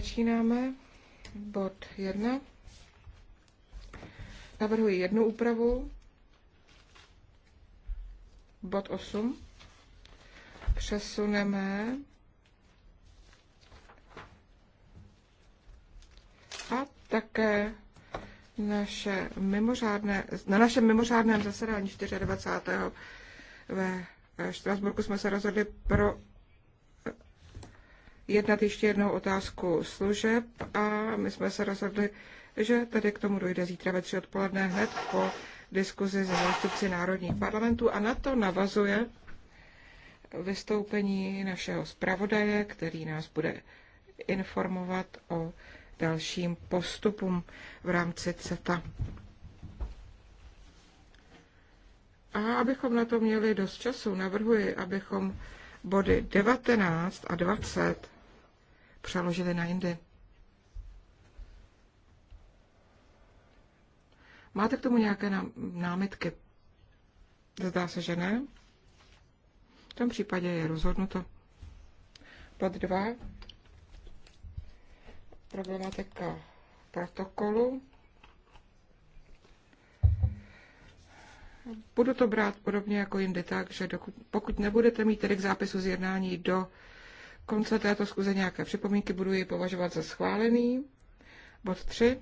Začínáme. Bod 1. Navrhuji jednu úpravu. Bod 8. Přesuneme a také naše mimořádné, na našem mimořádném zasedání 24. ve Štrasburku jsme se rozhodli pro jednat ještě jednou otázku služeb a my jsme se rozhodli, že tady k tomu dojde zítra ve tři odpoledne hned po diskuzi se zástupci národních parlamentů a na to navazuje vystoupení našeho zpravodaje, který nás bude informovat o dalším postupům v rámci CETA. A abychom na to měli dost času, navrhuji, abychom body 19 a 20 přeložili na jindy. Máte k tomu nějaké námitky? Zdá se, že ne. V tom případě je rozhodnuto. Pod dva problematika protokolu. Budu to brát podobně jako jindy tak, že dokud, pokud nebudete mít tedy k zápisu z jednání do konce této zkuze nějaké připomínky, budu ji považovat za schválený. Bod 3.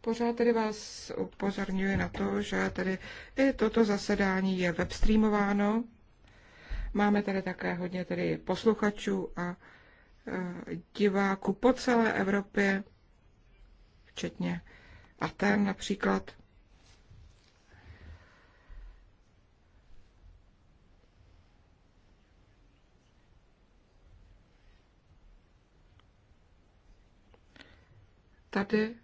Pořád tedy vás upozorňuji na to, že tedy i toto zasedání je webstreamováno. Máme tady také hodně tedy posluchačů a e, diváků po celé Evropě, včetně Aten například. tady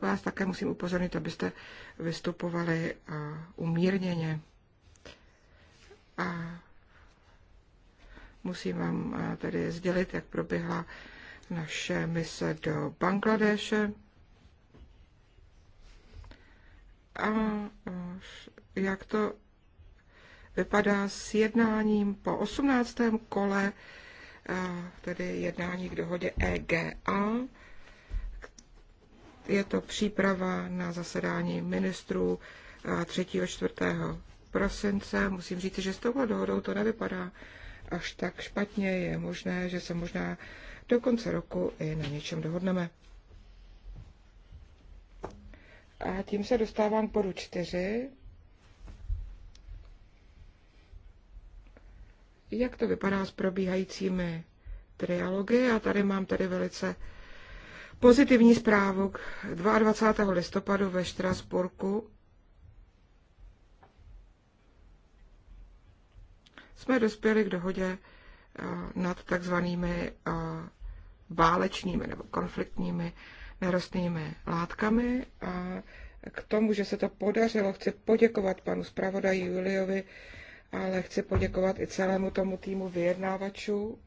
vás také musím upozornit, abyste vystupovali eh, umírněně. A musím vám eh, tedy sdělit, jak proběhla naše mise do Bangladeše. A eh, jak to vypadá s jednáním po 18. kole, tedy jednání k dohodě EGA. Je to příprava na zasedání ministrů 3. 4. prosince. Musím říct, že s touhle dohodou to nevypadá až tak špatně. Je možné, že se možná do konce roku i na něčem dohodneme. A tím se dostávám k bodu 4. Jak to vypadá s probíhajícími trialogy? A tady mám tady velice pozitivní zprávu k 22. listopadu ve Štrasburku jsme dospěli k dohodě eh, nad takzvanými eh, válečními nebo konfliktními nerostnými látkami. A k tomu, že se to podařilo, chci poděkovat panu zpravodaji Juliovi, ale chci poděkovat i celému tomu týmu vyjednávačů.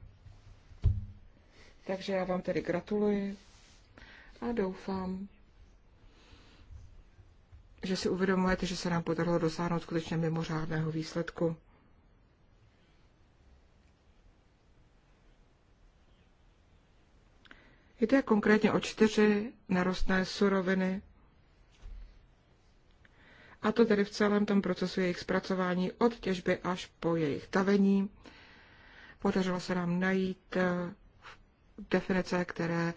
Takže já vám tedy gratuluji a doufám, že si uvědomujete, že se nám podařilo dosáhnout skutečně mimořádného výsledku. Jde konkrétně o čtyři narostné suroviny, a to tedy v celém tom procesu jejich zpracování od těžby až po jejich tavení. Podařilo se nám najít eh, definice, které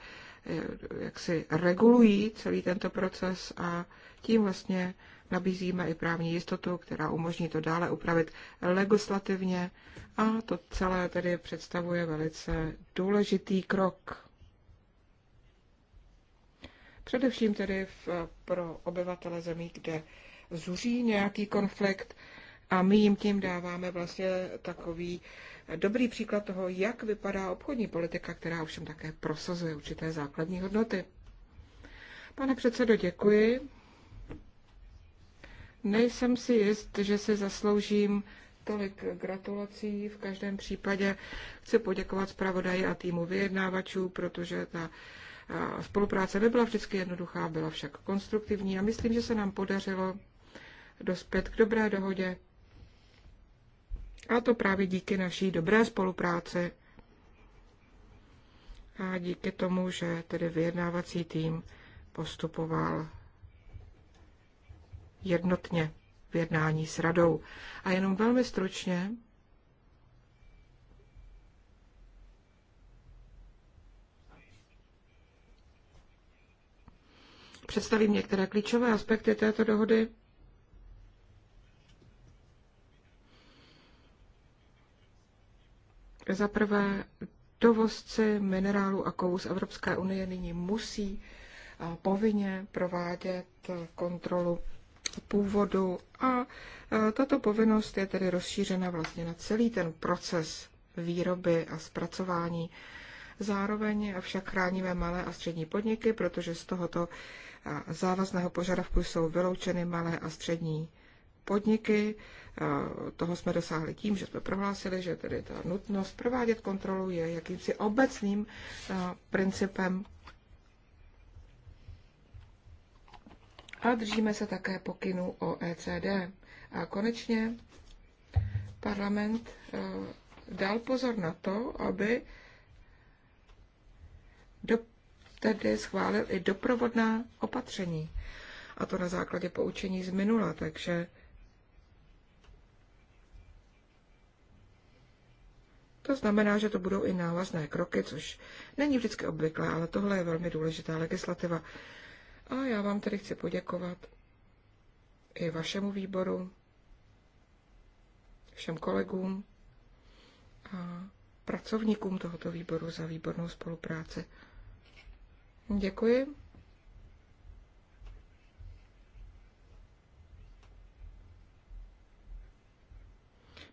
jak si regulují celý tento proces a tím vlastně nabízíme i právní jistotu, která umožní to dále upravit legislativně a to celé tedy představuje velice důležitý krok. Především tedy v, pro obyvatele zemí, kde zuří nějaký konflikt a my jim tím dáváme vlastně takový dobrý příklad toho, jak vypadá obchodní politika, která ovšem také prosazuje určité základní hodnoty. Pane předsedo, děkuji. Nejsem si jist, že si zasloužím tolik gratulací. V každém případě chci poděkovat zpravodaji a týmu vyjednávačů, protože ta spolupráce nebyla vždycky jednoduchá, byla však konstruktivní a myslím, že se nám podařilo dospět k dobré dohodě a to právě díky naší dobré spolupráci a díky tomu, že tedy vyjednávací tým postupoval jednotně v jednání s radou. A jenom velmi stručně představím některé klíčové aspekty této dohody. Za prvé, dovozci minerálů a kovů z Evropské unie nyní musí povinně provádět kontrolu původu a tato povinnost je tedy rozšířena vlastně na celý ten proces výroby a zpracování. Zároveň však chráníme malé a střední podniky, protože z tohoto závazného požadavku jsou vyloučeny malé a střední podniky toho jsme dosáhli tím, že jsme prohlásili, že tedy ta nutnost provádět kontrolu je jakýmsi obecným principem a držíme se také pokynu OECD. A konečně parlament dal pozor na to, aby do, tedy schválil i doprovodná opatření. A to na základě poučení z minula, takže To znamená, že to budou i návazné kroky, což není vždycky obvyklé, ale tohle je velmi důležitá legislativa. A já vám tedy chci poděkovat i vašemu výboru, všem kolegům a pracovníkům tohoto výboru za výbornou spolupráci. Děkuji.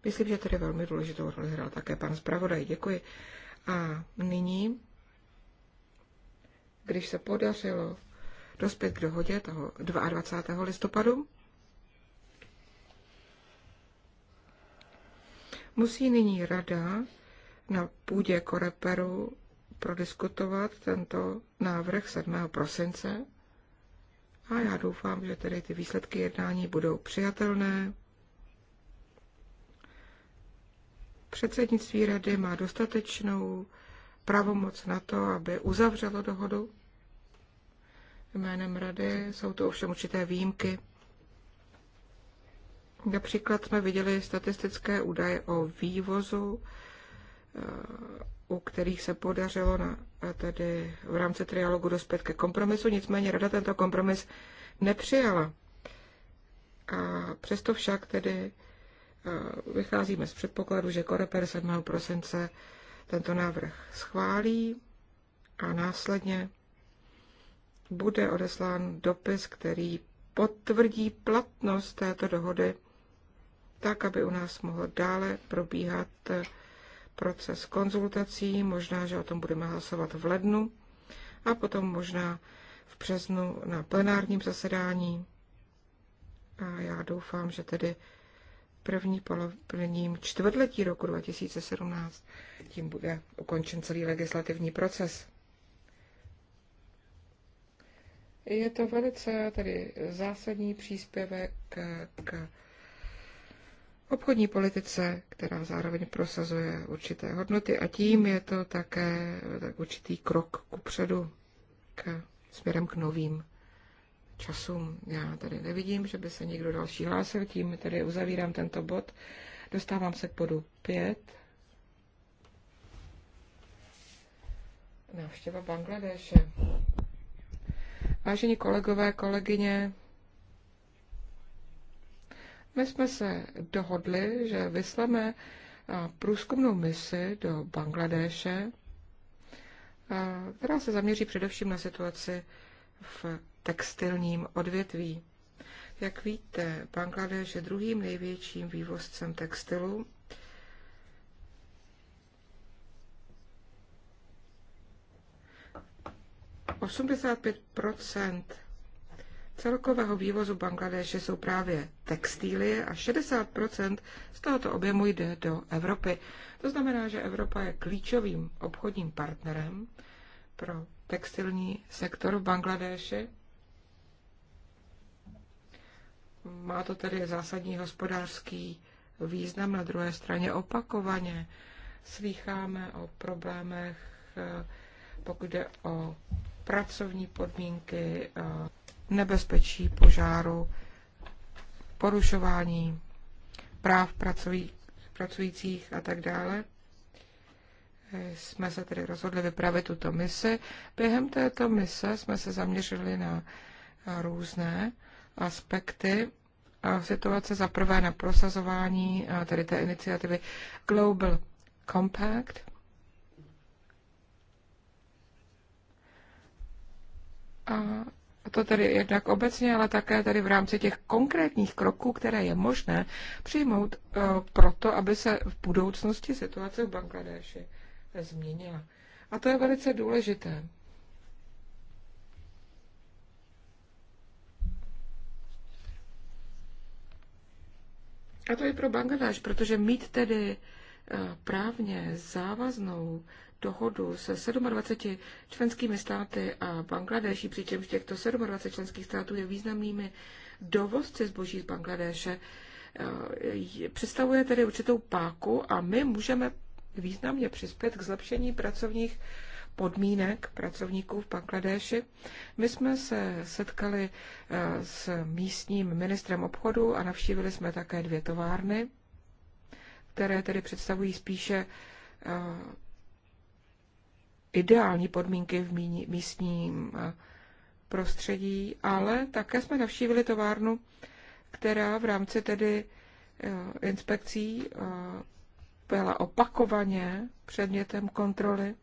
Myslím, že tady velmi důležitou roli hrál také pan zpravodaj. Děkuji. A nyní, když se podařilo dospět k dohodě toho 22. listopadu, musí nyní rada na půdě Koreperu prodiskutovat tento návrh 7. prosince a já doufám, že tedy ty výsledky jednání budou přijatelné Předsednictví rady má dostatečnou pravomoc na to, aby uzavřelo dohodu jménem rady. Jsou to ovšem určité výjimky. Například jsme viděli statistické údaje o vývozu, eh, u kterých se podařilo na, eh, tedy v rámci trialogu dospět ke kompromisu, nicméně rada tento kompromis nepřijala. A přesto však tedy vycházíme z předpokladu, že Koreper 7. prosince tento návrh schválí a následně bude odeslán dopis, který potvrdí platnost této dohody, tak, aby u nás mohl dále probíhat proces konzultací. Možná, že o tom budeme hlasovat v lednu a potom možná v březnu na plenárním zasedání. A já doufám, že tedy první polov, prvním čtvrtletí roku 2017. Tím bude ukončen celý legislativní proces. Je to velice tedy zásadní příspěvek k obchodní politice, která zároveň prosazuje určité hodnoty a tím je to také tak určitý krok ku předu k, směrem k novým času Já tady nevidím, že by se někdo další hlásil, tím tedy uzavírám tento bod. Dostávám se k bodu 5. Návštěva Bangladeše. Vážení kolegové, kolegyně, my jsme se dohodli, že vysleme průzkumnou misi do Bangladeše, která se zaměří především na situaci v textilním odvětví. Jak víte, Bangladeš je druhým největším vývozcem textilu. Osmdesát celkového vývozu Bangladeše jsou právě textílie a 60% z tohoto objemu jde do Evropy. To znamená, že Evropa je klíčovým obchodním partnerem pro textilní sektor v Bangladeši. Má to tedy zásadní hospodářský význam. Na druhé straně opakovaně slýcháme o problémech, eh, pokud jde o pracovní podmínky, eh, nebezpečí požáru, porušování práv pracujících a tak dále jsme se tedy rozhodli vypravit tuto misi. Během této mise jsme se zaměřili na různé aspekty situace. Za prvé na prosazování tedy té iniciativy Global Compact. A to tedy jednak obecně, ale také tady v rámci těch konkrétních kroků, které je možné přijmout e, proto, aby se v budoucnosti situace v Bangladeši změnila. A to je velice důležité. A to je pro Bangladáš, protože mít tedy eh, právně závaznou dohodu se 27 členskými státy a Bangladeši, přičemž těchto 27 členských států je významnými dovozci zboží z Bangladeše, eh, představuje tedy určitou páku a my můžeme významně přispět k zlepšení pracovních podmínek pracovníků v Bangladeši. My jsme se setkali eh, s místním ministrem obchodu a navštívili jsme také dvě továrny, které tedy představují spíše eh, ideální podmínky v místním eh, prostředí, ale také jsme navštívili továrnu, která v rámci tedy inspekcí byla opakovaně předmětem kontroly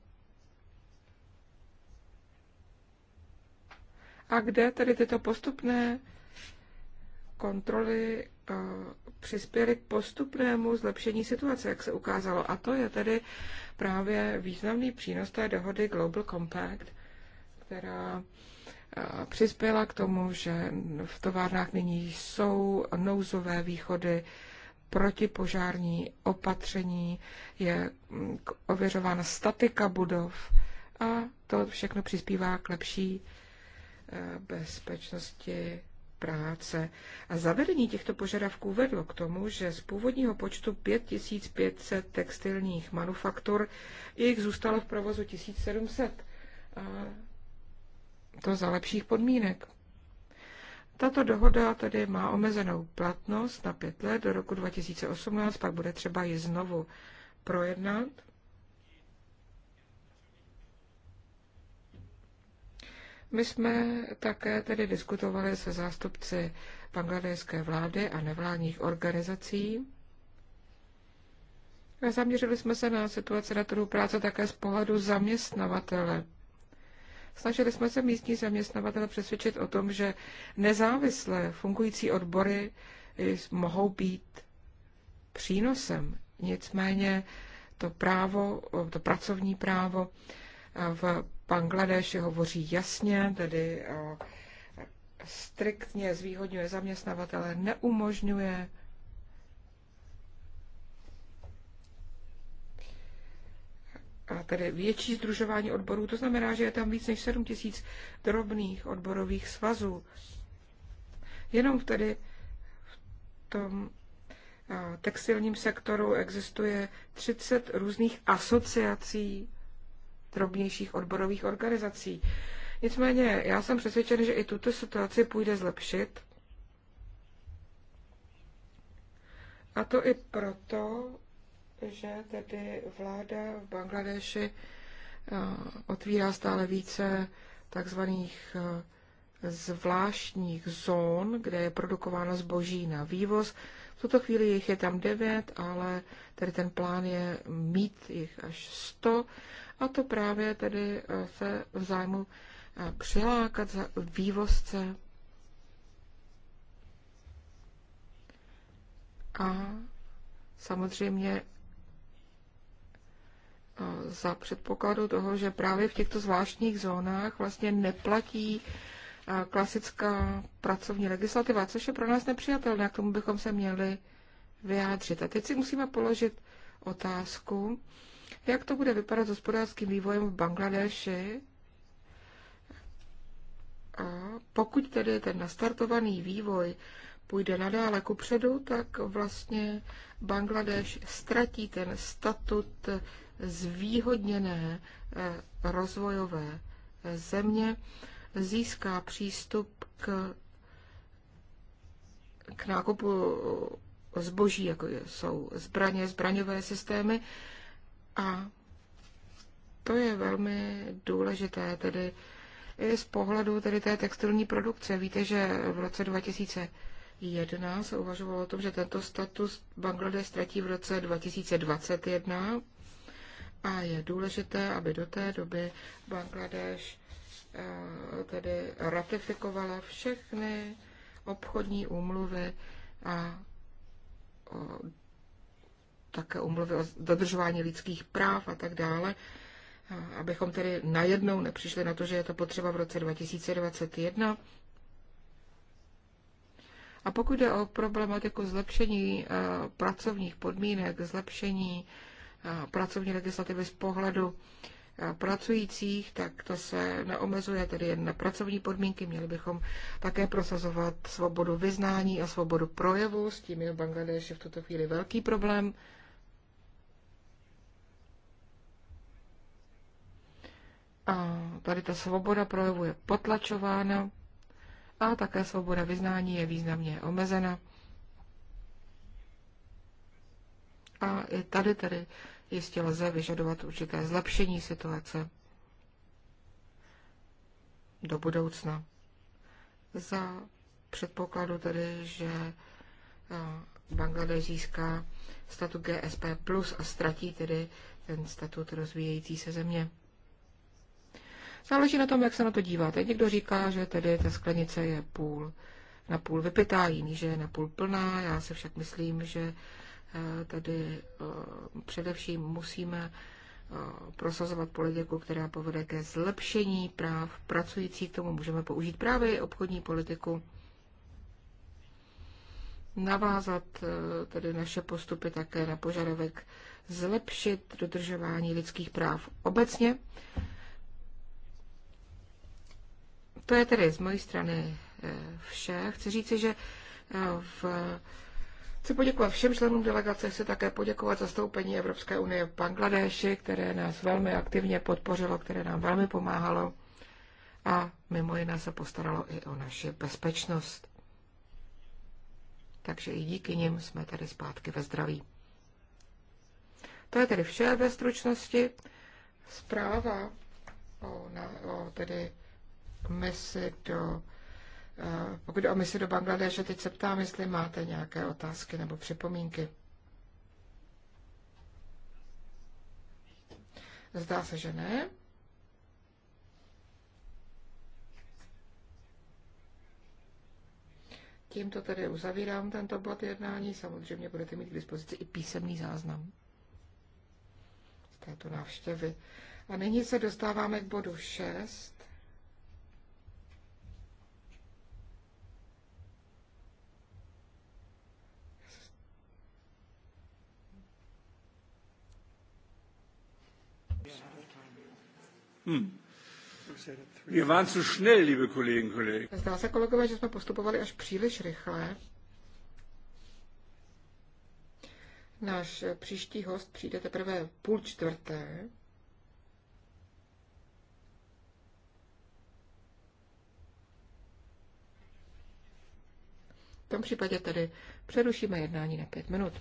a kde tedy tyto postupné kontroly eh, přispěly k postupnému zlepšení situace, jak se ukázalo. A to je tedy právě významný přínos té dohody Global Compact, která eh, přispěla k tomu, že v továrnách nyní jsou nouzové východy, protipožární opatření, je mm, ověřována statika budov a to všechno přispívá k lepší e, bezpečnosti práce. A zavedení těchto požadavků vedlo k tomu, že z původního počtu 5500 textilních manufaktur jich zůstalo v provozu 1700. A to za lepších podmínek. Tato dohoda tedy má omezenou platnost na pět let do roku 2018, pak bude třeba ji znovu projednat. My jsme také tedy diskutovali se zástupci bangladéské vlády a nevládních organizací. zaměřili jsme se na situaci na trhu práce také z pohledu zaměstnavatele. Snažili jsme se místní zaměstnavatele přesvědčit o tom, že nezávislé fungující odbory mohou být přínosem. Nicméně to právo, to pracovní právo v Bangladeši hovoří jasně, tedy eh, striktně zvýhodňuje zaměstnavatele, neumožňuje a tedy větší združování odborů. To znamená, že je tam víc než 7 tisíc drobných odborových svazů. Jenom tedy v tom textilním sektoru existuje 30 různých asociací drobnějších odborových organizací. Nicméně já jsem přesvědčen, že i tuto situaci půjde zlepšit. A to i proto, že tedy vláda v Bangladeši eh, otvírá stále více takzvaných eh, zvláštních zón, kde je produkováno zboží na vývoz. V tuto chvíli jich je tam devět, ale tedy ten plán je mít jich až sto. A to právě tedy eh, se v zájmu přilákat za vývozce a samozřejmě za předpokladu toho, že právě v těchto zvláštních zónách vlastně neplatí klasická pracovní legislativa, což je pro nás nepřijatelné, k tomu bychom se měli vyjádřit. A teď si musíme položit otázku, jak to bude vypadat s hospodářským vývojem v Bangladeši, a pokud tedy ten nastartovaný vývoj půjde nadále kupředu, tak vlastně Bangladeš ztratí ten statut zvýhodněné eh, rozvojové eh, země získá přístup k, k nákupu zboží, jako jsou zbraně, zbraňové systémy. A to je velmi důležité, tedy i z pohledu tedy té textilní produkce. Víte, že v roce 2001 se uvažovalo o tom, že tento status Bangladeš ztratí v roce 2021 a je důležité, aby do té doby Bangladeš eh, tedy ratifikovala všechny obchodní úmluvy a také umluvy o dodržování lidských práv a tak dále, eh, abychom tedy najednou nepřišli na to, že je to potřeba v roce 2021. A pokud jde o problematiku zlepšení eh, pracovních podmínek, zlepšení pracovní legislativy z pohledu pracujících, tak to se neomezuje tedy jen na pracovní podmínky. Měli bychom také prosazovat svobodu vyznání a svobodu projevu. S tím je v Bangladeši v tuto chvíli velký problém. A tady ta svoboda projevu je potlačována a také svoboda vyznání je významně omezena. a i tady tedy jistě lze vyžadovat určité zlepšení situace do budoucna. Za předpokladu tedy, že eh, Bangladeš získá statut GSP plus a ztratí tedy ten statut rozvíjející se země. Záleží na tom, jak se na to díváte. Někdo říká, že tedy ta sklenice je půl na půl vypitá, jiný, že je na půl plná. Já se však myslím, že Eh, tedy eh, především musíme eh, prosazovat politiku, která povede ke zlepšení práv pracujících. K tomu můžeme použít právě i obchodní politiku. Navázat tedy naše postupy také na požadavek zlepšit dodržování lidských práv obecně. To je tedy z mojí strany vše. Chci říci, že v Chci poděkovat všem členům delegace, chci také poděkovat zastoupení Evropské unie v Bangladeši, které nás velmi aktivně podpořilo, které nám velmi pomáhalo a mimo jiné se postaralo i o naši bezpečnost. Takže i díky nim jsme tady zpátky ve zdraví. To je tedy vše ve stručnosti. Zpráva o, na, o tedy misi do pokud o misi do Bangladeše, teď se ptám, jestli máte nějaké otázky nebo připomínky. Zdá se, že ne. Tímto tedy uzavírám tento bod jednání. Samozřejmě budete mít k dispozici i písemný záznam z této návštěvy. A nyní se dostáváme k bodu 6. Hm. Wir waren zu schnell, liebe Kolleginnen Kollegen. Zdá se, kolegové, že jsme postupovali až příliš rychle. Náš příští host přijde teprve půl čtvrté. V tom případě tedy přerušíme jednání na pět minut.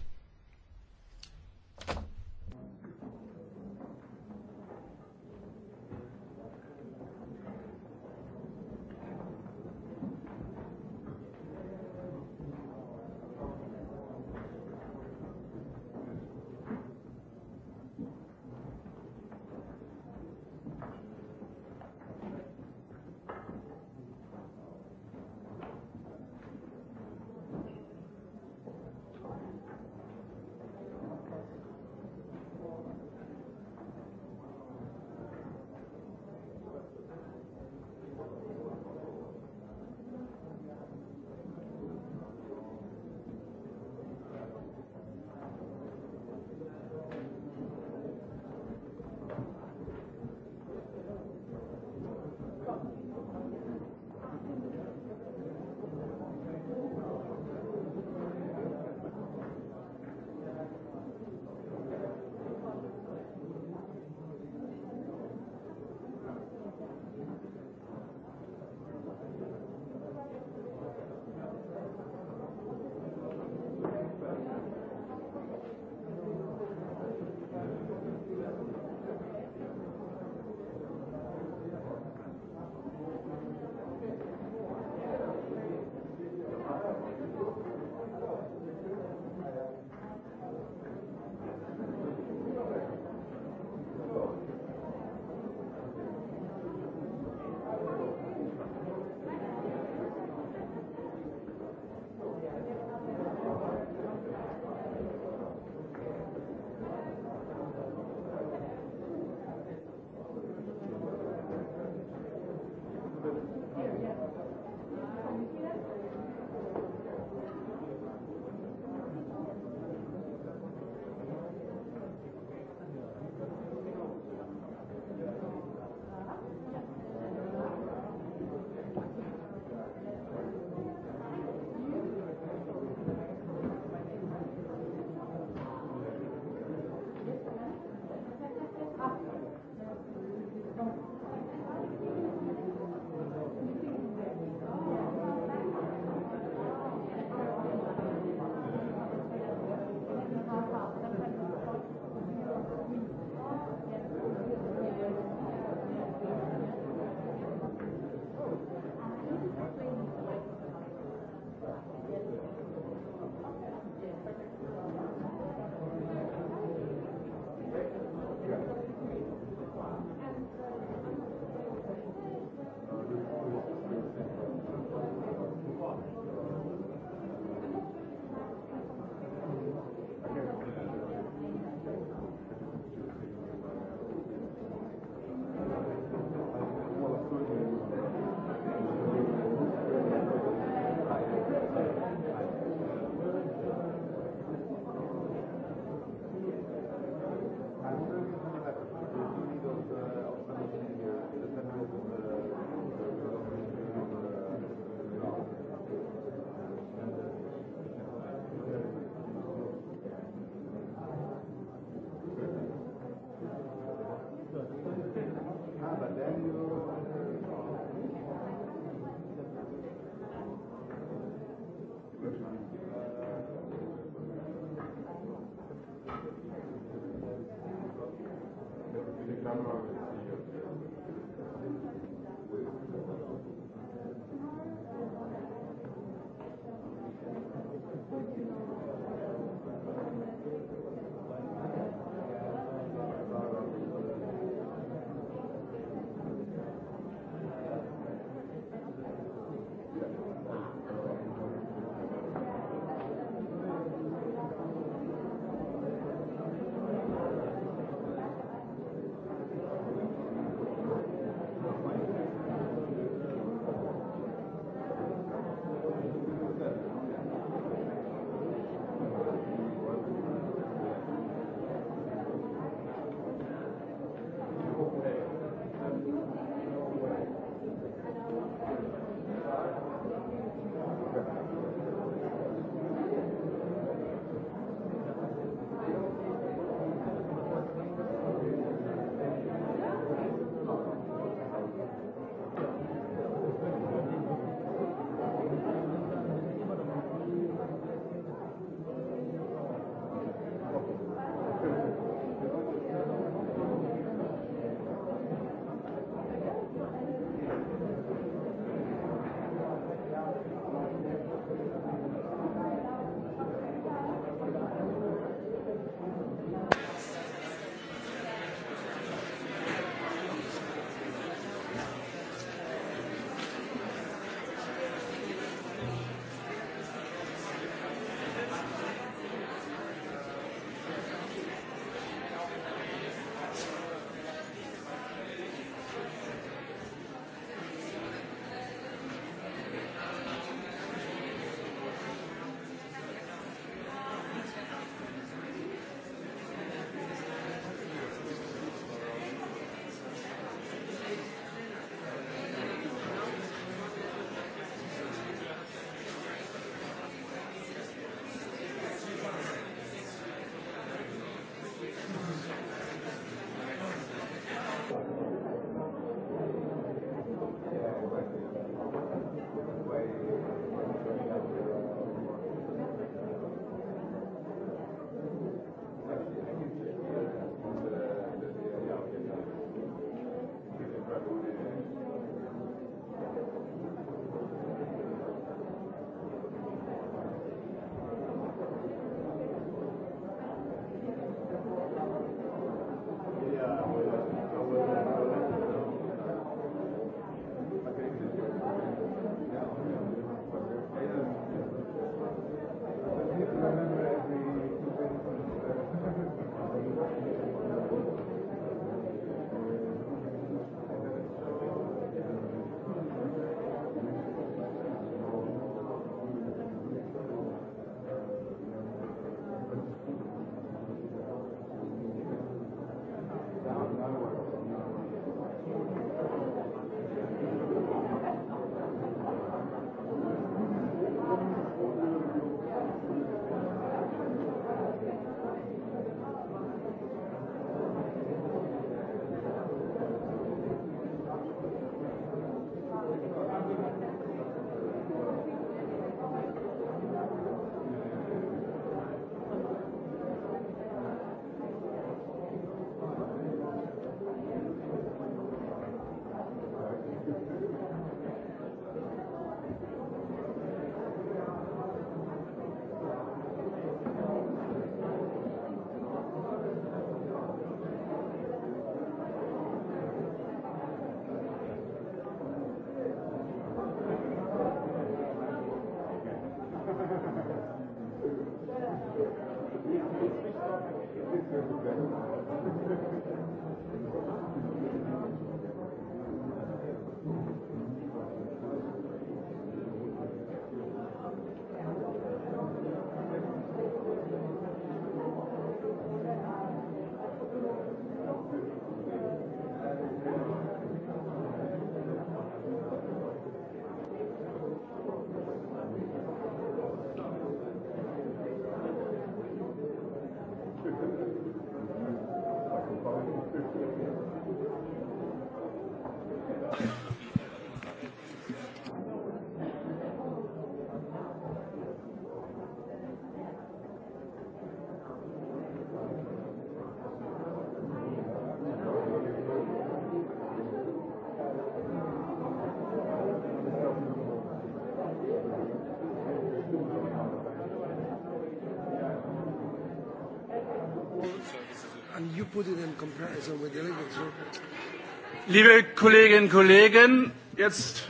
Liebe Kolleginnen und Kollegen, jetzt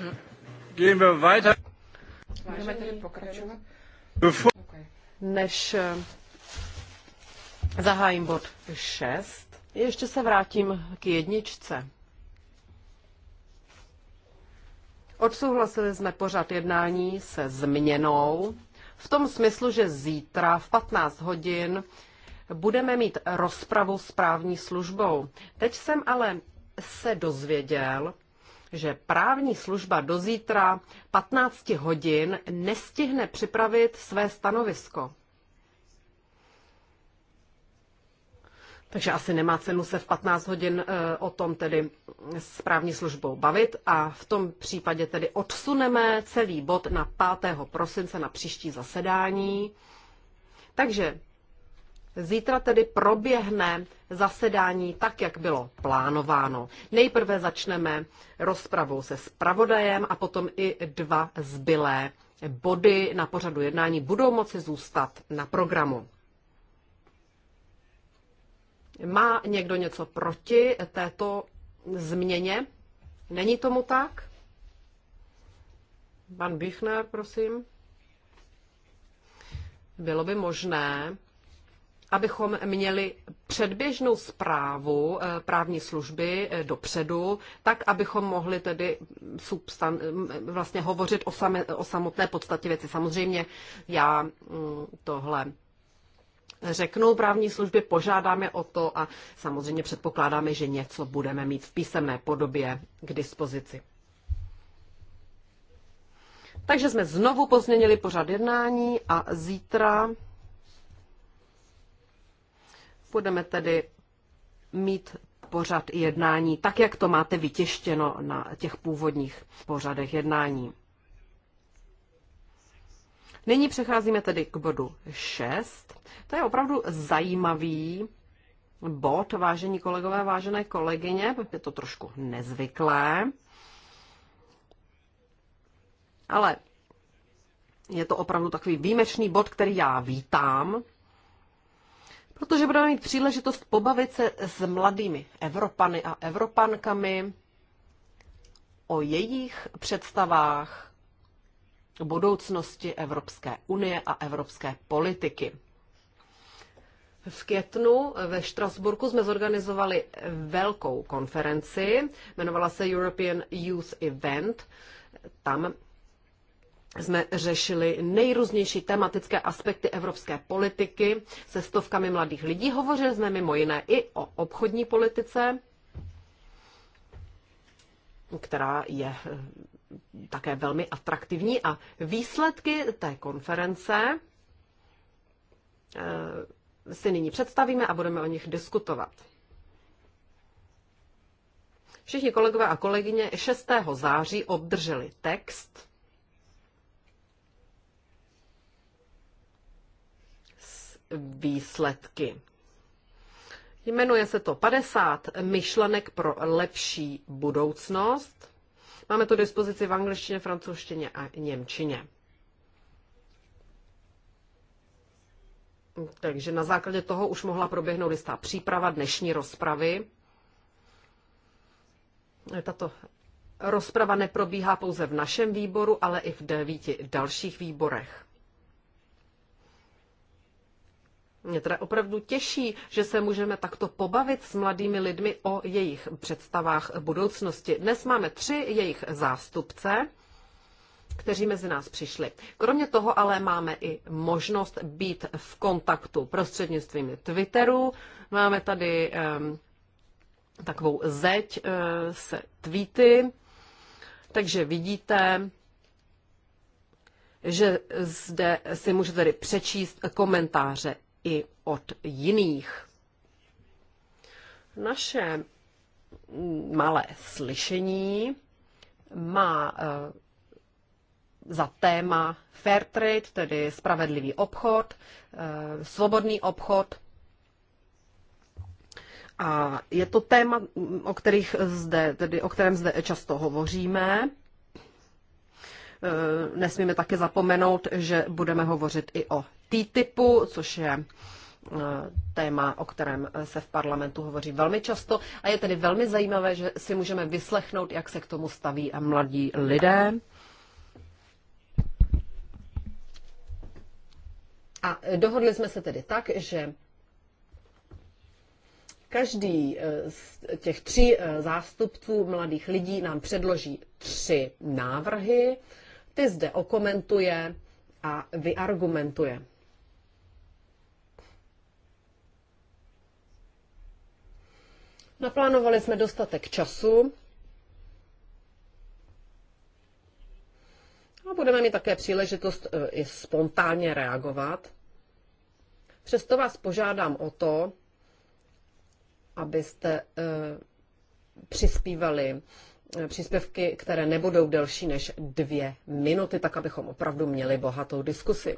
gehen wir weiter. Bevor Než eh, zahájím bod 6, ještě se vrátím k jedničce. Odsouhlasili jsme pořad jednání se změnou v tom smyslu, že zítra v 15 hodin budeme mít rozpravu s právní službou. Teď jsem ale se dozvěděl, že právní služba do zítra 15 hodin nestihne připravit své stanovisko. Takže asi nemá cenu se v 15 hodin eh, o tom tedy s právní službou bavit a v tom případě tedy odsuneme celý bod na 5. prosince na příští zasedání. Takže Zítra tedy proběhne zasedání tak, jak bylo plánováno. Nejprve začneme rozpravou se spravodajem a potom i dva zbylé body na pořadu jednání budou moci zůstat na programu. Má někdo něco proti této změně? Není tomu tak? Pan Bichner, prosím. Bylo by možné abychom měli předběžnou zprávu eh, právní služby eh, dopředu, tak abychom mohli tedy substan- mm, vlastně hovořit o, sam- o samotné podstatě věci. Samozřejmě já mm, tohle řeknou právní služby, požádáme o to a samozřejmě předpokládáme, že něco budeme mít v písemné podobě k dispozici. Takže jsme znovu pozměnili pořad jednání a zítra Budeme tedy mít pořad jednání, tak jak to máte vytěštěno na těch původních pořadech jednání. Nyní přecházíme tedy k bodu 6. To je opravdu zajímavý bod, vážení kolegové, vážené kolegyně, je to trošku nezvyklé, ale je to opravdu takový výjimečný bod, který já vítám, protože budeme mít příležitost pobavit se s mladými Evropany a Evropankami o jejich představách budoucnosti Evropské unie a evropské politiky. V květnu ve Štrasburku jsme zorganizovali velkou konferenci, jmenovala se European Youth Event. Tam jsme řešili nejrůznější tematické aspekty evropské politiky se stovkami mladých lidí. Hovořili jsme mimo jiné i o obchodní politice, která je eh, také velmi atraktivní a výsledky té konference eh, si nyní představíme a budeme o nich diskutovat. Všichni kolegové a kolegyně 6. září obdrželi text výsledky. Jmenuje se to 50 myšlenek pro lepší budoucnost. Máme to dispozici v angličtině, francouzštině a němčině. Takže na základě toho už mohla proběhnout jistá příprava dnešní rozpravy. Tato rozprava neprobíhá pouze v našem výboru, ale i v devíti dalších výborech. Mě teda opravdu těší, že se můžeme takto pobavit s mladými lidmi o jejich představách budoucnosti. Dnes máme tři jejich zástupce, kteří mezi nás přišli. Kromě toho ale máme i možnost být v kontaktu prostřednictvím Twitteru. Máme tady um, takovou zeď uh, se tweety, takže vidíte, že zde si můžete tedy přečíst komentáře i od jiných. Naše malé slyšení má eh, za téma fair trade, tedy spravedlivý obchod, eh, svobodný obchod. A je to téma, o, kterých zde, tedy o kterém zde často hovoříme. Eh, nesmíme také zapomenout, že budeme hovořit i o TTIPu, což je eh, téma, o kterém se v parlamentu hovoří velmi často a je tedy velmi zajímavé, že si můžeme vyslechnout, jak se k tomu staví mladí lidé. A dohodli jsme se tedy tak, že každý eh, z těch tří eh, zástupců mladých lidí nám předloží tři návrhy, ty zde okomentuje a vyargumentuje. Naplánovali jsme dostatek času a budeme mít také příležitost eh, i spontánně reagovat. Přesto vás požádám o to, abyste eh, přispívali eh, příspěvky, které nebudou delší než dvě minuty, tak abychom opravdu měli bohatou diskusi.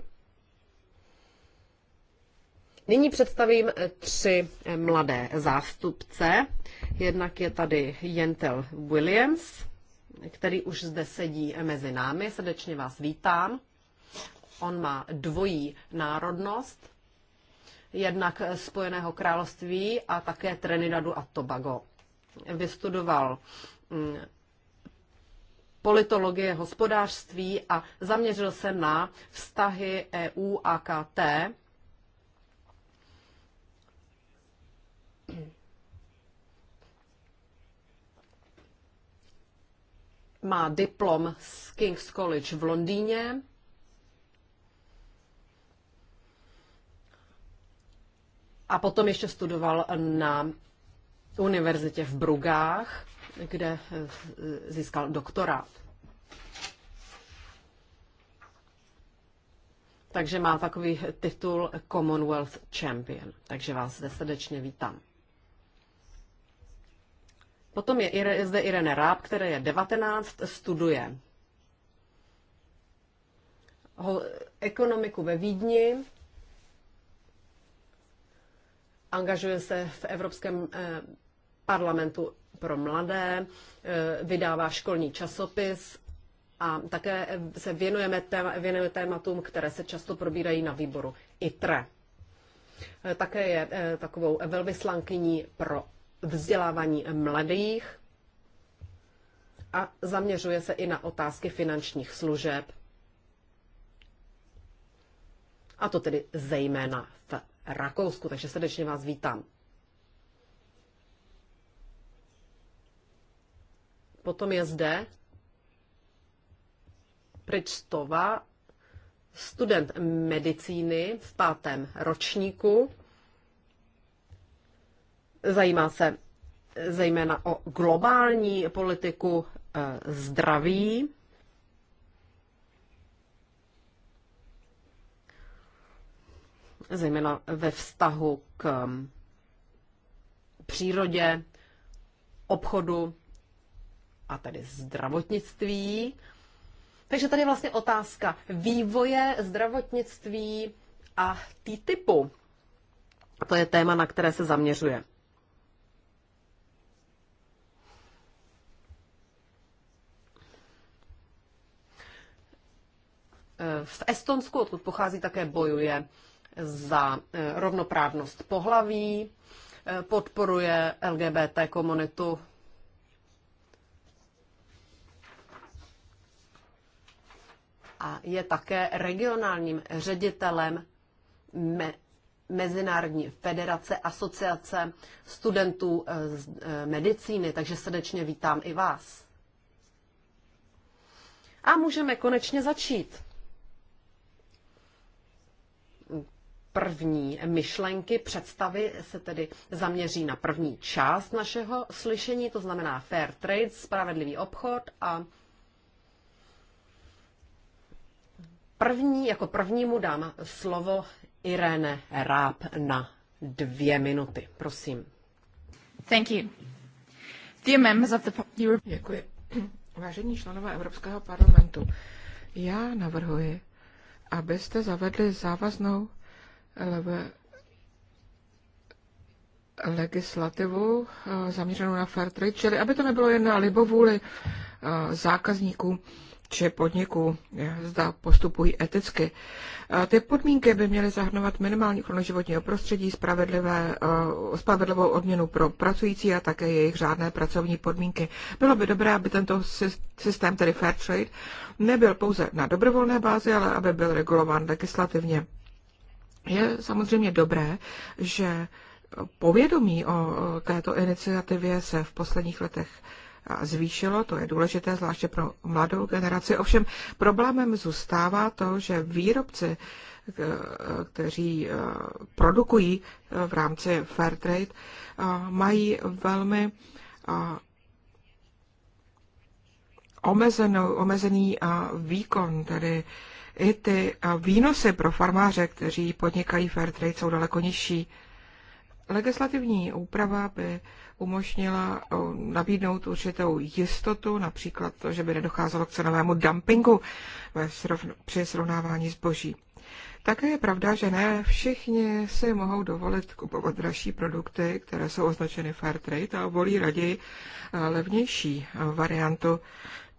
Nyní představím eh, tři eh, mladé zástupce. Jednak je tady Jentel Williams, který už zde sedí eh, mezi námi. Srdečně vás vítám. On má dvojí národnost, jednak Spojeného království a také Trinidadu a Tobago. Vystudoval mm, politologie hospodářství a zaměřil se na vztahy EU KT, má diplom z King's College v Londýně. A potom ještě studoval na univerzitě v Brugách, kde eh, získal doktorát. Takže má takový titul Commonwealth Champion. Takže vás zde srdečně vítám. Potom je, zde Irene Ráb, které je 19, studuje ekonomiku ve Vídni, angažuje se v Evropském eh, parlamentu pro mladé, eh, vydává školní časopis a také se věnujeme, téma, věnujeme tématům, které se často probírají na výboru ITRE. Eh, také je takovou velvyslankyní pro vzdělávání mladých a zaměřuje se i na otázky finančních služeb, a to tedy zejména v Rakousku, takže srdečně vás vítám. Potom je zde Pritštova, student medicíny v pátém ročníku. Zajímá se zejména o globální politiku eh, zdraví. zejména ve vztahu k mm, přírodě, obchodu a tedy zdravotnictví. Takže tady je vlastně otázka vývoje zdravotnictví a tý typu. To je téma, na které se zaměřuje. v Estonsku, odkud pochází, také bojuje za eh, rovnoprávnost pohlaví, eh, podporuje LGBT komunitu. A je také regionálním ředitelem me- Mezinárodní federace asociace studentů eh, z medicíny, takže srdečně vítám i vás. A můžeme konečně začít. první myšlenky, představy se tedy zaměří na první část našeho slyšení, to znamená fair trade, spravedlivý obchod a první, jako prvnímu dám slovo Irene Ráb na dvě minuty. Prosím. Thank you. Dear members of the Děkuji. Vážení členové Evropského parlamentu, já navrhuji, abyste zavedli závaznou legislativu eh, zaměřenou na fair trade, čili aby to nebylo jen na libovůli eh, zákazníků či podniků, zda postupují eticky. Eh, ty podmínky by měly zahrnovat minimální ochranu životního prostředí, spravedlivé, spravedlivou odměnu pro pracující a také jejich řádné pracovní podmínky. Bylo by dobré, aby tento systém, tedy fair trade, nebyl pouze na dobrovolné bázi, ale aby byl regulován legislativně. Je samozřejmě dobré, že povědomí o této iniciativě se v posledních letech zvýšilo, to je důležité, zvláště pro mladou generaci. Ovšem problémem zůstává to, že výrobci, kteří e, produkují e, v rámci Fairtrade, e, mají velmi omezenou, omezený výkon, tedy i ty výnosy pro farmáře, kteří podnikají fair trade, jsou daleko nižší. Legislativní úprava by umožnila nabídnout určitou jistotu, například to, že by nedocházelo k cenovému dumpingu při srovnávání zboží. Také je pravda, že ne všichni si mohou dovolit kupovat dražší produkty, které jsou označeny fair trade a volí raději levnější variantu.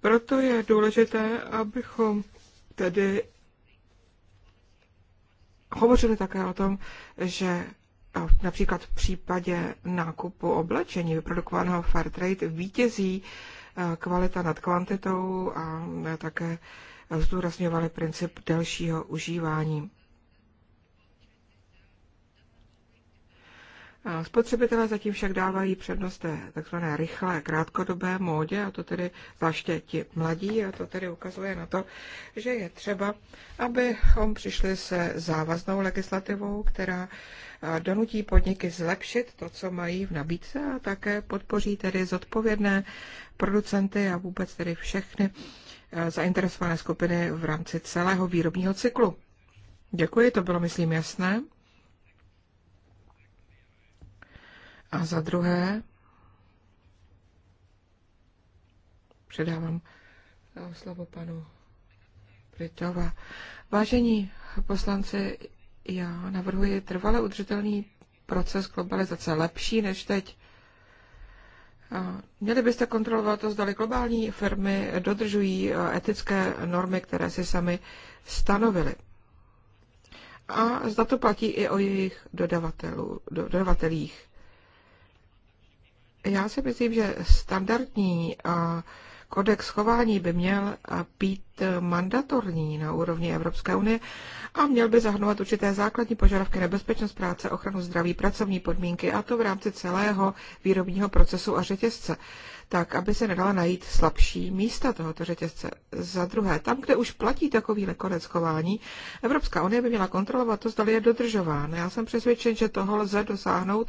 Proto je důležité, abychom tedy Hovořili také o tom, že eh, například v případě nákupu oblečení vyprodukovaného Fairtrade vítězí eh, kvalita nad kvantitou a také zdůrazňovali princip delšího užívání. Spotřebitelé zatím však dávají přednost té takzvané rychlé krátkodobé módě, a to tedy zvláště ti mladí, a to tedy ukazuje na to, že je třeba, abychom přišli se závaznou legislativou, která donutí podniky zlepšit to, co mají v nabídce a také podpoří tedy zodpovědné producenty a vůbec tedy všechny zainteresované skupiny v rámci celého výrobního cyklu. Děkuji, to bylo, myslím, jasné. A za druhé, předávám eh, slovo panu Pritova. Vážení poslanci, já navrhuji trvale udržitelný proces globalizace lepší než teď. Měli byste kontrolovat to, zdali globální firmy dodržují eh, etické normy, které si sami stanovily. A zda to platí i o jejich dodavatelů, dodavatelích. Já si myslím, že standardní kodex chování by měl být mandatorní na úrovni Evropské unie a měl by zahrnovat určité základní požadavky na bezpečnost práce, ochranu zdraví, pracovní podmínky a to v rámci celého výrobního procesu a řetězce tak aby se nedala najít slabší místa tohoto řetězce. Za druhé, tam, kde už platí takový nekonec chování, Evropská unie by měla kontrolovat to, zda je dodržován. Já jsem přesvědčen, že toho lze dosáhnout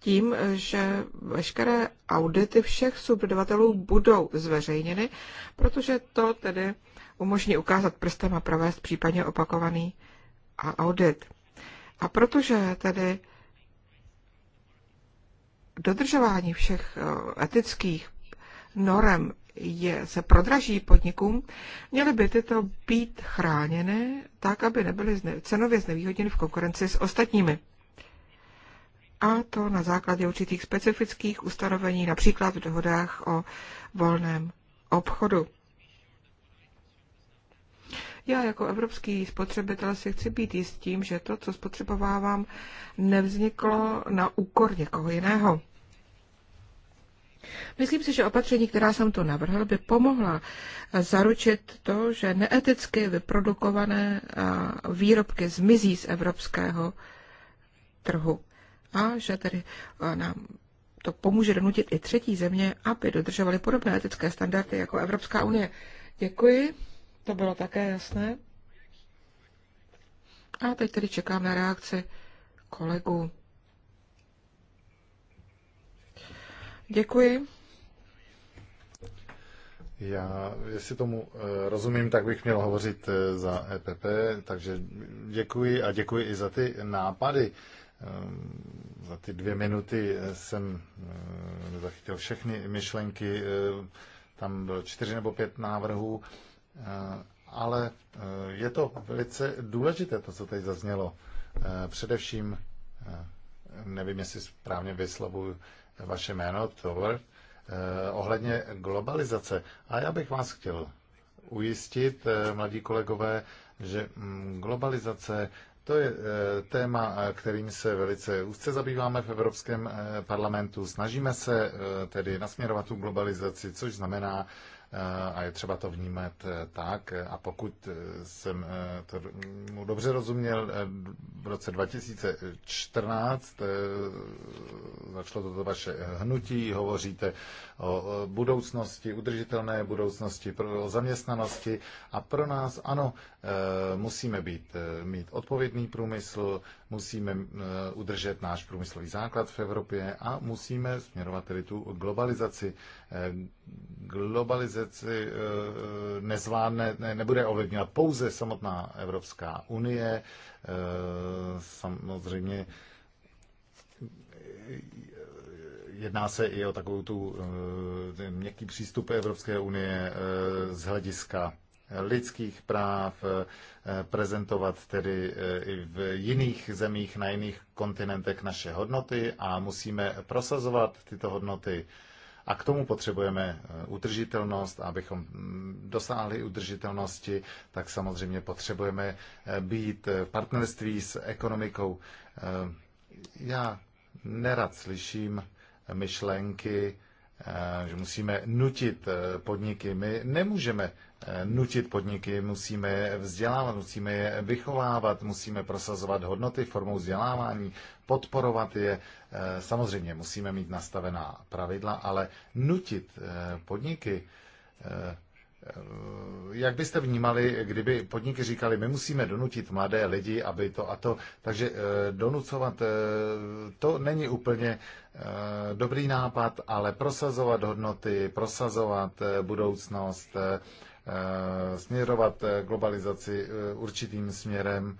tím, že veškeré audity všech subdodavatelů budou zveřejněny, protože to tedy umožní ukázat prstem a provést případně opakovaný audit. A protože tedy dodržování všech eh, etických norem je, se prodraží podnikům, měly by tyto být chráněné tak, aby nebyly zne, cenově znevýhodněny v konkurenci s ostatními. A to na základě určitých specifických ustanovení, například v dohodách o volném obchodu. Já jako evropský spotřebitel si chci být jistým, že to, co spotřebovávám, nevzniklo na úkor někoho jiného. Myslím si, že opatření, která jsem tu navrhl, by pomohla zaručit to, že neeticky vyprodukované výrobky zmizí z evropského trhu a že tedy nám to pomůže donutit i třetí země, aby dodržovaly podobné etické standardy jako Evropská unie. Děkuji, to bylo také jasné. A teď tedy čekám na reakci kolegů. Děkuji. Já, jestli tomu eh, rozumím, tak bych měl hovořit eh, za EPP, takže děkuji a děkuji i za ty nápady. Eh, za ty dvě minuty jsem zachytil všechny myšlenky, tam bylo čtyři nebo pět návrhů, ale je to velice důležité, to, co tady zaznělo. Především, nevím, jestli správně vyslovuju vaše jméno, eh, ohledně globalizace. A já bych vás chtěl ujistit, eh, mladí kolegové, že mm, globalizace to je eh, téma, eh, kterým se velice úzce zabýváme v Evropském parlamentu. Snažíme se tedy nasměrovat tu globalizaci, což znamená a je třeba to vnímat eh, tak. A pokud eh, jsem eh, to mu dobře rozuměl, v roce 2014 začalo toto vaše hnutí, hovoříte o budoucnosti, udržitelné budoucnosti, o zaměstnanosti a pro nás ano, musíme být, mít odpovědný průmysl, musíme eh, udržet náš průmyslový základ v Evropě a musíme směrovat tedy tu globalizaci. Eh, globalizaci eh, nezvládne, ne, nebude ovlivňovat pouze samotná Evropská unie. Samozřejmě jedná se i o takovou tu měkký přístup Evropské unie z hlediska lidských práv, eh, prezentovat tedy eh, i v jiných zemích, na jiných kontinentech naše hodnoty a musíme prosazovat tyto hodnoty. A k tomu potřebujeme eh, udržitelnost. Abychom mm, dosáhli udržitelnosti, tak samozřejmě potřebujeme být v partnerství s ekonomikou. Já nerad slyším myšlenky, Eh, že musíme nutit eh, podniky. My nemůžeme eh, nutit podniky, musíme je vzdělávat, musíme je vychovávat, musíme prosazovat hodnoty formou vzdělávání, podporovat je. Samozřejmě musíme mít nastavená pravidla, ale nutit podniky jak byste vnímali, kdyby podniky říkali, my musíme donutit mladé lidi, aby to a to, takže eh, donucovat eh, to není úplně eh, dobrý nápad, ale prosazovat hodnoty, prosazovat budoucnost, směrovat globalizaci určitým směrem,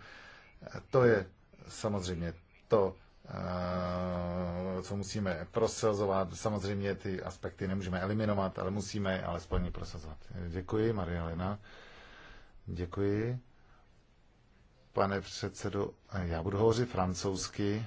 to je samozřejmě to, Eh, co musíme prosazovat. Samozřejmě ty aspekty nemůžeme eliminovat, ale musíme je alespoň prosazovat. Děkuji, Maria Lena. Děkuji. Pane předsedu, já budu hovořit francouzsky.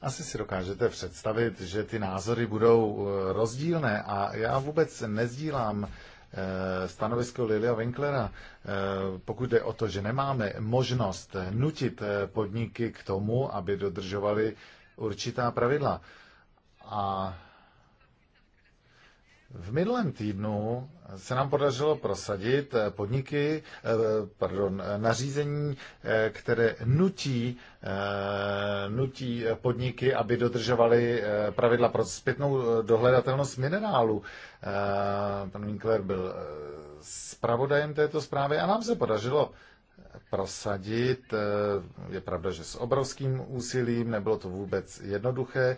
Asi si dokážete představit, že ty názory budou eh, rozdílné a já vůbec nezdílám Eh, stanovisko Lilia Winklera, eh, pokud jde o to, že nemáme možnost nutit eh, podniky k tomu, aby dodržovali určitá pravidla. A v minulém týdnu se nám podařilo prosadit eh, podniky, eh, pardon, eh, nařízení, které nutí, nutí podniky, aby dodržovaly pravidla pro zpětnou dohledatelnost minerálu. Pan Winkler byl zpravodajem této zprávy a nám se podařilo prosadit. Je pravda, že s obrovským úsilím, nebylo to vůbec jednoduché,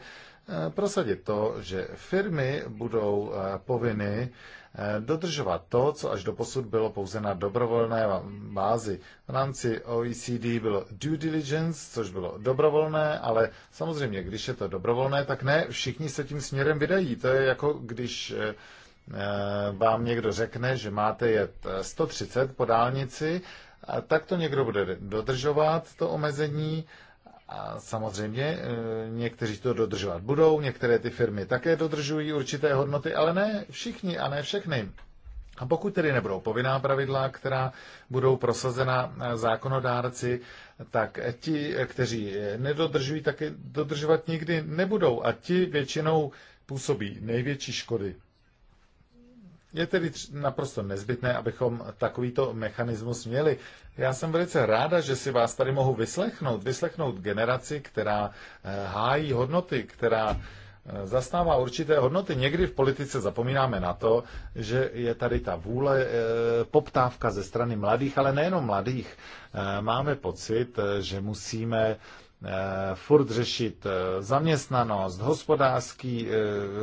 Eh, prosadit to, že firmy budou eh, povinny eh, dodržovat to, co až do posud bylo pouze na dobrovolné bázi. V rámci OECD bylo due diligence, což bylo dobrovolné, ale samozřejmě, když je to dobrovolné, tak ne všichni se tím směrem vydají. To je jako když vám někdo řekne, že máte jet 130 po dálnici, tak to někdo bude dodržovat, to omezení, a samozřejmě e, někteří to dodržovat budou, některé ty firmy také dodržují určité hodnoty, ale ne všichni a ne všechny. A pokud tedy nebudou povinná pravidla, která budou prosazena e, zákonodárci, tak ti, e, kteří nedodržují, taky dodržovat nikdy nebudou. A ti většinou působí největší škody. Je tedy naprosto nezbytné, abychom takovýto mechanismus měli. Já jsem velice ráda, že si vás tady mohu vyslechnout, vyslechnout generaci, která eh, hájí hodnoty, která eh, zastává určité hodnoty. Někdy v politice zapomínáme na to, že je tady ta vůle, eh, poptávka ze strany mladých, ale nejenom mladých. Máme pocit, že musíme Eh, furt řešit eh, zaměstnanost, hospodářský eh,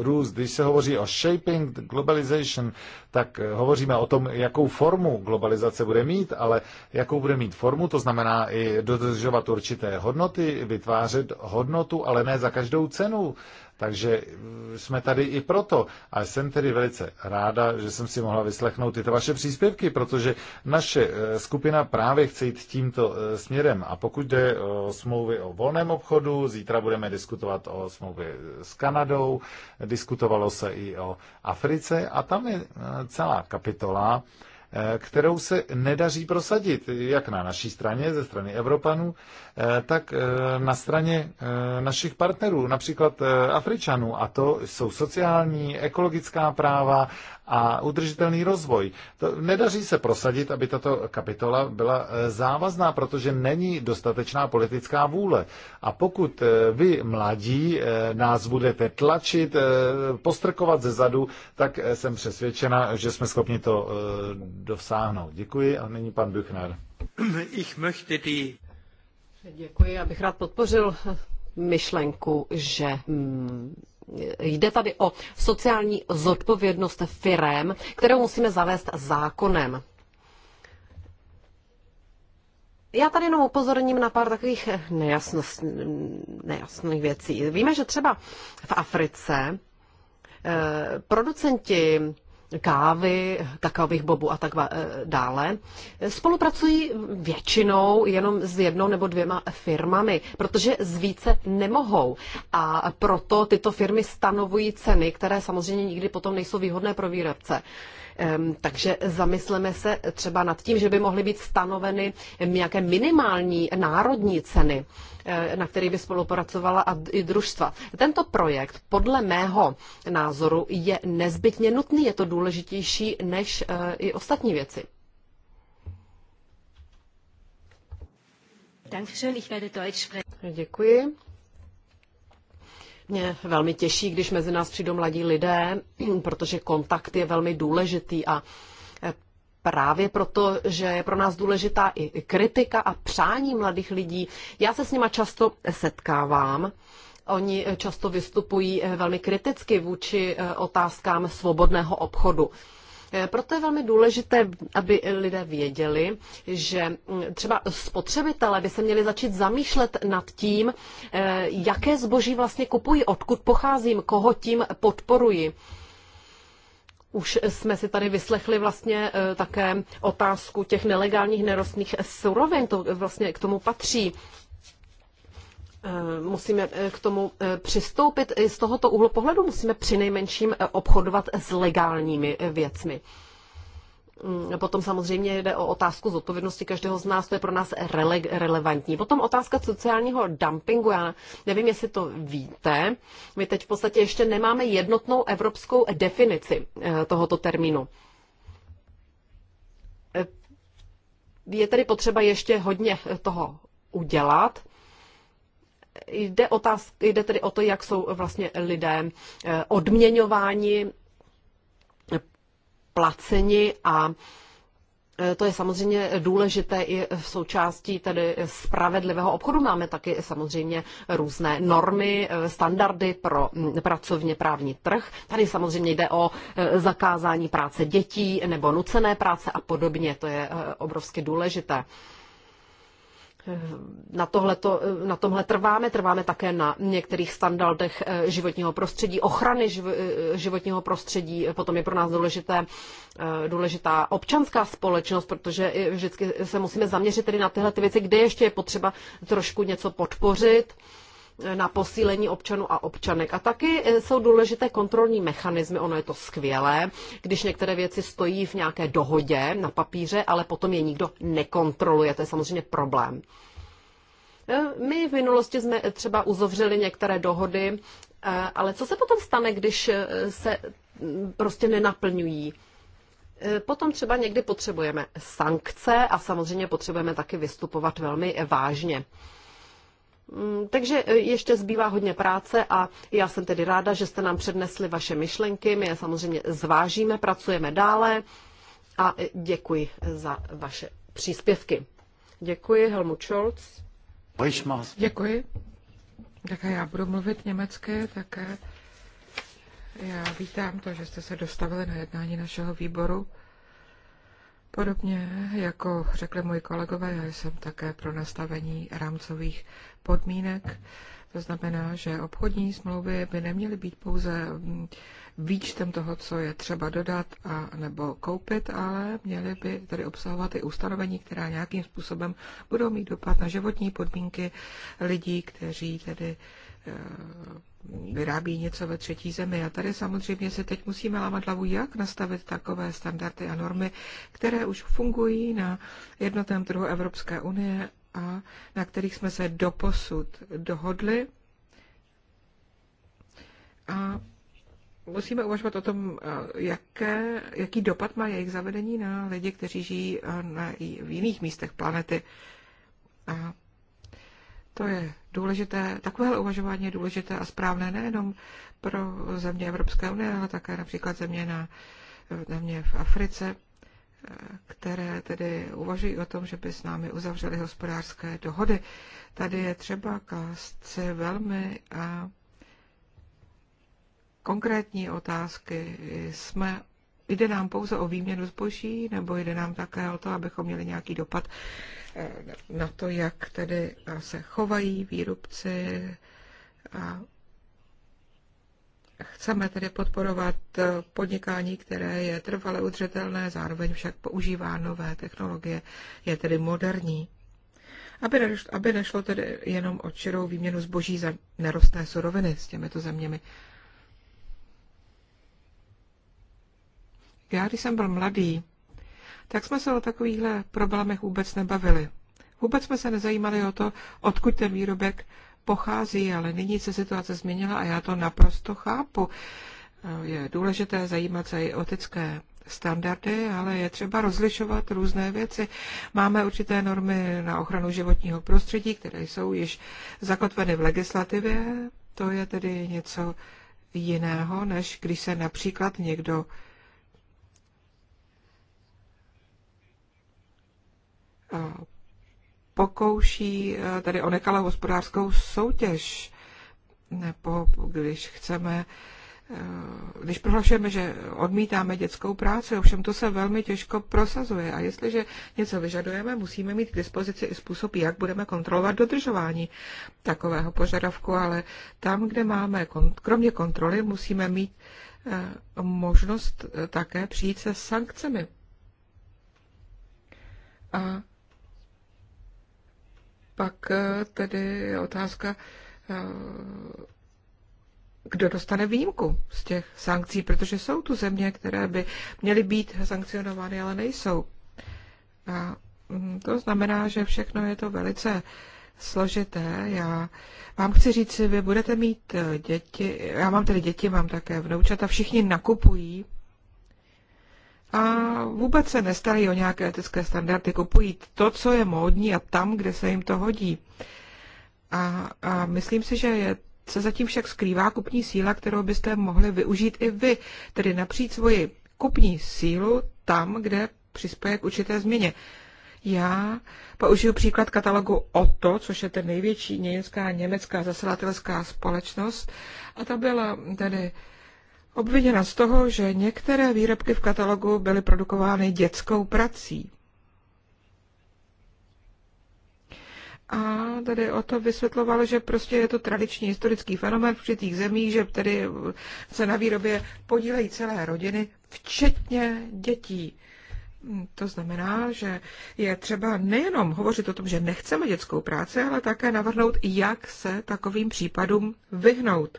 růst. Když se hovoří o shaping globalization, tak hovoříme o tom, jakou formu globalizace bude mít, ale jakou bude mít formu, to znamená i dodržovat určité hodnoty, vytvářet hodnotu, ale ne za každou cenu. Takže mm, jsme tady i proto. A jsem tedy velice ráda, že jsem si mohla vyslechnout tyto vaše příspěvky, protože naše eh, skupina právě chce jít tímto eh, směrem. A pokud jde o smlouvy o volném obchodu, zítra budeme diskutovat o smlouvě eh, s Kanadou, diskutovalo se i o Africe a tam je celá kapitola, Eh, kterou se nedaří prosadit, jak na naší straně, ze strany Evropanů, eh, tak eh, na straně našich partnerů, například Afričanů. A to jsou sociální, ekologická práva a udržitelný rozvoj. To nedaří se prosadit, aby tato kapitola byla eh, závazná, protože není dostatečná politická vůle. A pokud eh, vy, mladí, eh, nás budete tlačit, postrkovat ze zadu, tak jsem přesvědčena, že jsme schopni to dosáhnout. Děkuji a nyní pan Büchner. Ich möchte die... Děkuji, abych rád podpořil myšlenku, že mm, jde tady o sociální zodpovědnost firem, kterou musíme zavést zákonem. Já tady jenom upozorním na pár takových nejasnost, nejasných věcí. Víme, že třeba v Africe eh, producenti kávy, kakaových bobů a tak eh, dále, spolupracují většinou jenom s jednou nebo dvěma firmami, protože z více nemohou. A proto tyto firmy stanovují ceny, které samozřejmě nikdy potom nejsou výhodné pro výrobce. Takže zamysleme se třeba nad tím, že by mohly být stanoveny nějaké minimální národní ceny, eh, na který by spolupracovala a i družstva. Tento projekt podle mého názoru je nezbytně nutný, je to důležitější než eh, i ostatní věci. Děkuji. Mě velmi těší, když mezi nás přijdou mladí lidé, protože kontakt je velmi důležitý a eh, právě proto, že je pro nás důležitá i kritika a přání mladých lidí. Já se s nima často setkávám. Oni eh, často vystupují eh, velmi kriticky vůči otázkám svobodného obchodu. Eh, proto je velmi důležité, aby lidé věděli, že mm, třeba spotřebitelé by se měli začít zamýšlet nad tím, eh, jaké zboží vlastně kupují, odkud pocházím, koho tím podporuji. Už jsme si tady vyslechli vlastně eh, také otázku těch nelegálních nerostných surovin, to vlastně k tomu patří. Eh, musíme eh, k tomu eh, přistoupit z tohoto úhlu pohledu, musíme přinejmenším obchodovat s legálními věcmi. Mm, potom samozřejmě jde o otázku zodpovědnosti každého z nás, to je pro nás rele- relevantní. Potom otázka sociálního dumpingu, já nevím, jestli to víte, my teď v podstatě ještě nemáme jednotnou evropskou definici tohoto termínu. Je tedy potřeba ještě hodně toho udělat. Jde, otázk, jde tedy o to, jak jsou vlastně lidé eh, odměňováni, placeni a eh, to je samozřejmě důležité i v součástí tedy spravedlivého obchodu. Máme taky samozřejmě různé normy, eh, standardy pro hm, pracovně právní trh. Tady samozřejmě jde o zakázání práce dětí nebo nucené práce a podobně. To je obrovsky důležité. Eh, na, tohleto, eh, na tomhle trváme, trváme také na některých standardech eh, životního prostředí, ochrany životního prostředí, potom je pro nás důležité, důležitá občanská společnost, protože vždycky se musíme zaměřit tedy na tyhle ty věci, kde ještě je potřeba trošku něco podpořit na posílení občanů a občanek. A taky e, jsou důležité kontrolní mechanismy, ono je to skvělé, když některé věci stojí v nějaké dohodě na papíře, ale potom je nikdo nekontroluje, to je samozřejmě problém. E, my v minulosti jsme třeba uzavřeli některé dohody, e, ale co se potom stane, když se prostě nenaplňují? Potom třeba někdy potřebujeme sankce a samozřejmě potřebujeme taky vystupovat velmi vážně. Mm, takže e, ještě zbývá hodně práce a já jsem tedy ráda, že jste nám přednesli vaše myšlenky. My je samozřejmě zvážíme, pracujeme dále a e, děkuji za vaše příspěvky. Děkuji, Helmut Scholz. Děkuji. Tak já budu mluvit německy, také já vítám to, že jste se dostavili na jednání našeho výboru. Podobně jako řekli moji kolegové, já jsem také pro nastavení rámcových podmínek. To znamená, že obchodní smlouvy by neměly být pouze mm, výčtem toho, co je třeba dodat a nebo koupit, ale měly by tedy obsahovat i ustanovení, která nějakým způsobem budou mít dopad na životní podmínky lidí, kteří tedy eh, vyrábí něco ve třetí zemi. A tady samozřejmě se teď musíme lámat hlavu, jak nastavit takové standardy a normy, které už fungují na jednotném trhu Evropské unie a na kterých jsme se doposud dohodli. A musíme uvažovat o tom, jaké, jaký dopad má jejich zavedení na lidi, kteří žijí na, v jiných místech planety. A to je důležité, takovéhle uvažování je důležité a správné nejenom pro země Evropské unie, ale také například země, na, země v Africe, které tedy uvažují o tom, že by s námi uzavřeli hospodářské dohody. Tady je třeba klást velmi a konkrétní otázky. Jsme jde nám pouze o výměnu zboží, nebo jde nám také o to, abychom měli nějaký dopad eh, na to, jak tedy eh, se chovají výrobci a chceme tedy podporovat eh, podnikání, které je trvale udržitelné, zároveň však používá nové technologie, je tedy moderní. Aby nešlo, aby nešlo tedy jenom o čirou výměnu zboží za nerostné suroviny s těmito zeměmi. Já, když jsem byl mladý, tak jsme se o takovýchhle problémech vůbec nebavili. Vůbec jsme se nezajímali o to, odkud ten výrobek pochází, ale nyní se situace změnila a já to naprosto chápu. Je důležité zajímat se i o etické standardy, ale je třeba rozlišovat různé věci. Máme určité normy na ochranu životního prostředí, které jsou již zakotveny v legislativě. To je tedy něco jiného, než když se například někdo pokouší eh, tedy o nekalou hospodářskou soutěž, nebo když chceme eh, když prohlašujeme, že odmítáme dětskou práci, ovšem to se velmi těžko prosazuje a jestliže něco vyžadujeme, musíme mít k dispozici i způsob, jak budeme kontrolovat dodržování takového požadavku, ale tam, kde máme, kromě kontroly, musíme mít eh, možnost také přijít se sankcemi. A pak eh, tedy otázka, eh, kdo dostane výjimku z těch sankcí, protože jsou tu země, které by měly být sankcionovány, ale nejsou. A mm, to znamená, že všechno je to velice složité. Já vám chci říct, vy budete mít eh, děti, já mám tedy děti, mám také vnoučata, všichni nakupují a vůbec se nestarají o nějaké etické standardy. Kupují to, co je módní a tam, kde se jim to hodí. A, a myslím si, že je, se zatím však skrývá kupní síla, kterou byste mohli využít i vy, tedy napřít svoji kupní sílu tam, kde přispěje k určité změně. Já použiju příklad katalogu OTO, což je ten největší německá, německá zaselatelská společnost. A ta byla tedy obviněna z toho, že některé výrobky v katalogu byly produkovány dětskou prací. A tady o to vysvětlovalo, že prostě je to tradiční historický fenomén v určitých zemích, že tedy se na výrobě podílejí celé rodiny, včetně dětí. To znamená, že je třeba nejenom hovořit o tom, že nechceme dětskou práci, ale také navrhnout, jak se takovým případům vyhnout.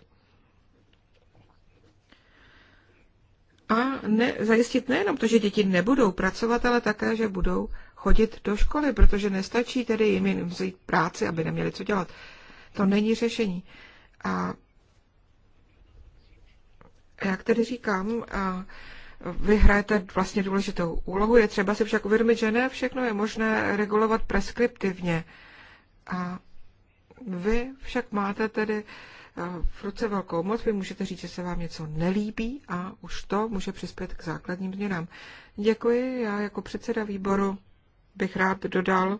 a ne, zajistit nejenom to, že děti nebudou pracovat, ale také, že budou chodit do školy, protože nestačí tedy jim jen vzít práci, aby neměli co dělat. To není řešení. A jak tedy říkám, a vy hrajete vlastně důležitou úlohu. Je třeba si však uvědomit, že ne všechno je možné regulovat preskriptivně. A vy však máte tedy v ruce velkou moc, vy můžete říct, že se vám něco nelíbí a už to může přispět k základním změnám. Děkuji, já jako předseda výboru bych rád dodal,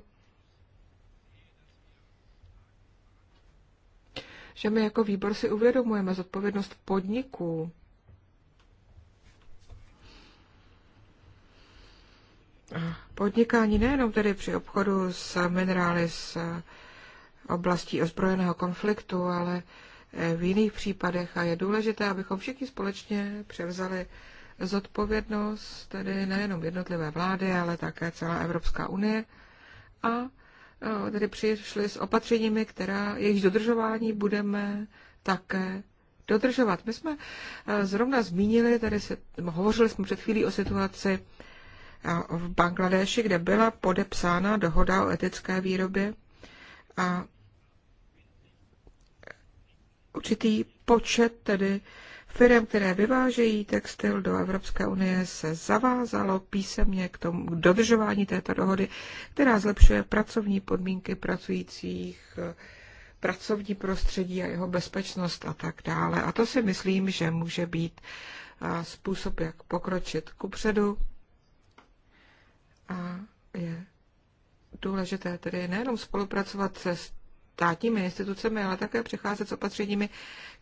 že my jako výbor si uvědomujeme zodpovědnost podniků, podnikání nejenom tedy při obchodu s minerály z oblastí ozbrojeného konfliktu, ale v jiných případech a je důležité, abychom všichni společně převzali zodpovědnost, tedy nejenom jednotlivé vlády, ale také celá Evropská unie a e, tedy přišli s opatřeními, která jejich dodržování budeme také dodržovat. My jsme e, zrovna zmínili, tady se, hovořili jsme před chvílí o situaci e, v Bangladeši, kde byla podepsána dohoda o etické výrobě a určitý počet tedy firm, které vyvážejí textil do Evropské unie, se zavázalo písemně k tomu k dodržování této dohody, která zlepšuje pracovní podmínky pracujících, pracovní prostředí a jeho bezpečnost a tak dále. A to si myslím, že může být způsob, jak pokročit kupředu. A je důležité tedy nejenom spolupracovat se státními institucemi, ale také přicházet s opatřeními,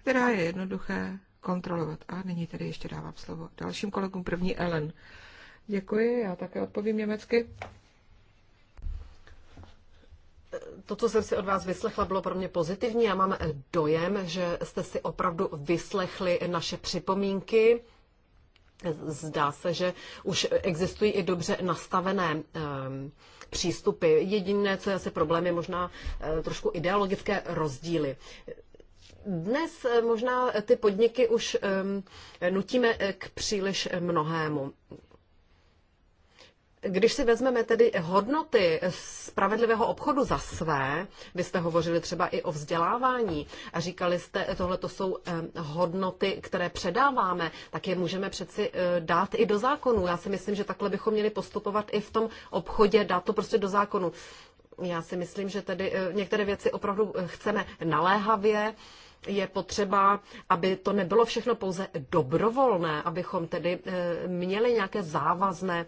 která je jednoduché kontrolovat. A nyní tedy ještě dávám slovo dalším kolegům. První Ellen. Děkuji, já také odpovím německy. To, co jsem si od vás vyslechla, bylo pro mě pozitivní. Já mám dojem, že jste si opravdu vyslechli naše připomínky. Zdá se, že už existují i dobře nastavené um, přístupy. Jediné, co je asi problém, je možná eh, trošku ideologické rozdíly. Dnes eh, možná ty podniky už ehm, nutíme eh, k příliš mnohému. Když si vezmeme tedy hodnoty spravedlivého obchodu za své, vy jste hovořili třeba i o vzdělávání a říkali jste, tohle to jsou hodnoty, které předáváme, tak je můžeme přeci e, dát i do zákonu. Já si myslím, že takhle bychom měli postupovat i v tom obchodě, dát to prostě do zákonu. Já si myslím, že tedy e, některé věci opravdu e, chceme naléhavě, je potřeba, aby to nebylo všechno pouze dobrovolné, abychom tedy měli nějaké závazné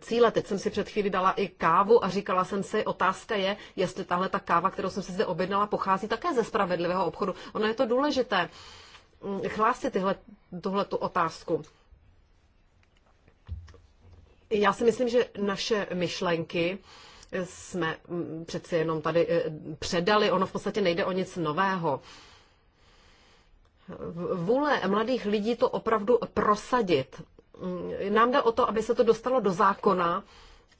cíle. Teď jsem si před chvíli dala i kávu a říkala jsem si, otázka je, jestli tahle ta káva, kterou jsem si zde objednala, pochází také ze spravedlivého obchodu. Ono je to důležité. Chlásit mm, tyhle, tuhle tu otázku. Já si myslím, že naše myšlenky jsme mm, přeci jenom tady e, předali. Ono v podstatě nejde o nic nového. Vůle mladých lidí to opravdu prosadit Mm, nám jde o to, aby se to dostalo do zákona,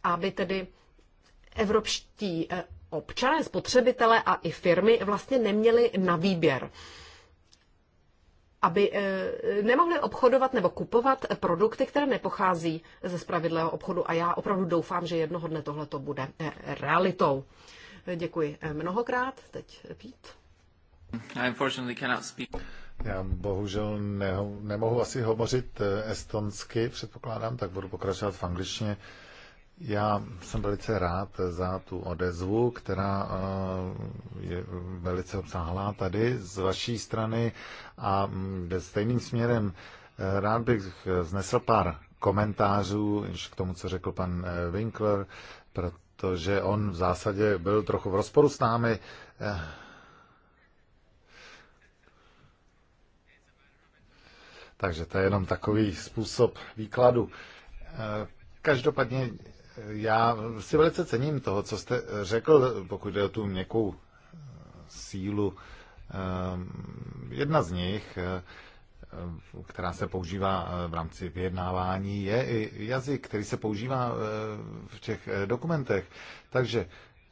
aby tedy evropští eh, občané, spotřebitele a i firmy vlastně neměli na výběr aby eh, nemohli obchodovat nebo kupovat produkty, které nepochází ze spravidlého obchodu. A já opravdu doufám, že jednoho dne tohle to bude eh, realitou. Děkuji mnohokrát. Teď Pít. I unfortunately cannot speak. Já bohužel ne, nemohu asi hovořit eh, estonsky, předpokládám, tak budu pokračovat v angličtině. Já jsem velice rád za tu odezvu, která eh, je velice obsáhlá tady z vaší strany a mm, jde stejným směrem. Eh, rád bych znesl pár komentářů k tomu, co řekl pan Winkler, protože on v zásadě byl trochu v rozporu s námi. Takže to je jenom takový způsob výkladu. Eh, každopádně eh, já si velice cením toho, co jste eh, řekl, pokud jde o tu měkkou sílu. Jedna z nich, která se používá v rámci vyjednávání, je i jazyk, který se používá v těch dokumentech. Takže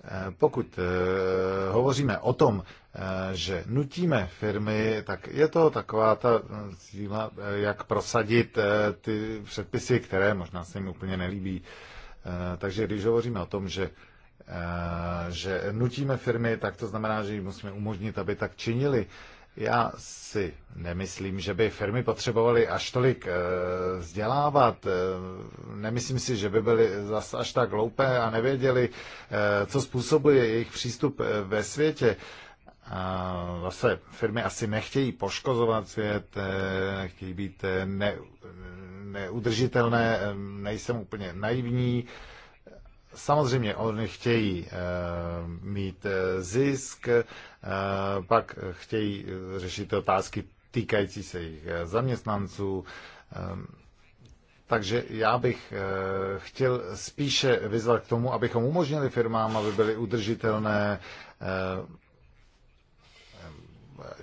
Eh, pokud eh, hovoříme o tom, eh, že nutíme firmy, tak je to taková ta síla, jak prosadit ty předpisy, které možná se jim úplně nelíbí. Takže když hovoříme o tom, že že nutíme firmy, tak to znamená, že jim musíme umožnit, aby tak činili. Já si nemyslím, že by firmy potřebovaly až tolik eh, vzdělávat. Eh, nemyslím si, že by byly zas až tak hloupé a nevěděli, eh, co způsobuje jejich přístup ve světě. A zase firmy asi nechtějí poškozovat svět, chtějí být ne, neudržitelné, nejsem úplně naivní. Samozřejmě oni chtějí mít zisk, pak chtějí eh, řešit otázky týkající se jejich eh, zaměstnanců. Ehm, takže já bych eh, chtěl spíše vyzvat k tomu, abychom umožnili firmám, aby byly udržitelné. Ehm,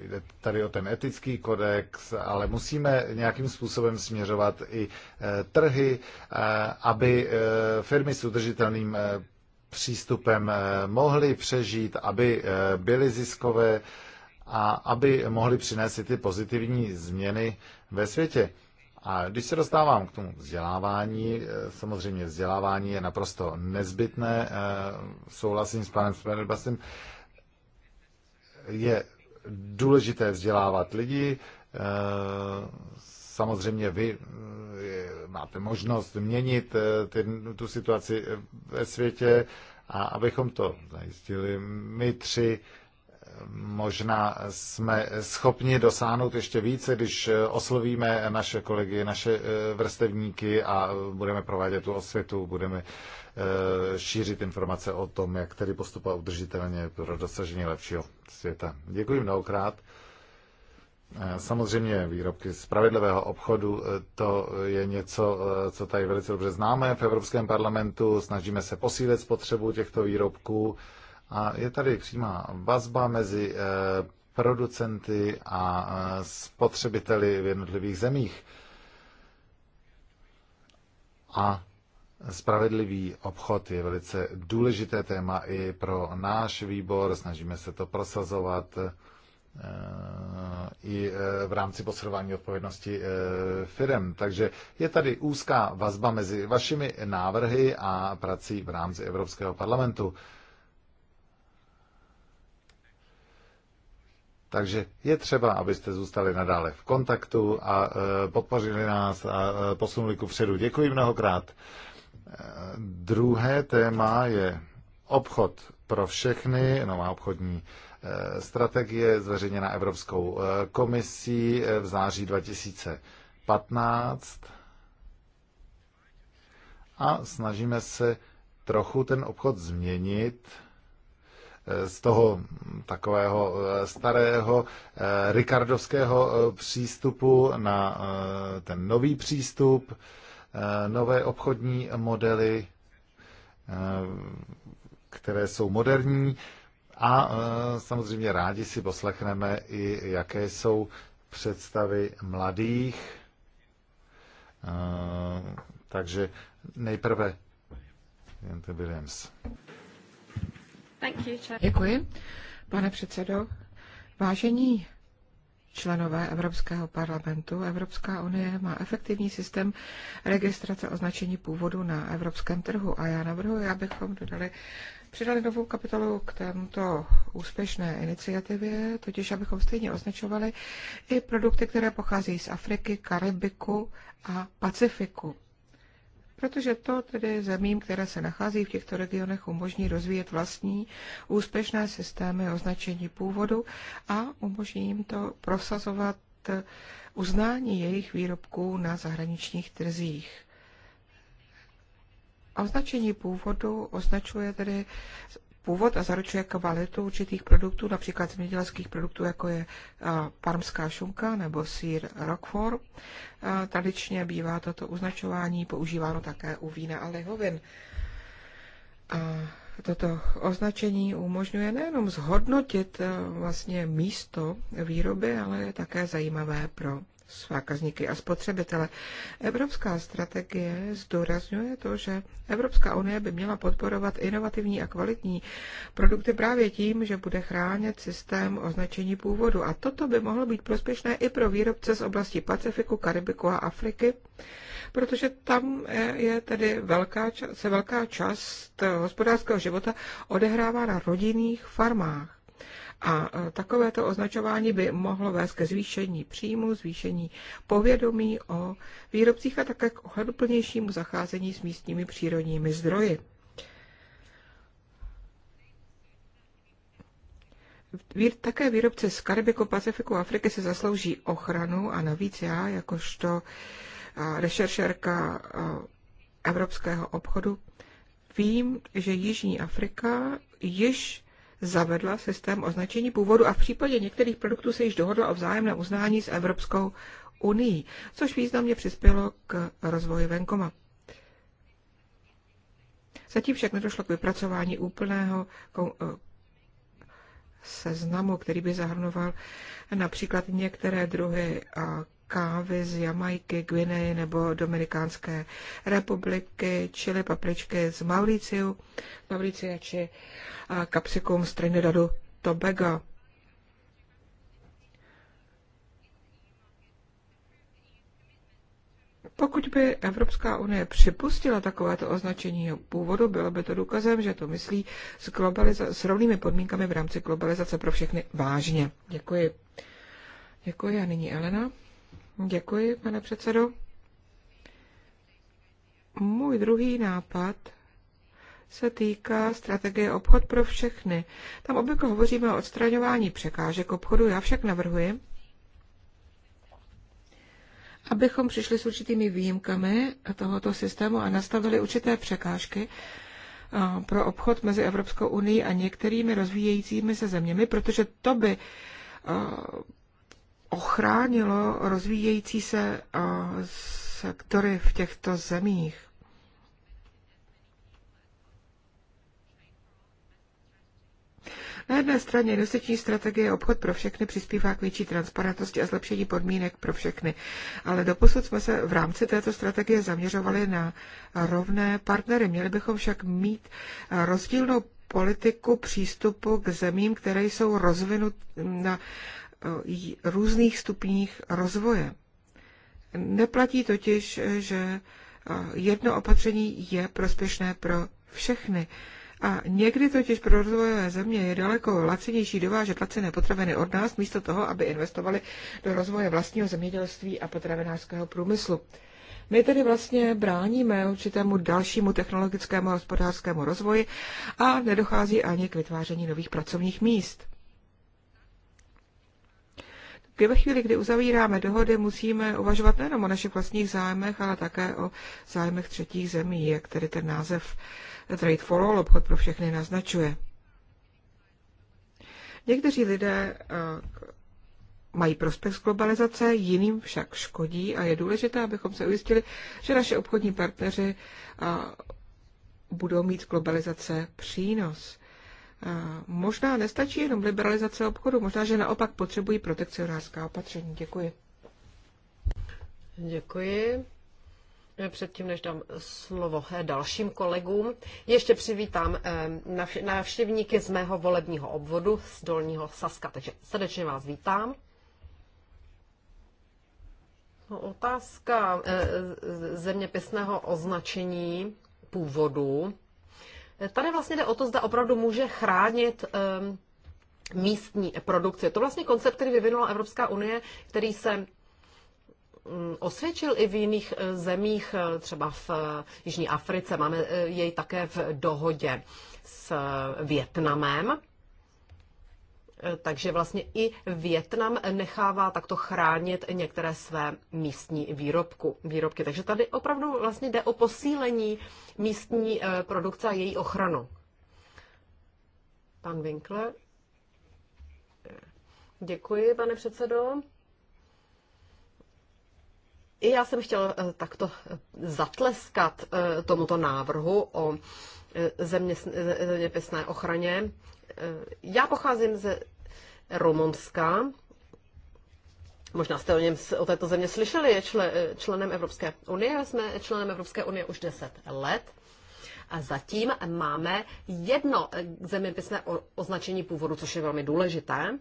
jde tady o ten etický kodex, ale musíme nějakým způsobem směřovat i trhy, aby firmy s udržitelným přístupem eh, mohli přežít, aby eh, byly ziskové a aby mohli přinést ty pozitivní změny ve světě. A když se dostávám k tomu vzdělávání, eh, samozřejmě vzdělávání je naprosto nezbytné, souhlasím s panem Spenelbasem, je důležité vzdělávat lidi, samozřejmě vy máte možnost měnit eh, ty, tu situaci eh, ve světě a abychom to zajistili, my tři eh, možná jsme schopni dosáhnout ještě více, když oslovíme naše kolegy, naše vrstevníky a budeme provádět tu osvětu, budeme šířit informace o tom, jak tedy postupovat udržitelně pro dosažení lepšího světa. Děkuji mnohokrát. Samozřejmě výrobky z spravedlivého obchodu, e, to je něco, e, co tady velice dobře známe v Evropském parlamentu. Snažíme se posílit spotřebu těchto výrobků a je tady přímá vazba mezi e, producenty a spotřebiteli v jednotlivých zemích. A Spravedlivý obchod je velice důležité téma i pro náš výbor. Snažíme se to prosazovat i e, v rámci posilování odpovědnosti e, firm. Takže je tady úzká vazba mezi vašimi návrhy a prací v rámci Evropského parlamentu. Takže je třeba, abyste zůstali nadále v kontaktu a e, podpořili nás a posunuli ku předu. Děkuji mnohokrát. Druhé téma je obchod pro všechny, nová obchodní Eh, strategie zveřejněná Evropskou eh, komisí eh, v září 2015 a snažíme se trochu ten obchod změnit z toho takového starého Ricardovského přístupu na ten nový přístup, nové obchodní modely, které jsou moderní. A e, samozřejmě rádi si poslechneme i, jaké jsou představy mladých. E, takže nejprve Jente Williams. Děkuji, pane předsedo. Vážení členové Evropského parlamentu, Evropská unie má efektivní systém registrace označení původu na evropském trhu a já navrhuji, abychom dodali přidali novou kapitolu k této úspěšné iniciativě, totiž abychom stejně označovali i produkty, které pocházejí z Afriky, Karibiku a Pacifiku. Protože to tedy zemím, které se nachází v těchto regionech, umožní rozvíjet vlastní úspěšné systémy označení původu a umožní jim to prosazovat uznání jejich výrobků na zahraničních trzích. Označení původu označuje tedy původ a zaručuje kvalitu určitých produktů, například zemědělských produktů, jako je parmská šunka nebo sír Roquefort. Tradičně bývá toto označování používáno také u vína a lihovin. A toto označení umožňuje nejenom zhodnotit vlastně místo výroby, ale je také zajímavé pro zákazníky a spotřebitele. Evropská strategie zdůrazňuje to, že Evropská unie by měla podporovat inovativní a kvalitní produkty právě tím, že bude chránit systém označení původu. A toto by mohlo být prospěšné i pro výrobce z oblasti Pacifiku, Karibiku a Afriky, protože tam eh, je tedy velká, se velká část hospodářského života odehrává na rodinných farmách. A e, takovéto označování by mohlo vést ke zvýšení příjmu, zvýšení povědomí o výrobcích a také k ohleduplnějšímu zacházení s místními přírodními zdroji. Také výrobce z Karibiku, Pacifiku a Afriky se zaslouží ochranu a navíc já, jakožto rešeršerka evropského obchodu, vím, že Jižní Afrika již zavedla systém označení původu a v případě některých produktů se již dohodla o vzájemném uznání s Evropskou unii, což významně přispělo k rozvoji venkoma. Zatím však nedošlo k vypracování úplného eh, seznamu, který by zahrnoval například některé druhy eh, kávy z Jamajky, Gvineji nebo Dominikánské republiky, čili papričky z Mauriciu, Mauricia či kapsikum z Trinidadu Tobago. Pokud by Evropská unie připustila takovéto označení původu, bylo by to důkazem, že to myslí s, globaliza- s rovnými podmínkami v rámci globalizace pro všechny vážně. Děkuji. Děkuji a nyní Elena. Děkuji, pane předsedo. Můj druhý nápad se týká strategie obchod pro všechny. Tam obvykle hovoříme o odstraňování překážek obchodu, já však navrhuji, abychom přišli s určitými výjimkami tohoto systému a nastavili určité překážky pro obchod mezi Evropskou unii a některými rozvíjejícími se zeměmi, protože to by ochránilo rozvíjející se sektory v těchto zemích. Na jedné straně investiční strategie obchod pro všechny přispívá k větší transparentnosti a zlepšení podmínek pro všechny, ale doposud jsme se v rámci této strategie zaměřovali na rovné partnery. Měli bychom však mít rozdílnou politiku přístupu k zemím, které jsou rozvinut na Eh, různých stupních rozvoje. Neplatí totiž, eh, že eh, jedno opatření je prospěšné pro všechny. A někdy totiž pro rozvojové země je daleko lacinější dovážet laciné potraviny od nás, místo toho, aby investovali do rozvoje vlastního zemědělství a potravinářského průmyslu. My tedy vlastně bráníme určitému dalšímu technologickému a hospodářskému rozvoji a nedochází ani k vytváření nových pracovních míst ve chvíli, kdy uzavíráme dohody, musíme uvažovat nejenom o našich vlastních zájmech, ale také o zájmech třetích zemí, jak tedy ten název Trade for All, obchod pro všechny, naznačuje. Někteří lidé eh, mají prospekt z globalizace, jiným však škodí a je důležité, abychom se ujistili, že naše obchodní partneři eh, budou mít globalizace přínos. Možná nestačí jenom liberalizace obchodu, možná, že naopak potřebují protekcionářská opatření. Děkuji. Děkuji. Předtím, než dám slovo eh, dalším kolegům, ještě přivítám eh, návštěvníky z mého volebního obvodu z Dolního Saska, takže srdečně vás vítám. No, otázka eh, zeměpisného označení původu Tady vlastně jde o to, zda opravdu může chránit ehm, místní produkci. Je to vlastně koncept, který vyvinula Evropská unie, který se mm, osvědčil i v jiných eh, zemích, eh, třeba v eh, Jižní Africe, máme jej také v dohodě s Větnamem. Eh, takže vlastně i Větnam nechává takto chránit některé své místní výrobku, výrobky. Takže tady opravdu vlastně jde o posílení místní eh, produkce a její ochranu. Pan Winkler. Eh, děkuji, pane předsedo. I já jsem chtěla takto zatleskat tomuto návrhu o zeměpisné ochraně. Eh, já pocházím ze Rumunska. Možná jste o, něm, o této země slyšeli, je čle, eh, členem Evropské unie. Jsme členem Evropské unie už 10 let. A zatím máme jedno eh, zeměpisné označení původu, což je velmi důležité.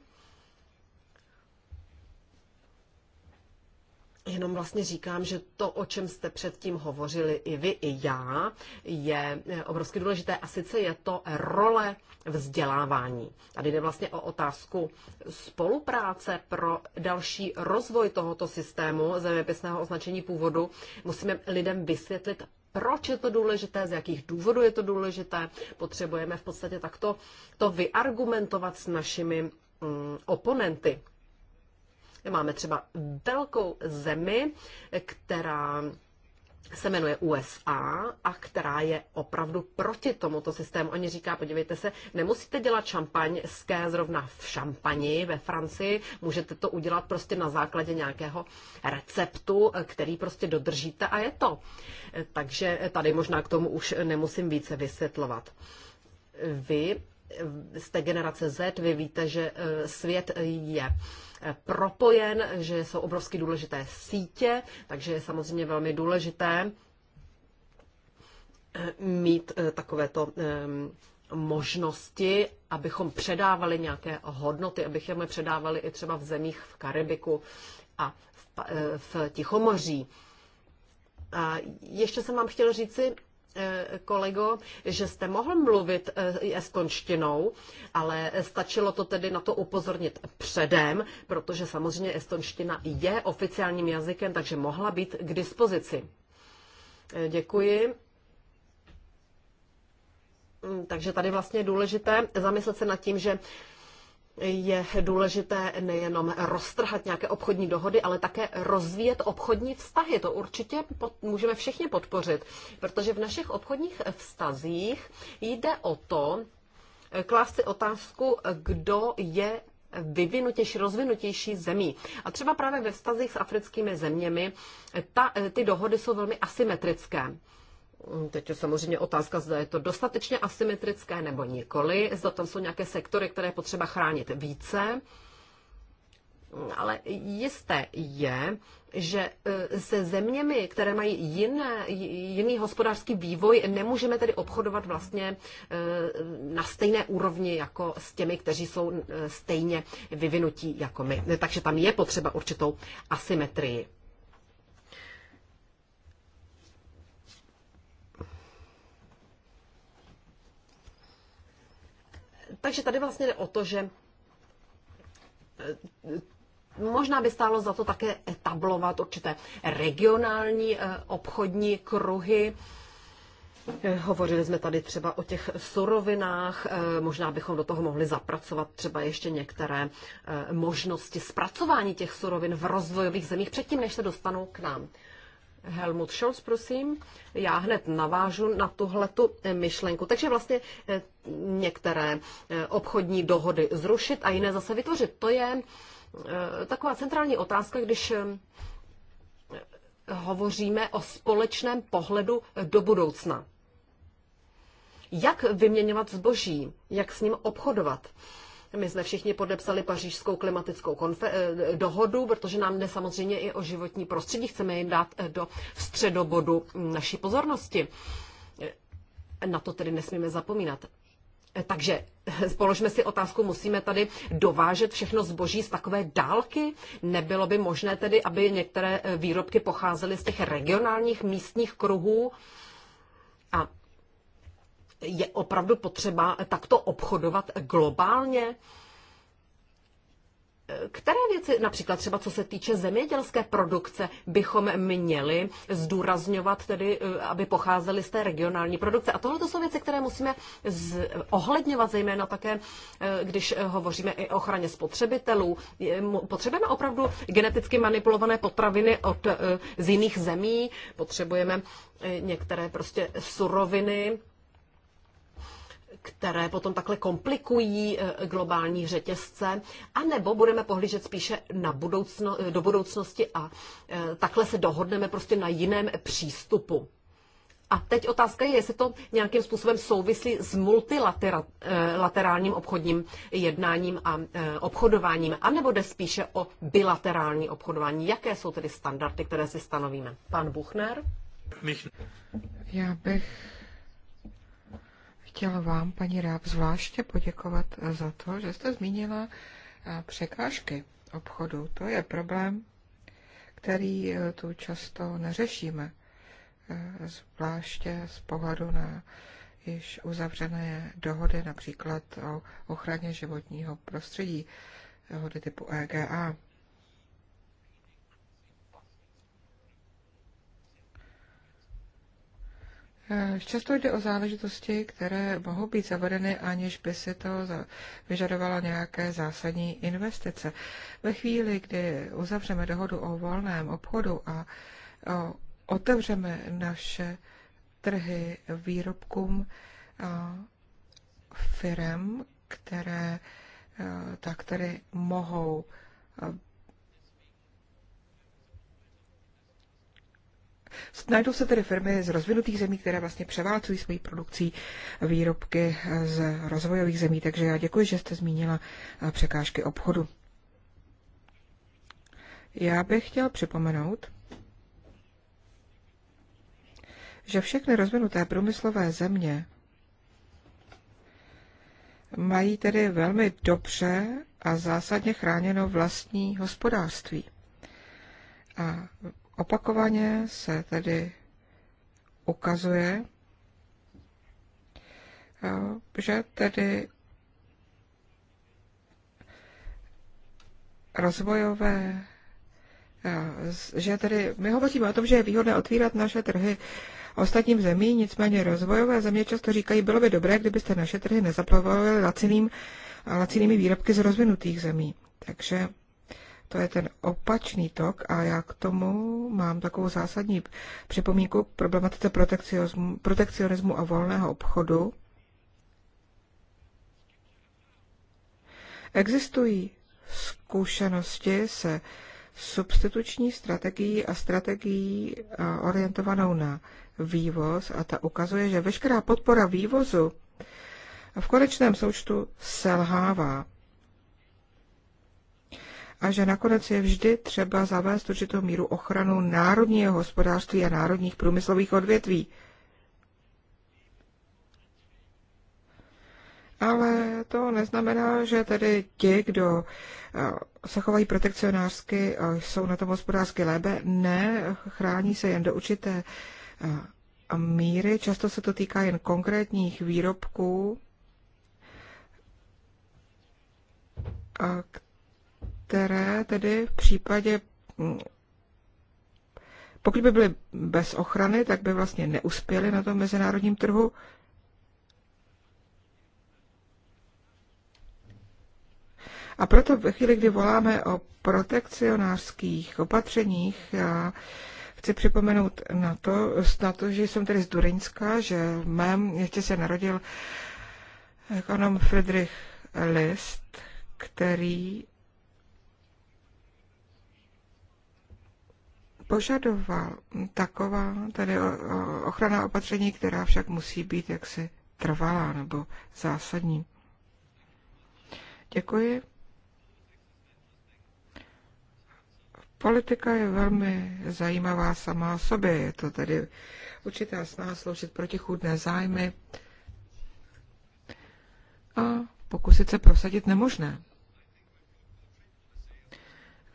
Jenom vlastně říkám, že to, o čem jste předtím hovořili i vy, i já, je eh, obrovsky důležité. A sice je to role vzdělávání. Tady jde vlastně o otázku spolupráce pro další rozvoj tohoto systému zeměpisného označení původu. Musíme lidem vysvětlit, proč je to důležité, z jakých důvodů je to důležité. Potřebujeme v podstatě takto to vyargumentovat s našimi mm, oponenty. Máme třeba velkou zemi, která se jmenuje USA a která je opravdu proti tomuto systému. Oni říká, podívejte se, nemusíte dělat šampaňské zrovna v šampani ve Francii, můžete to udělat prostě na základě nějakého receptu, který prostě dodržíte a je to. Takže tady možná k tomu už nemusím více vysvětlovat. Vy té generace Z, vy víte, že e, svět je e, propojen, že jsou obrovsky důležité sítě, takže je samozřejmě velmi důležité e, mít takovéto možnosti, abychom předávali nějaké hodnoty, abychom je předávali i třeba v zemích v Karibiku a v, v Tichomoří. A ještě jsem vám chtěl říci, Eh, kolego, že jste mohl mluvit estonštinou, eh, ale stačilo to tedy na to upozornit předem, protože samozřejmě estonština je oficiálním jazykem, takže mohla být k dispozici. Eh, děkuji. Mm, takže tady vlastně je důležité zamyslet se nad tím, že je důležité nejenom roztrhat nějaké obchodní dohody, ale také rozvíjet obchodní vztahy. To určitě pod, můžeme všichni podpořit, protože v našich obchodních vztazích jde o to, eh, klást si otázku, kdo je vyvinutější, rozvinutější zemí. A třeba právě ve vztazích s africkými zeměmi eh, ta, eh, ty dohody jsou velmi asymetrické. Teď je samozřejmě otázka, zda je to dostatečně asymetrické nebo nikoli, zda tam jsou nějaké sektory, které je potřeba chránit více. Ale jisté je, že e, se zeměmi, které mají jiné, jiný hospodářský vývoj, nemůžeme tedy obchodovat vlastně e, na stejné úrovni jako s těmi, kteří jsou e, stejně vyvinutí jako my. Takže tam je potřeba určitou asymetrii. Takže tady vlastně jde o to, že eh, možná by stálo za to také etablovat určité regionální eh, obchodní kruhy, eh, Hovořili jsme tady třeba o těch surovinách, možná bychom do toho mohli zapracovat třeba ještě některé možnosti zpracování těch surovin v rozvojových zemích předtím, než se dostanou k nám. Helmut Scholz, prosím. Já hned navážu na tuhletu eh, myšlenku. Takže vlastně eh, některé eh, obchodní dohody zrušit a jiné zase vytvořit. To je taková centrální otázka, když hovoříme o společném pohledu do budoucna. Jak vyměňovat zboží? Jak s ním obchodovat? My jsme všichni podepsali pařížskou klimatickou eh, dohodu, protože nám jde samozřejmě i o životní prostředí. Chceme jim dát eh, do středobodu naší pozornosti. Eh, na to tedy nesmíme zapomínat. Takže položme si otázku, musíme tady dovážet všechno zboží z takové dálky? Nebylo by možné tedy, aby některé výrobky pocházely z těch regionálních místních kruhů? A je opravdu potřeba takto obchodovat globálně? Které věci, například třeba co se týče zemědělské produkce, bychom měli zdůrazňovat, tedy, eh, aby pocházely z té regionální produkce? A tohle to jsou věci, které musíme z, ohledňovat, zejména také, eh, když eh, hovoříme i o ochraně spotřebitelů. Potřebujeme opravdu geneticky manipulované potraviny od, z jiných zemí, potřebujeme některé prostě suroviny, které potom takhle komplikují e, globální řetězce, anebo budeme pohlížet spíše na budoucno, e, do budoucnosti a e, takhle se dohodneme prostě na jiném přístupu. A teď otázka je, jestli to nějakým způsobem souvisí s multilaterálním obchodním jednáním a obchodováním, anebo jde spíše o bilaterální obchodování. Jaké jsou tedy standardy, které si stanovíme? Pan Buchner? Já bych chtěla vám, paní Ráb, zvláště poděkovat za to, že jste zmínila eh, překážky obchodu. To je problém, který eh, tu často neřešíme, eh, zvláště z pohledu na již uzavřené dohody, například o ochraně životního prostředí, dohody typu EGA. Eh, často jde o záležitosti, které mohou být zavedeny, aniž by si to vyžadovalo nějaké zásadní investice. Ve chvíli, kdy uzavřeme dohodu o volném obchodu a otevřeme naše trhy výrobkům firem, které eh, tak tedy mohou eh, Najdou se tedy firmy z rozvinutých zemí, které vlastně převálcují svojí produkcí výrobky z rozvojových zemí. Takže já děkuji, že jste zmínila eh, překážky obchodu. Já bych chtěla připomenout, že všechny rozvinuté průmyslové země mají tedy velmi dobře a zásadně chráněno vlastní hospodářství. A Opakovaně se tedy ukazuje, eh, že tedy rozvojové, eh, že tedy my hovoříme o tom, že je výhodné otvírat naše trhy ostatním zemí, nicméně rozvojové země často říkají, bylo by dobré, kdybyste naše trhy nezaplavovali laciným, lacinými výrobky z rozvinutých zemí. Takže to je ten opačný tok a já k tomu mám takovou zásadní připomínku k problematice protekcionismu, a volného obchodu. Existují zkušenosti se substituční strategií a strategií orientovanou na vývoz a ta ukazuje, že veškerá podpora vývozu v konečném součtu selhává a že nakonec je vždy třeba zavést určitou míru ochranu národního hospodářství a národních průmyslových odvětví. Ale to neznamená, že tedy ti, kdo eh, se chovají protekcionářsky, eh, jsou na tom hospodářsky lépe. Ne, chrání se jen do určité eh, míry. Často se to týká jen konkrétních výrobků, které tedy v případě, pokud by byly bez ochrany, tak by vlastně neuspěly na tom mezinárodním trhu. A proto ve chvíli, kdy voláme o protekcionářských opatřeních, já chci připomenout na to, na to že jsem tedy z Durinska, že v mém ještě se narodil ekonom Friedrich List, který požadoval taková tedy ochrana opatření, která však musí být jaksi trvalá nebo zásadní. Děkuji. Politika je velmi zajímavá sama o sobě. Je to tedy určitá snaha sloužit protichůdné zájmy a pokusit se prosadit nemožné.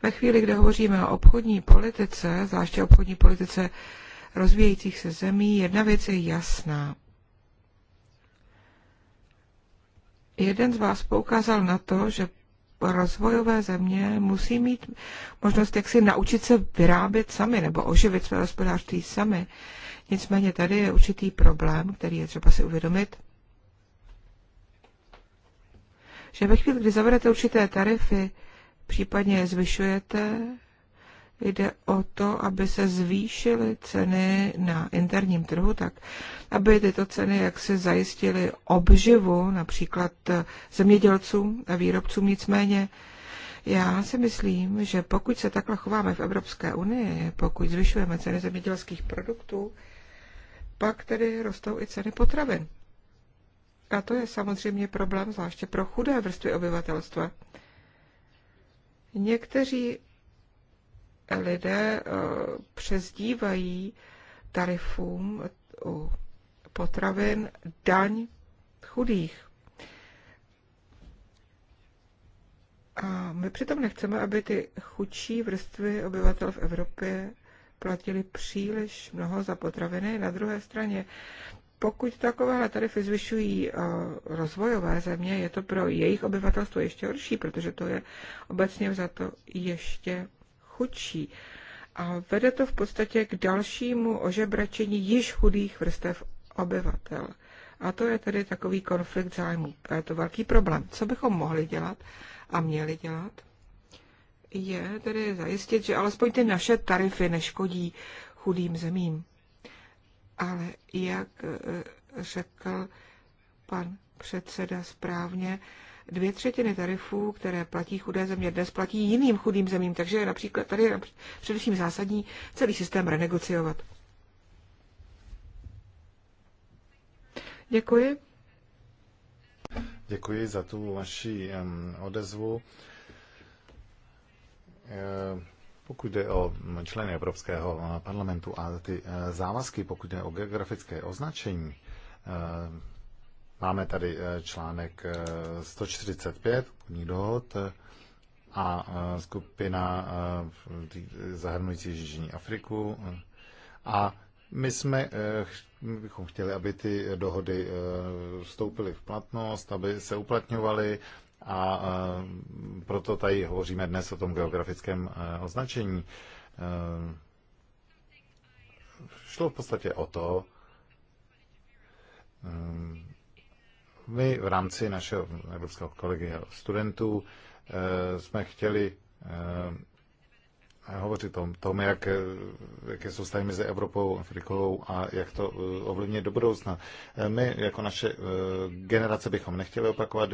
Ve chvíli, kdy hovoříme o obchodní politice, zvláště obchodní politice rozvíjejících se zemí, jedna věc je jasná. Jeden z vás poukázal na to, že rozvojové země musí mít možnost jaksi si naučit se vyrábět sami nebo oživit své hospodářství sami. Nicméně tady je určitý problém, který je třeba si uvědomit, že ve chvíli, kdy zavedete určité tarify, případně je zvyšujete, jde o to, aby se zvýšily ceny na interním trhu, tak aby tyto ceny jak se zajistily obživu například zemědělcům a výrobcům. Nicméně já si myslím, že pokud se takhle chováme v Evropské unii, pokud zvyšujeme ceny zemědělských produktů, pak tedy rostou i ceny potravin. A to je samozřejmě problém zvláště pro chudé vrstvy obyvatelstva. Někteří lidé eh, přezdívají tarifům u potravin daň chudých. A my přitom nechceme, aby ty chudší vrstvy obyvatel v Evropě platili příliš mnoho za potraviny. Na druhé straně pokud takovéhle tarify zvyšují eh, rozvojové země, je to pro jejich obyvatelstvo ještě horší, protože to je obecně za to ještě chudší. A vede to v podstatě k dalšímu ožebračení již chudých vrstev obyvatel. A to je tedy takový konflikt zájmů. A je to velký problém. Co bychom mohli dělat a měli dělat, je tedy zajistit, že alespoň ty naše tarify neškodí chudým zemím. Ale jak eh, eh, řekl pan předseda správně, dvě třetiny tarifů, které platí chudé země, dnes platí jiným chudým zemím, takže je například tady je především zásadní celý systém renegociovat. Děkuji. Děkuji za tu vaši odezvu. Eh, pokud jde o členy Evropského parlamentu a ty e, závazky, pokud jde o geografické označení, e, máme tady e, článek 145 dohod a skupina zahrnující Jižní Afriku. A my jsme my bychom chtěli, aby ty dohody vstoupily v platnost, aby se uplatňovaly, a e, proto tady hovoříme dnes o tom geografickém e, označení. E, šlo v podstatě o to, my v rámci našeho evropského kolegia studentů jsme chtěli hovořit o tom, jak, jaké jsou vztahy mezi Evropou, a Afrikou a jak to eh, ovlivní do budoucna. Eh, my jako naše eh, generace bychom nechtěli opakovat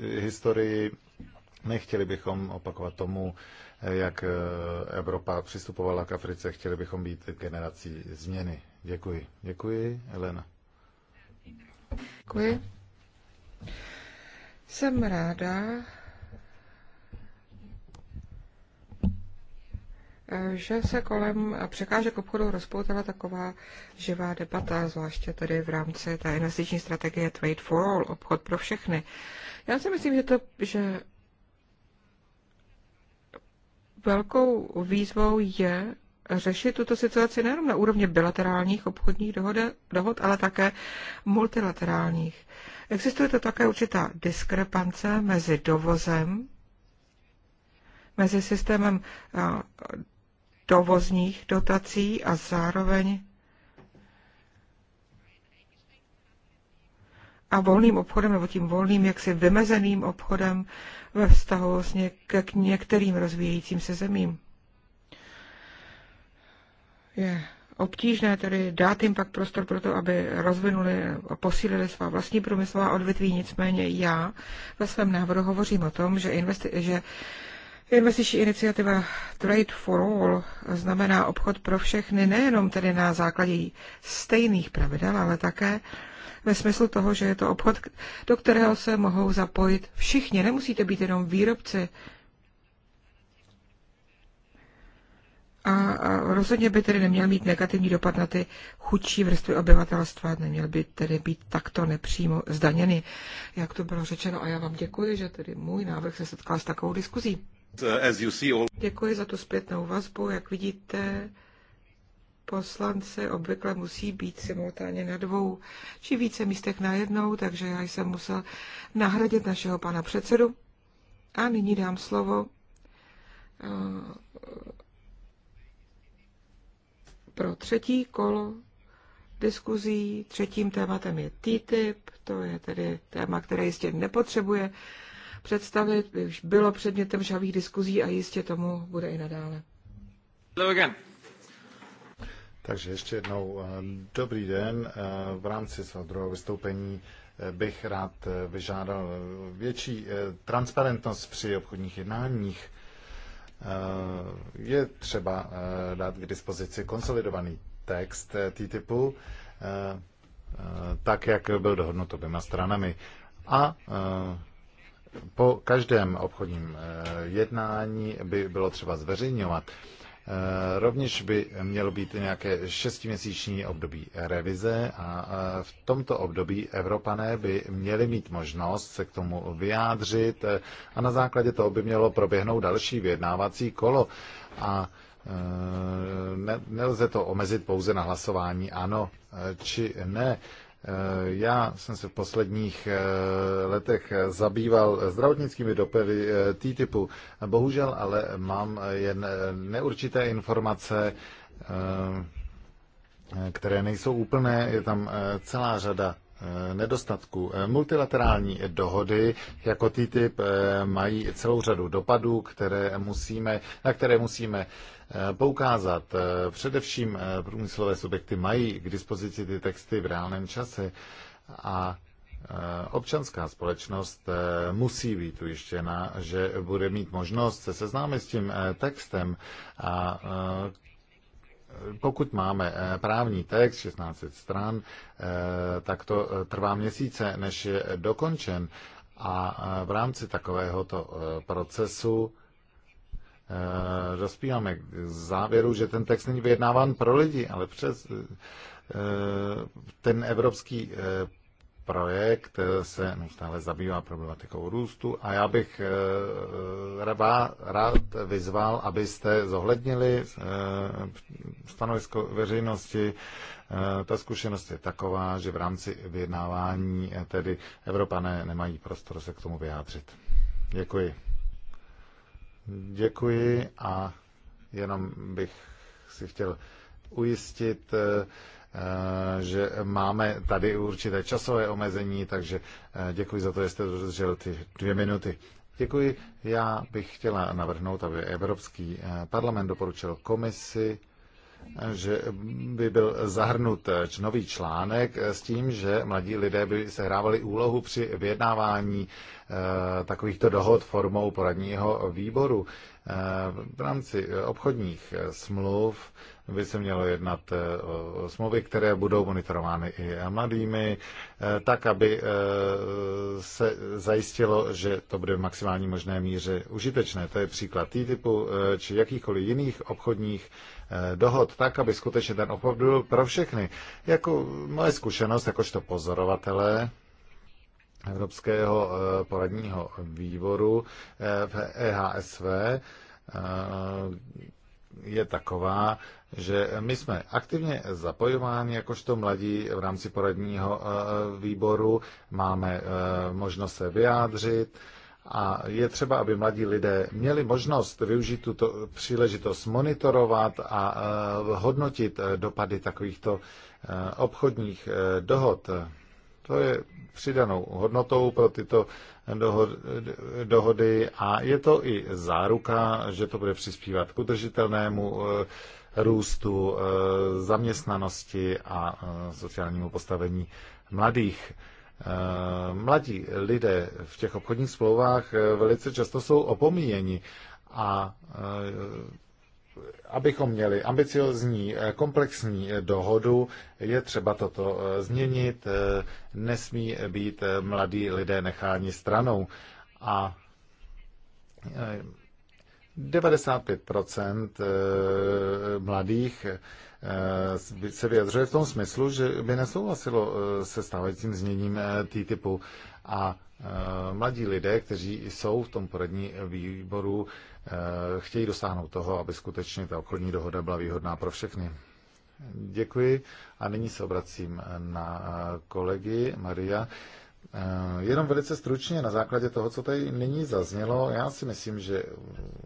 historii, nechtěli bychom opakovat tomu, jak Evropa přistupovala k Africe, chtěli bychom být generací změny. Děkuji. Děkuji, Elena. Děkuji. Jsem ráda, že se kolem překážek obchodu rozpoutala taková živá debata, zvláště tedy v rámci té investiční strategie Trade for All, obchod pro všechny. Já si myslím, že to, že velkou výzvou je řešit tuto situaci nejenom na úrovni bilaterálních obchodních dohod, dohod, ale také multilaterálních. Existuje to také určitá diskrepance mezi dovozem, mezi systémem dovozních dotací a zároveň a volným obchodem, nebo tím volným, jaksi vymezeným obchodem ve vztahu vlastně k některým rozvíjejícím se zemím. Je obtížné tedy dát jim pak prostor pro to, aby rozvinuli a posílili svá vlastní průmyslová odvětví. Nicméně já ve svém návrhu hovořím o tom, že, investi- že Investiční iniciativa Trade for All znamená obchod pro všechny nejenom tedy na základě stejných pravidel, ale také ve smyslu toho, že je to obchod, do kterého se mohou zapojit všichni. Nemusíte být jenom výrobci. A rozhodně by tedy neměl mít negativní dopad na ty chudší vrstvy obyvatelstva, neměl by tedy být takto nepřímo zdaněny, jak to bylo řečeno. A já vám děkuji, že tedy můj návrh se setkal s takovou diskuzí. Děkuji za tu zpětnou vazbu. Jak vidíte, poslanci obvykle musí být simultánně na dvou či více místech najednou, takže já jsem musel nahradit našeho pana předsedu. A nyní dám slovo eh, pro třetí kolo diskuzí. Třetím tématem je TTIP, to je tedy téma, které jistě nepotřebuje představit, už bylo předmětem žavých diskuzí a jistě tomu bude i nadále. Hello again. Takže ještě jednou eh, dobrý den. Eh, v rámci svého druhého vystoupení eh, bych rád vyžádal větší transparentnost při obchodních jednáních. Je třeba dát k dispozici konsolidovaný text TTIPu, tak jak byl dohodnut oběma stranami. A po každém obchodním eh, jednání by bylo třeba zveřejňovat. Eh, rovněž by mělo být nějaké šestiměsíční období revize a v tomto období Evropané by měli mít možnost se k tomu vyjádřit eh, a na základě toho by mělo proběhnout další vyjednávací kolo. A nelze to omezit pouze na hlasování ano či ne. Eh, já jsem se v posledních eh, letech zabýval zdravotnickými dopady eh, T-typu. Bohužel ale mám jen neurčité informace, které nejsou úplné. Je tam celá řada nedostatků. Multilaterální dohody jako TTIP mají celou řadu dopadů, které musíme, na které musíme Eh, poukázat. Eh, především eh, průmyslové subjekty mají k dispozici ty texty v reálném čase a občanská společnost musí být ujištěna, že bude mít možnost se seznámit s tím textem a pokud máme právní text 16 stran, tak to trvá měsíce, než je dokončen. A v rámci takovéhoto procesu dospíváme k závěru, že ten text není vyjednáván pro lidi, ale přes eh, ten evropský eh, projekt eh, se neustále zabývá problematikou růstu a já bych rád vyzval, abyste zohlednili stanovisko veřejnosti. Ta zkušenost je taková, že v rámci vyjednávání tedy Evropané nemají prostor se k tomu vyjádřit. Děkuji. Děkuji a jenom bych si chtěl ujistit, eh, eh, že máme tady určité časové omezení, takže eh, děkuji za to, že jste dodržel ty dvě minuty. Děkuji. Já bych chtěla navrhnout, aby Evropský parlament doporučil komisi, že by byl zahrnut nový článek s tím, že mladí lidé by sehrávali úlohu při vyjednávání eh, takovýchto dohod formou poradního výboru. Eh, v rámci eh, obchodních eh, smluv by se mělo jednat o smlouvy, které budou monitorovány i mladými, tak, aby se zajistilo, že to bude v maximální možné míře užitečné. To je příklad TTIPu či jakýchkoliv jiných obchodních dohod, tak, aby skutečně ten obchod byl pro všechny. Jako moje zkušenost, jakožto pozorovatele? Evropského eh, poradního výboru eh, v e EHSV je taková, že my jsme aktivně zapojováni jakožto mladí v rámci poradního eh, výboru, máme možnost se vyjádřit a je třeba, aby mladí lidé měli možnost využít tuto příležitost monitorovat a hodnotit dopady takovýchto obchodních dohod. To je přidanou hodnotou pro tyto dohody a je to i záruka, že to bude přispívat k udržitelnému eh, růstu eh, zaměstnanosti a eh, sociálnímu postavení mladých. Mladí lidé v těch obchodních smlouvách velice často jsou opomíjeni a abychom měli ambiciozní, eh, komplexní eh, dohodu, je třeba toto eh, změnit. Nesmí být mladí lidé necháni stranou. A 95 mladých se vyjadřuje v tom smyslu, že by nesouhlasilo se stávajícím změním TTIPu. A mladí lidé, kteří jsou v tom poradní výboru, Eh, chtějí dosáhnout toho, aby skutečně ta obchodní dohoda byla výhodná pro všechny. Děkuji a nyní se obracím eh, na eh, kolegy Maria. Jenom velice stručně na základě toho, co tady nyní zaznělo, já si myslím, že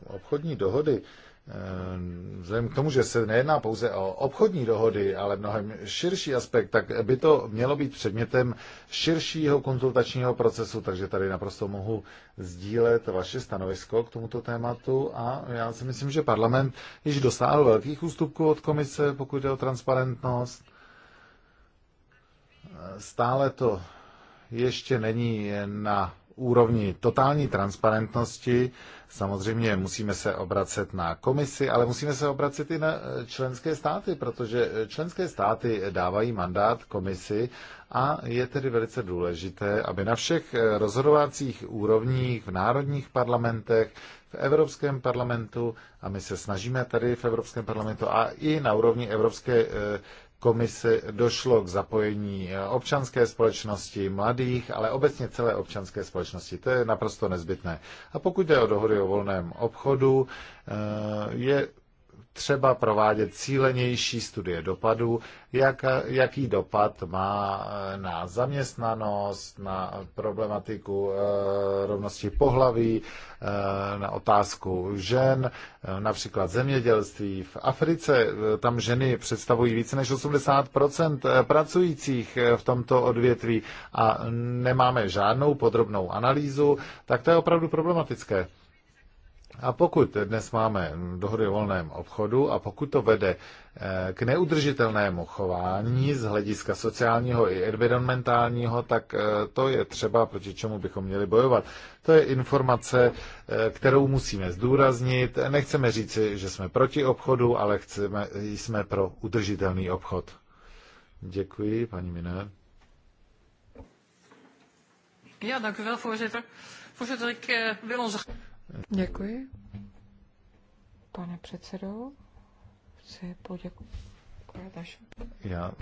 obchodní dohody Eh, vzhledem k tomu, že se nejedná pouze o obchodní dohody, ale mnohem širší aspekt, tak by to mělo být předmětem širšího konzultačního procesu, takže tady naprosto mohu sdílet vaše stanovisko k tomuto tématu a já si myslím, že parlament již dosáhl velkých ústupků od komise, pokud jde o transparentnost. Stále to ještě není na úrovni totální transparentnosti, Samozřejmě musíme se obracet na komisi, ale musíme se obracet i na eh, členské státy, protože eh, členské státy dávají mandát komisi a je tedy velice důležité, aby na všech eh, rozhodovacích úrovních, v národních parlamentech, v Evropském parlamentu, a my se snažíme tady v Evropském parlamentu a i na úrovni Evropské komisi došlo k zapojení občanské společnosti, mladých, ale obecně celé občanské společnosti. To je naprosto nezbytné. A pokud jde o dohody o volném obchodu, eh, je třeba provádět cílenější studie dopadů, jak, jaký dopad má eh, na zaměstnanost, na problematiku eh, rovnosti pohlaví, eh, na otázku žen, například zemědělství. V Africe tam ženy představují více než 80 pracujících v tomto odvětví a nemáme žádnou podrobnou analýzu, tak to je opravdu problematické. A pokud dnes máme dohody o volném obchodu a pokud to vede eh, k neudržitelnému chování z hlediska sociálního i environmentálního, tak eh, to je třeba, proti čemu bychom měli bojovat. To je informace, eh, kterou musíme zdůraznit. Nechceme říci, že jsme proti obchodu, ale chceme, jsme pro udržitelný obchod. Děkuji, paní Miné. Já děkuji voorzitter. Voorzitter, ik wil onze... Děkuji. Pane předsedo, chci poděkovat Já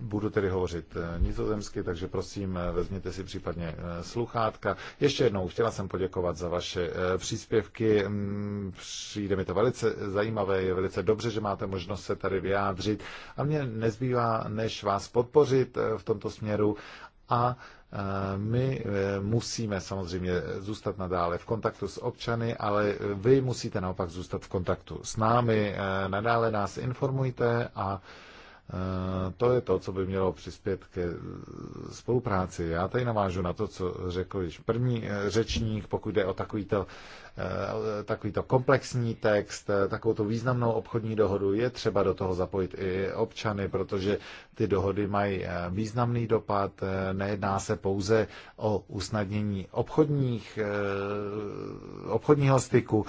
budu tedy hovořit eh, nizozemsky, takže prosím, eh, vezměte si případně eh, sluchátka. Ještě jednou, chtěla jsem poděkovat za vaše příspěvky. Mm, přijde mi to velice zajímavé, je velice dobře, že máte možnost se tady vyjádřit. A mě nezbývá, než vás podpořit v tomto směru a my e, musíme samozřejmě zůstat nadále v kontaktu s občany, ale vy musíte naopak zůstat v kontaktu s námi, e, nadále nás informujte a e, to je to, co by mělo přispět ke spolupráci. Já tady navážu na to, co řekl již první řečník, pokud jde o takovýto Eh, takovýto komplexní text, eh, tu významnou obchodní dohodu. Je třeba do toho zapojit i občany, protože ty dohody mají eh, významný dopad. Nejedná se pouze o usnadnění obchodních, obchodního styku.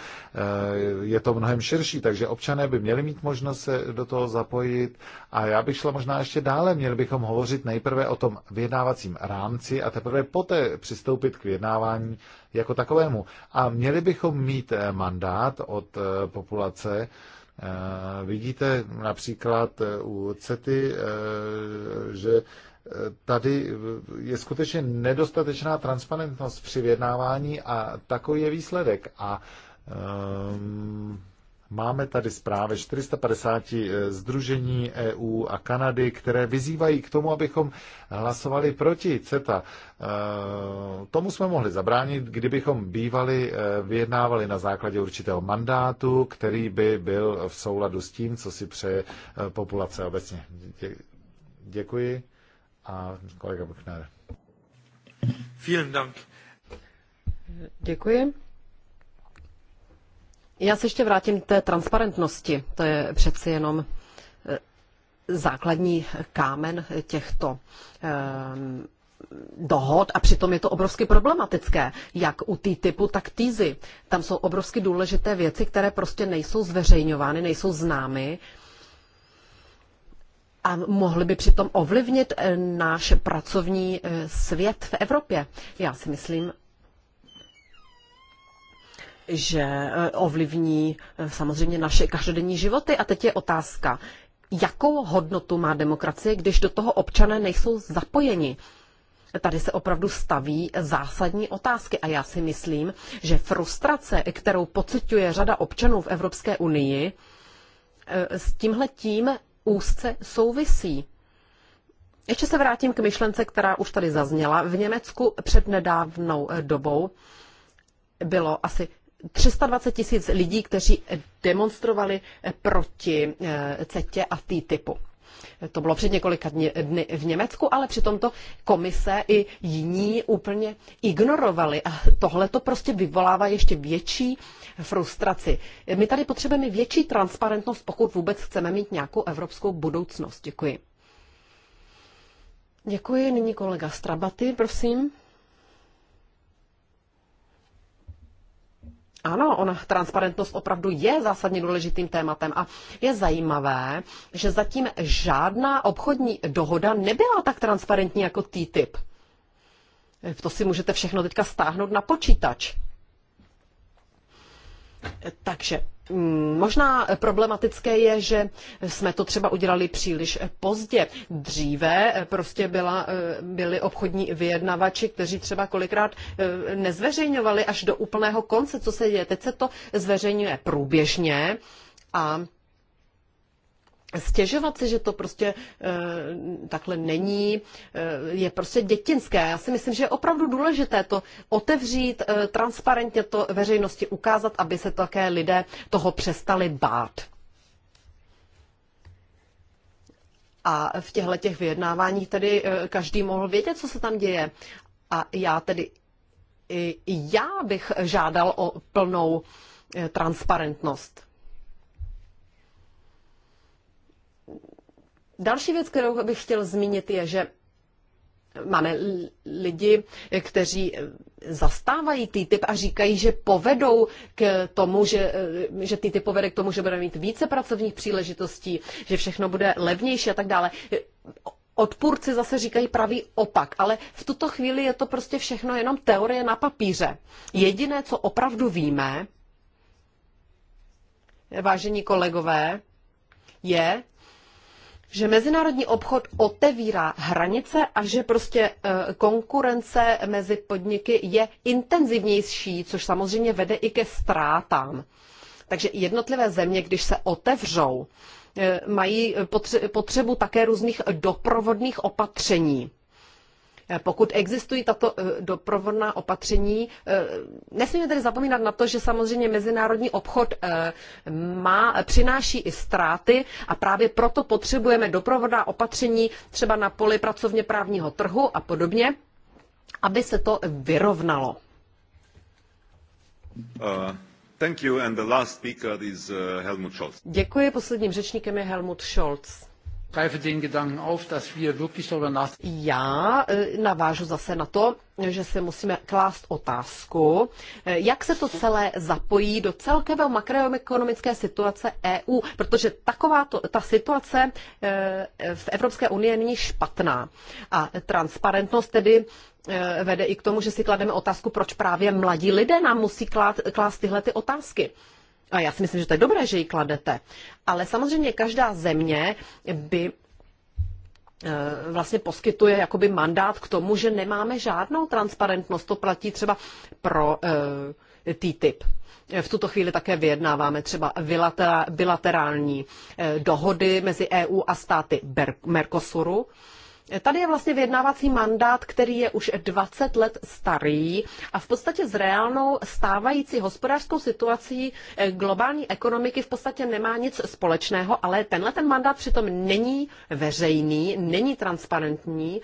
Je to mnohem širší, takže občané by měli mít možnost se do toho zapojit. A já bych šla možná ještě dále. Měli bychom hovořit nejprve o tom vyjednávacím rámci a teprve poté přistoupit k vyjednávání jako takovému. A měli bychom mít eh, mandát od eh, populace, eh, Vidíte například u CETY, že tady je skutečně nedostatečná transparentnost při vyjednávání a takový je výsledek. A ehm, Máme tady zprávy 450 eh, združení EU a Kanady, které vyzývají k tomu, abychom hlasovali proti CETA. Eh, tomu jsme mohli zabránit, kdybychom bývali eh, vyjednávali na základě určitého mandátu, který by byl v souladu s tím, co si přeje populace obecně. Děkuji. A kolega Buchner. Vielen Dank. Děkuji. Já se ještě vrátím k té transparentnosti. To je přeci jenom eh, základní kámen těchto eh, dohod a přitom je to obrovsky problematické, jak u typu, tak týzy. Tam jsou obrovsky důležité věci, které prostě nejsou zveřejňovány, nejsou známy a mohly by přitom ovlivnit eh, náš pracovní svět v Evropě. Já si myslím, že eh, ovlivní eh, samozřejmě naše každodenní životy. A teď je otázka, jakou hodnotu má demokracie, když do toho občané nejsou zapojeni. Tady se opravdu staví zásadní otázky a já si myslím, že frustrace, kterou pocituje řada občanů v Evropské unii, eh, s tímhle tím úzce souvisí. Ještě se vrátím k myšlence, která už tady zazněla. V Německu před nedávnou dobou bylo asi 320 tisíc lidí, kteří demonstrovali eh, proti eh, CETě a T-typu. To bylo před několika dny v Německu, ale přitom to komise i jiní úplně ignorovali. A tohle to prostě vyvolává ještě větší frustraci. My tady potřebujeme větší transparentnost, pokud vůbec chceme mít nějakou evropskou budoucnost. Děkuji. Děkuji. Nyní kolega Strabaty, prosím. Ano, ona transparentnost opravdu je zásadně důležitým tématem a je zajímavé, že zatím žádná obchodní dohoda nebyla tak transparentní jako TTIP. Eh, to si můžete všechno teďka stáhnout na počítač. Eh, takže Mm, možná problematické je, že jsme to třeba udělali příliš pozdě. Dříve eh, prostě byla, eh, byli obchodní vyjednavači, kteří třeba kolikrát eh, nezveřejňovali až do úplného konce, co se děje. Teď se to zveřejňuje průběžně a stěžovat si, že to prostě e, takhle není, e, je prostě dětinské. Já si myslím, že je opravdu důležité to otevřít, e, transparentně to veřejnosti ukázat, aby se také lidé toho přestali bát. A v těchto těch vyjednáváních tedy každý mohl vědět, co se tam děje. A já tedy, i já bych žádal o plnou transparentnost. Další věc, kterou bych chtěl zmínit, je, že máme lidi, kteří eh, zastávají TTIP a říkají, že povedou k tomu, že, eh, že TTIP povede k tomu, že budeme mít více pracovních příležitostí, že všechno bude levnější a tak dále. Odpůrci zase říkají pravý opak, ale v tuto chvíli je to prostě všechno jenom teorie na papíře. Jediné, co opravdu víme, vážení kolegové, je, že mezinárodní obchod otevírá hranice a že prostě eh, konkurence mezi podniky je intenzivnější, což samozřejmě vede i ke ztrátám. Takže jednotlivé země, když se otevřou, eh, mají potřebu také různých doprovodných opatření Eh, pokud existují tato eh, doprovodná opatření, eh, nesmíme tedy zapomínat na to, že samozřejmě mezinárodní obchod má, přináší i ztráty a právě proto potřebujeme doprovodná opatření třeba na poli pracovně právního trhu a podobně, aby se to vyrovnalo. Uh. Thank you. And the last speaker is uh, Helmut Scholz. Děkuji. Posledním řečníkem je Helmut Scholz. Já e, navážu zase na to, že si musíme klást otázku, e, jak se to celé zapojí do celkové makroekonomické situace EU, protože taková to, ta situace e, v Evropské unii není špatná. A transparentnost tedy vede i k tomu, že si klademe otázku, proč právě mladí lidé nám musí klát, klást tyhle ty otázky. A já si myslím, že to je dobré, že ji kladete. Ale samozřejmě každá země by eh, vlastně poskytuje jakoby mandát k tomu, že nemáme žádnou transparentnost. To platí třeba pro e, TTIP. V tuto chvíli také vyjednáváme třeba bilaterální eh, dohody mezi EU a státy Mercosuru. Tady je vlastně vyjednávací mandát, který je už 20 let starý a v podstatě s reálnou stávající hospodářskou situací eh, globální ekonomiky v podstatě nemá nic společného, ale tenhle ten mandát přitom není veřejný, není transparentní.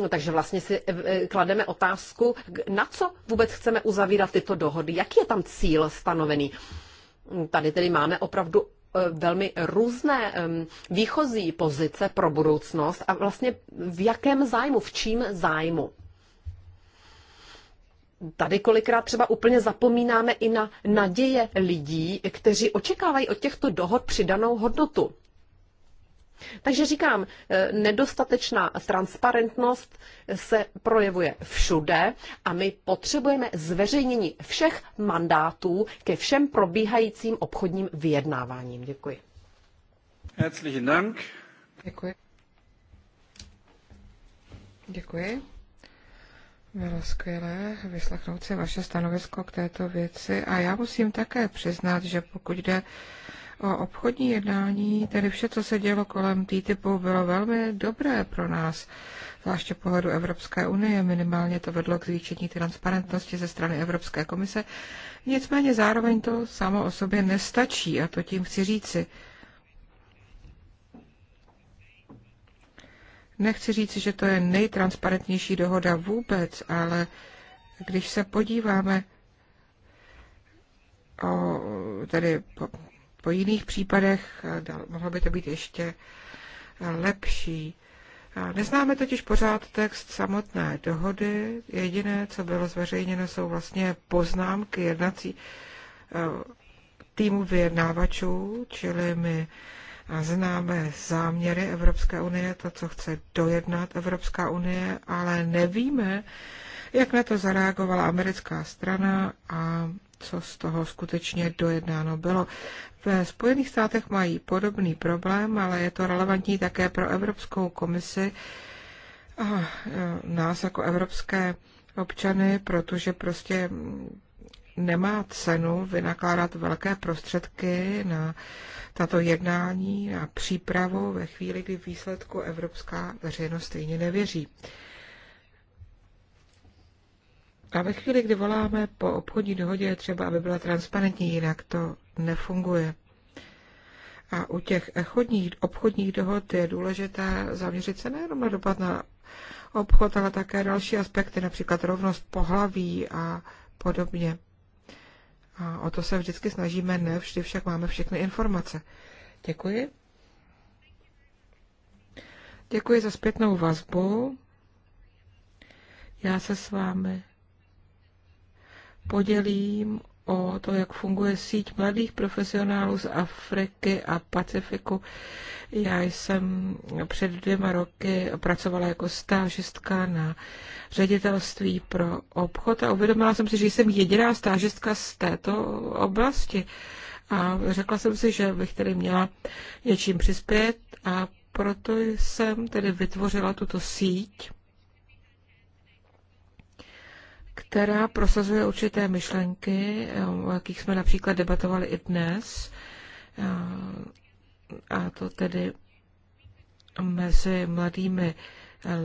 Mm, takže vlastně si eh, eh, klademe otázku, na co vůbec chceme uzavírat tyto dohody, jaký je tam cíl stanovený. Mm, tady tedy máme opravdu Eh, velmi různé výchozí pozice pro budoucnost a vlastně v jakém zájmu, v čím zájmu. Tady kolikrát třeba úplně zapomínáme i na naděje lidí, kteří očekávají od těchto dohod přidanou hodnotu. Takže říkám, eh, nedostatečná transparentnost se projevuje všude a my potřebujeme zveřejnění všech mandátů ke všem probíhajícím obchodním vyjednáváním. Děkuji. Herzlichen Dank. Děkuji. Děkuji. Bylo skvělé vyslechnout si vaše stanovisko k této věci a já musím také přiznat, že pokud jde o obchodní jednání, tedy vše, co se dělo kolem TTIPu, bylo velmi dobré pro nás, zvláště pohledu Evropské unie. Minimálně to vedlo k zvýšení transparentnosti ze strany Evropské komise. Nicméně zároveň to samo o sobě nestačí, a to tím chci říci. Nechci říci, že to je nejtransparentnější dohoda vůbec, ale když se podíváme o, tedy po jiných případech mohlo by to být ještě lepší. Neznáme totiž pořád text samotné dohody. Jediné, co bylo zveřejněno, jsou vlastně poznámky jednací týmu vyjednávačů, čili my známe záměry Evropské unie, to, co chce dojednat Evropská unie, ale nevíme, jak na to zareagovala americká strana a co z toho skutečně dojednáno bylo. Ve Spojených státech mají podobný problém, ale je to relevantní také pro Evropskou komisi a e, nás jako evropské občany, protože prostě nemá cenu vynakládat velké prostředky na tato jednání, na přípravu ve chvíli, kdy výsledku evropská veřejnost stejně nevěří. A ve chvíli, kdy voláme po obchodní dohodě, je třeba, aby byla transparentní, jinak to nefunguje. A u těch chodních, obchodních dohod je důležité zaměřit se nejenom na dopad na obchod, ale také další aspekty, například rovnost pohlaví a podobně. A o to se vždycky snažíme, ne vždy však máme všechny informace. Děkuji. Děkuji za zpětnou vazbu. Já se s vámi podělím o to, jak funguje síť mladých profesionálů z Afriky a Pacifiku. Já jsem před dvěma roky pracovala jako stážistka na ředitelství pro obchod a uvědomila jsem si, že jsem jediná stážistka z této oblasti. A řekla jsem si, že bych tedy měla něčím přispět a proto jsem tedy vytvořila tuto síť která prosazuje určité myšlenky, eh, o jakých jsme například debatovali i dnes, eh, a to tedy mezi mladými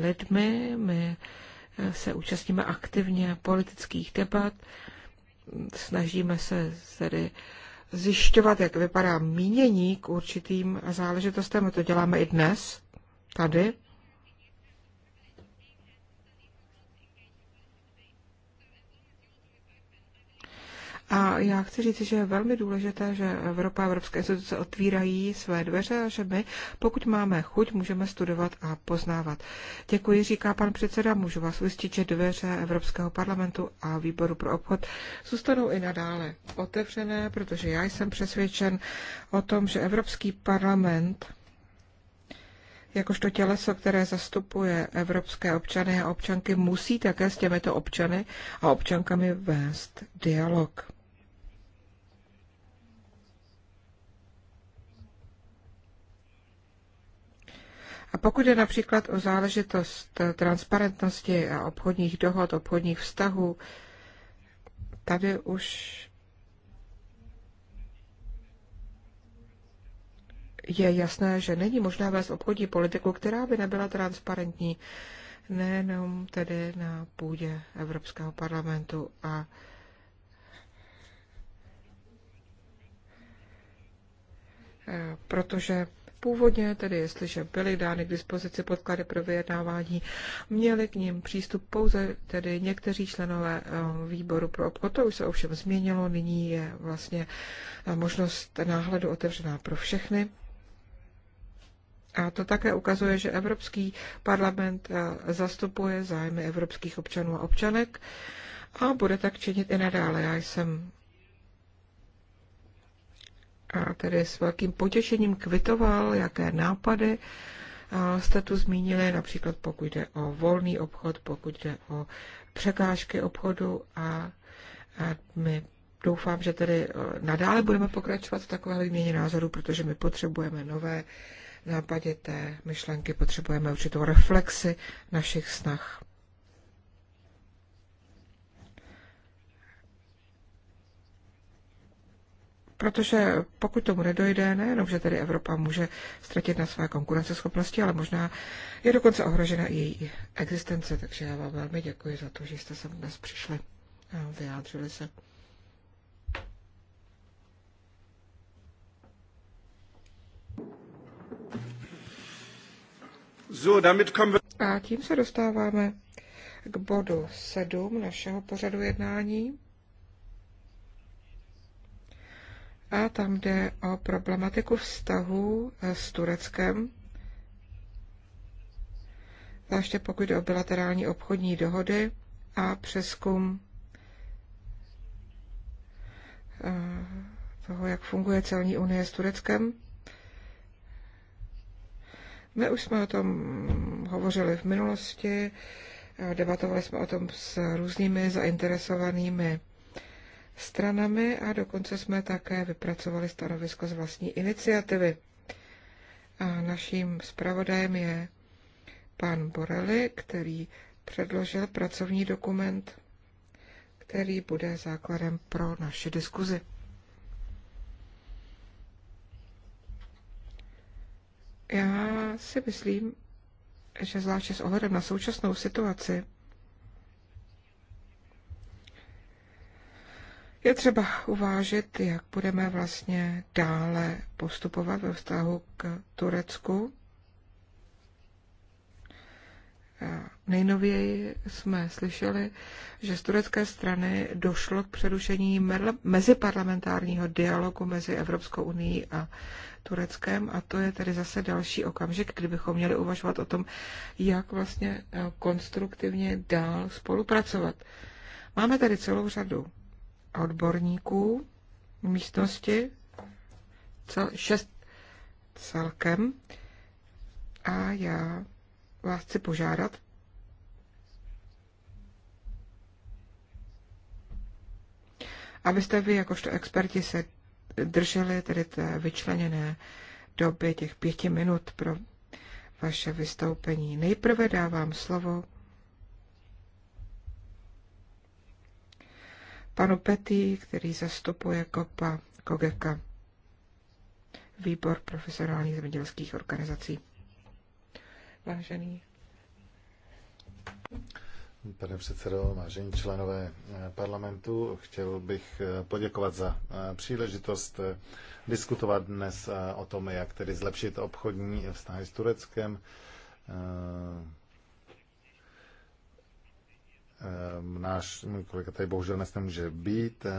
lidmi. My eh, se účastníme aktivně politických debat, snažíme se tedy zjišťovat, jak vypadá mínění k určitým záležitostem. My to děláme i dnes, tady. A já chci říct, že je velmi důležité, že Evropa a Evropské instituce otvírají své dveře a že my, pokud máme chuť, můžeme studovat a poznávat. Děkuji, říká pan předseda, můžu vás ujistit, že dveře Evropského parlamentu a výboru pro obchod zůstanou i nadále otevřené, protože já jsem přesvědčen o tom, že Evropský parlament jakožto těleso, které zastupuje evropské občany a občanky, musí také s těmito občany a občankami vést dialog. A pokud je například o záležitost eh, transparentnosti a obchodních dohod, obchodních vztahů, tady už je jasné, že není možná vést obchodní politiku, která by nebyla transparentní, nejenom tedy na půdě Evropského parlamentu a eh, protože Původně tedy, jestliže byly dány k dispozici podklady pro vyjednávání, měli k ním přístup pouze tedy někteří členové eh, výboru pro obchod. To už se ovšem změnilo, nyní je vlastně eh, možnost náhledu otevřená pro všechny. A to také ukazuje, že Evropský parlament eh, zastupuje zájmy evropských občanů a občanek a bude tak činit i nadále. Já jsem a tedy s velkým potěšením kvitoval, jaké nápady jste tu zmínili, například pokud jde o volný obchod, pokud jde o překážky obchodu a, a my doufám, že tedy e, nadále budeme pokračovat v takové výměně názoru, protože my potřebujeme nové nápadě té myšlenky, potřebujeme určitou reflexi našich snah. Protože pokud tomu nedojde, nejenom, že tedy Evropa může ztratit na své konkurenceschopnosti, ale možná je dokonce ohrožena i její existence. Takže já vám velmi děkuji za to, že jste sem dnes přišli a vyjádřili se. A tím se dostáváme k bodu 7 našeho pořadu jednání. A tam jde o problematiku vztahu eh, s Tureckem, zvláště pokud jde o bilaterální obchodní dohody a přeskum eh, toho, jak funguje celní unie s Tureckem. My už jsme o tom hovořili v minulosti, eh, debatovali jsme o tom s různými zainteresovanými stranami a dokonce jsme také vypracovali stanovisko z vlastní iniciativy. A naším zpravodajem je pan Borelli, který předložil pracovní dokument, který bude základem pro naše diskuzi. Já si myslím, že zvláště s ohledem na současnou situaci Je třeba uvážit, jak budeme vlastně dále postupovat ve vztahu k Turecku. Nejnověji jsme slyšeli, že z turecké strany došlo k přerušení meziparlamentárního dialogu mezi Evropskou unii a Tureckem a to je tedy zase další okamžik, kdybychom měli uvažovat o tom, jak vlastně eh, konstruktivně dál spolupracovat. Máme tady celou řadu odborníků v místnosti, cel, šest celkem. A já vás chci požádat, abyste vy jakožto experti se drželi tedy té vyčleněné doby těch pěti minut pro vaše vystoupení. Nejprve dávám slovo panu Petý, který zastupuje KOPA, KOGEKA, Výbor profesionálních zemědělských organizací. Vážený. Pane předsedo, vážení členové eh, parlamentu, chtěl bych eh, poděkovat za eh, příležitost diskutovat dnes o tom, jak tedy zlepšit obchodní vztahy s Tureckem náš můj kolega tady bohužel dnes nemůže být, eh,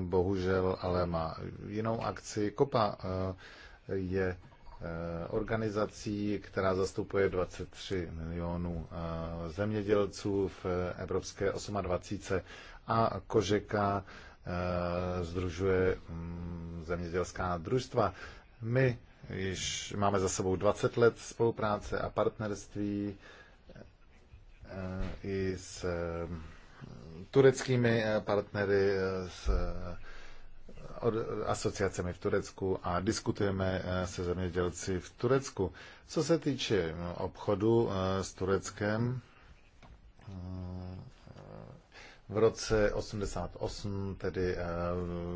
bohužel, ale má jinou akci. Kopa eh, je eh, organizací, která zastupuje 23 milionů zemědělců v Evropské 28 a Kožeka združuje mm, zemědělská družstva. My již máme za sebou 20 let spolupráce a partnerství i s eh, tureckými eh, partnery, eh, s asociacemi v Turecku a diskutujeme se zemědělci v Turecku. Co se týče obchodu s Tureckem, v roce 88 tedy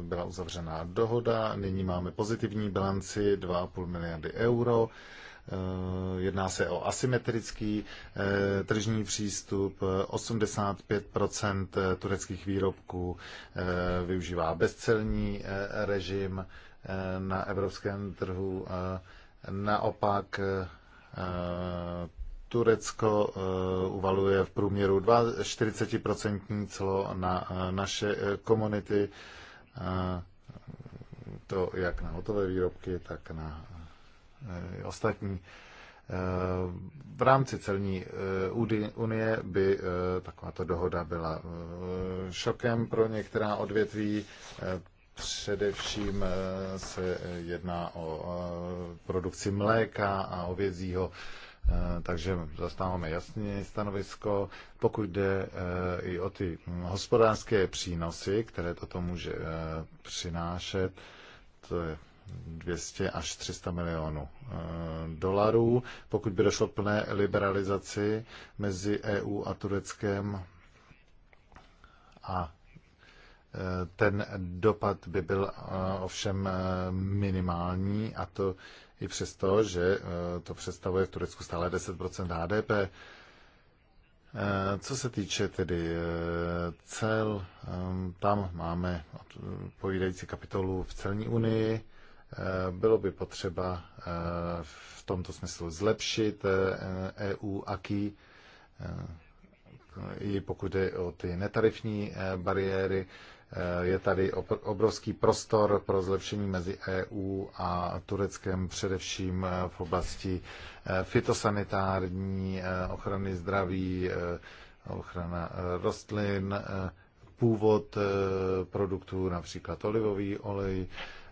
byla uzavřená dohoda, nyní máme pozitivní bilanci 2,5 miliardy euro. Eh, jedná se o asymetrický eh, tržní přístup. 85 eh, tureckých výrobků využívá bezcelní režim na evropském trhu. Naopak Turecko uvaluje v průměru 40% clo na naše komunity, to jak na hotové výrobky, tak na Eh, ostatní. Eh, v rámci celní eh, unie by takováto dohoda byla šokem pro některá odvětví. Především se jedná o produkci mléka a ovězího, takže zastáváme jasně stanovisko. Pokud jde i o ty hospodářské přínosy, které toto může přinášet, to je 200 až 300 milionů eh, dolarů. Pokud by došlo plné liberalizaci mezi EU a Tureckem a eh, ten dopad by byl eh, ovšem minimální a to i přesto, že to představuje v Turecku stále 10 HDP. Co se týče tedy cel, tam máme odpovídající kapitolu v celní unii Eh, bylo by potřeba eh, v tomto smyslu zlepšit EU eh, e AKI, i pokud je o ty netarifní bariéry. Je tady obrovský prostor pro zlepšení mezi EU a Tureckem, především v oblasti fitosanitární, ochrany zdraví, ochrana rostlin, původ produktů, například olivový olej,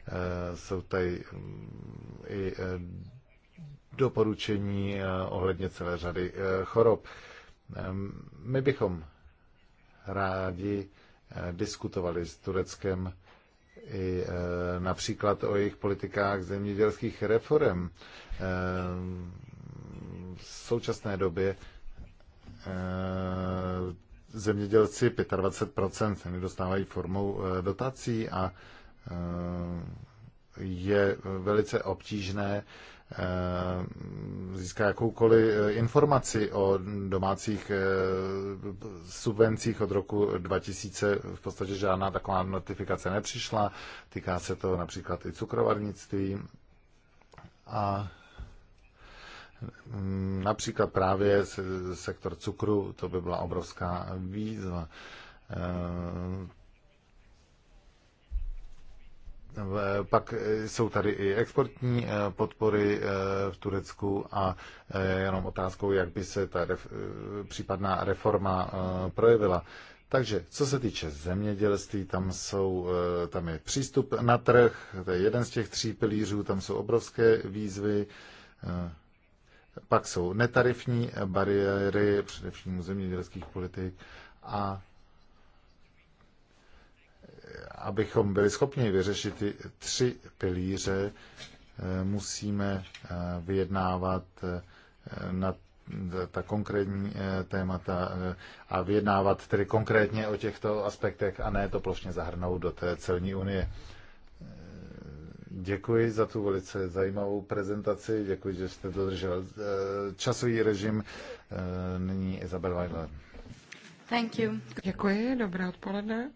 Eh, jsou tady mm, i eh, doporučení eh, ohledně celé řady chorob. My bychom rádi diskutovali s Tureckem i například o jejich politikách zemědělských reform. V současné době zemědělci 25% nedostávají formou dotací a je velice obtížné eh, získá jakoukoliv eh, informaci o domácích eh, subvencích od roku 2000. V podstatě žádná taková notifikace nepřišla. Týká se to například i cukrovarnictví. A mm, například právě sektor cukru, to by byla obrovská výzva Eh, pak eh, jsou tady i exportní eh, podpory v Turecku a jenom otázkou, jak by se ta případná reforma projevila. Takže co se týče zemědělství, tam, jsou, tam je přístup na trh, to je jeden z těch tří pilířů, tam jsou obrovské výzvy. Pak jsou netarifní bariéry, především u zemědělských politik a abychom byli schopni vyřešit ty tři pilíře, eh, musíme eh, vyjednávat eh, na ta konkrétní témata a vyjednávat tedy konkrétně o těchto aspektech a ne to plošně zahrnout do té celní unie. Děkuji za tu velice zajímavou prezentaci, děkuji, že jste dodržel časový režim. Nyní Izabel Weidler. Thank you. Děkuji, dobré odpoledne.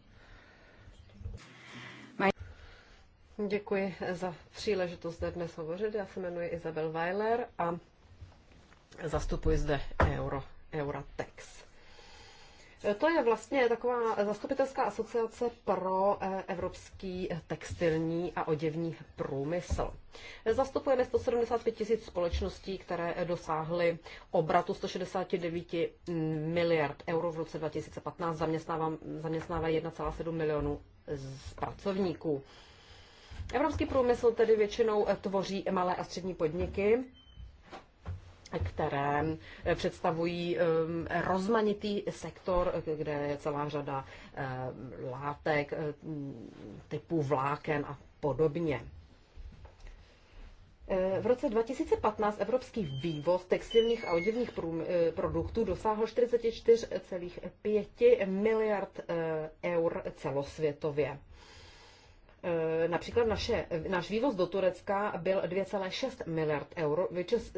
Děkuji za příležitost zde dnes hovořit. Já se jmenuji Isabel Weiler a zastupuji zde Euro, Eurotex. To je vlastně taková zastupitelská asociace pro eh, evropský textilní a oděvní průmysl. Zastupujeme 175 tisíc společností, které dosáhly obratu 169 miliard euro v roce 2015, zaměstnávají 1,7 milionů pracovníků. Evropský průmysl tedy většinou eh, tvoří malé a střední podniky, které eh, představují eh, rozmanitý sektor, kde je celá řada látek, typu vláken a podobně. V roce 2015 evropský vývoz textilních a oděvních produktů dosáhl 44,5 miliard eur celosvětově. Eh, například naše, eh, náš vývoz do Turecka byl 2,6 miliard euro,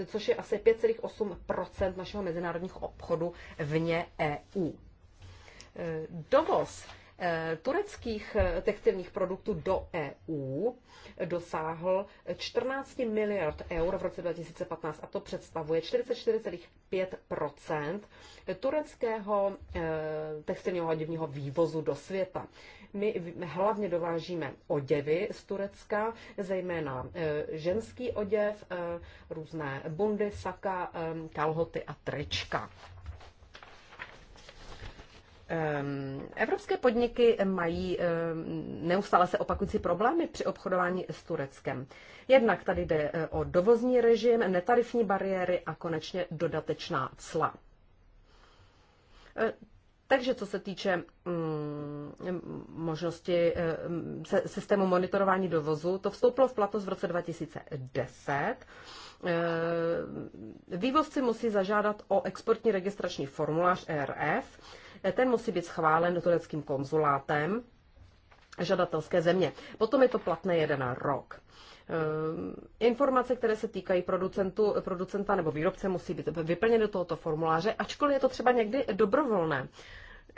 což je asi 5,8 našeho mezinárodního obchodu vně EU. Eh, dovoz Eh, tureckých eh, textilních produktů do EU dosáhl 14 miliard eur v roce 2015 a to představuje 44,5 tureckého eh, textilního oděvního vývozu do světa. My hlavně dovážíme oděvy z Turecka, zejména ženský oděv, různé bundy, saka, kalhoty a trička. Ehm, evropské podniky mají ehm, neustále se opakující problémy při obchodování s Tureckem. Jednak tady jde e, o dovozní režim, netarifní bariéry a konečně dodatečná cla. E, takže co se týče mm, možnosti e, mm, systému monitorování dovozu, to vstoupilo v platnost v roce 2010. Vývozci musí zažádat o exportní registrační formulář ERF, ten musí být schválen tureckým konzulátem žadatelské země. Potom je to platné jeden rok. Ehm, informace, které se týkají producentu, producenta nebo výrobce, musí být vyplněny do tohoto formuláře, ačkoliv je to třeba někdy dobrovolné.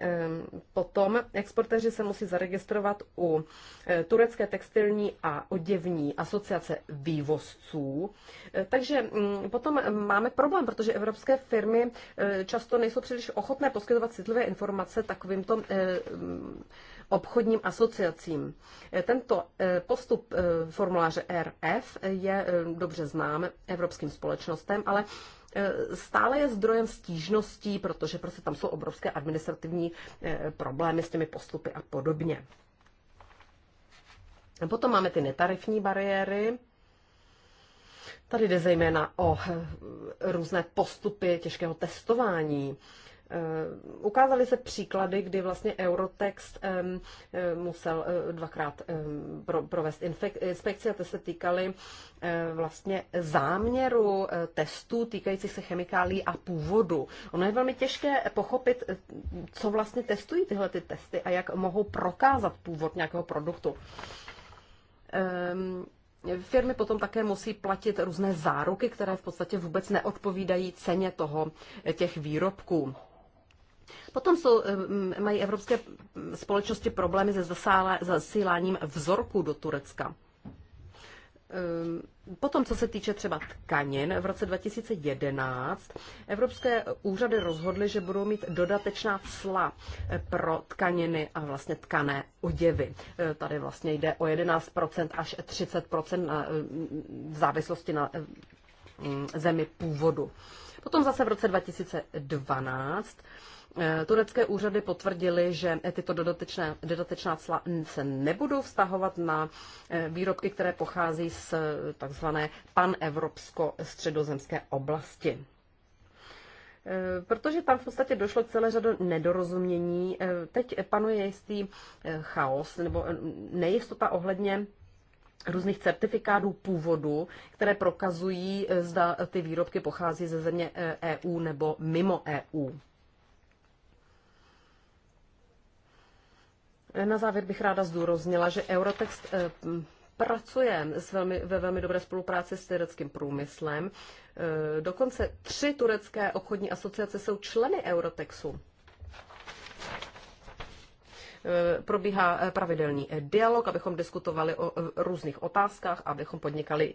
Ehm, potom exportéři se musí zaregistrovat u e, Turecké textilní a oděvní asociace vývozců. E, takže mm, potom máme problém, protože evropské firmy e, často nejsou příliš ochotné poskytovat citlivé informace takovýmto mm, obchodním asociacím. Tento postup formuláře RF je dobře znám evropským společnostem, ale E, stále je zdrojem stížností, protože prostě tam jsou obrovské administrativní e, problémy s těmi postupy a podobně. Potom máme ty netarifní bariéry. Tady jde zejména o e, různé postupy těžkého testování, Eh, ukázaly se příklady, kdy vlastně Eurotext eh, musel eh, dvakrát provést inspekci a ty se týkaly vlastně záměru testů týkajících se chemikálí a původu. Ono je velmi těžké pochopit, co vlastně testují tyhle ty testy a jak mohou prokázat původ nějakého produktu. Firmy potom také musí platit různé záruky, které v podstatě vůbec neodpovídají ceně toho těch výrobků. Potom jsou, eh, mají evropské společnosti problémy se zasíláním vzorků do Turecka. Ehm, potom, co se týče třeba tkanin, v roce 2011 evropské úřady rozhodly, že budou mít dodatečná cla eh, pro tkaniny a vlastně tkané oděvy. Eh, tady vlastně jde o 11% až 30% v závislosti na mm, zemi původu. Potom zase v roce 2012 Eh, turecké úřady potvrdily, že tyto dodatečné, dodatečná cla se nebudou vztahovat na eh, výrobky, které pochází z eh, takzvané panevropsko-středozemské oblasti. Protože tam v podstatě došlo k celé řadu nedorozumění, teď panuje jistý chaos nebo nejistota ohledně různých certifikátů původu, které prokazují, zda ty výrobky pochází ze země EU e nebo mimo EU. Na závěr bych ráda zdůraznila, že Eurotext eh, pracuje s velmi, ve velmi dobré spolupráci s tureckým průmyslem. Eh, dokonce tři turecké obchodní asociace jsou členy Eurotexu. Eh, probíhá eh, pravidelný eh, dialog, abychom diskutovali o různých otázkách, abychom podnikali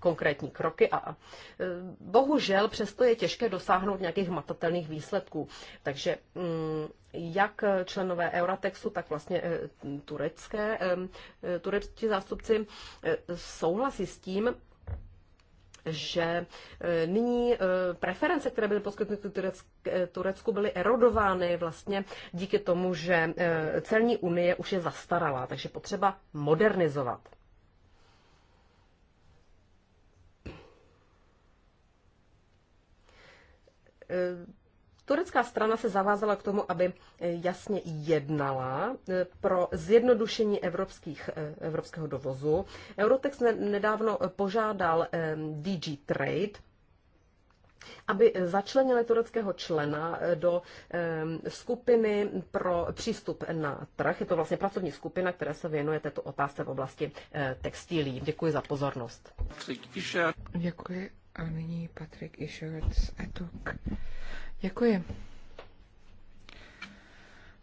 konkrétní kroky a bohužel přesto je těžké dosáhnout nějakých matatelných výsledků. Takže mm, jak členové Euratexu, tak vlastně turecké, turečtí zástupci souhlasí s tím, že e, nyní e, preference, které byly poskytnuty e, Turecku, byly erodovány vlastně díky tomu, že celní unie už je zastaralá, takže potřeba modernizovat. Uh Turecká strana se zavázala k tomu, aby e, jasně jednala e, pro zjednodušení evropských, e, evropského dovozu. Eurotex nedávno požádal DG Trade, aby začlenili tureckého člena do skupiny pro přístup na trh. Je to vlastně pracovní skupina, která se věnuje této otázce v oblasti textilí. Děkuji za pozornost. Děkuji. A nyní Patrik Išert z ETUK. Děkuji.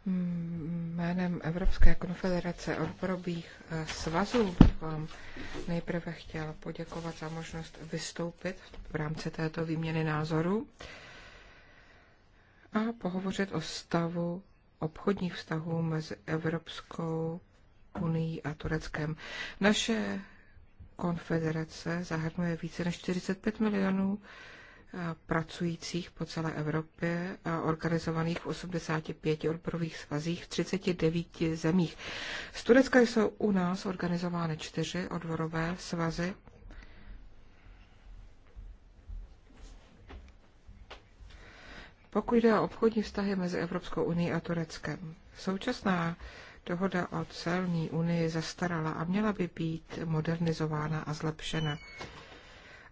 Mm, jménem Evropské konfederace odborových eh, svazů bych vám nejprve chtěl poděkovat za možnost vystoupit v rámci této výměny názorů a pohovořit o stavu obchodních vztahů mezi Evropskou unii a Tureckem. Naše konfederace zahrnuje více než 45 milionů pracujících po celé Evropě, organizovaných v 85 odborových svazích v 39 zemích. Z Turecka jsou u nás organizovány čtyři odborové svazy. Pokud jde o obchodní vztahy mezi Evropskou unii a Tureckem, současná dohoda o celní unii zastarala a měla by být modernizována a zlepšena.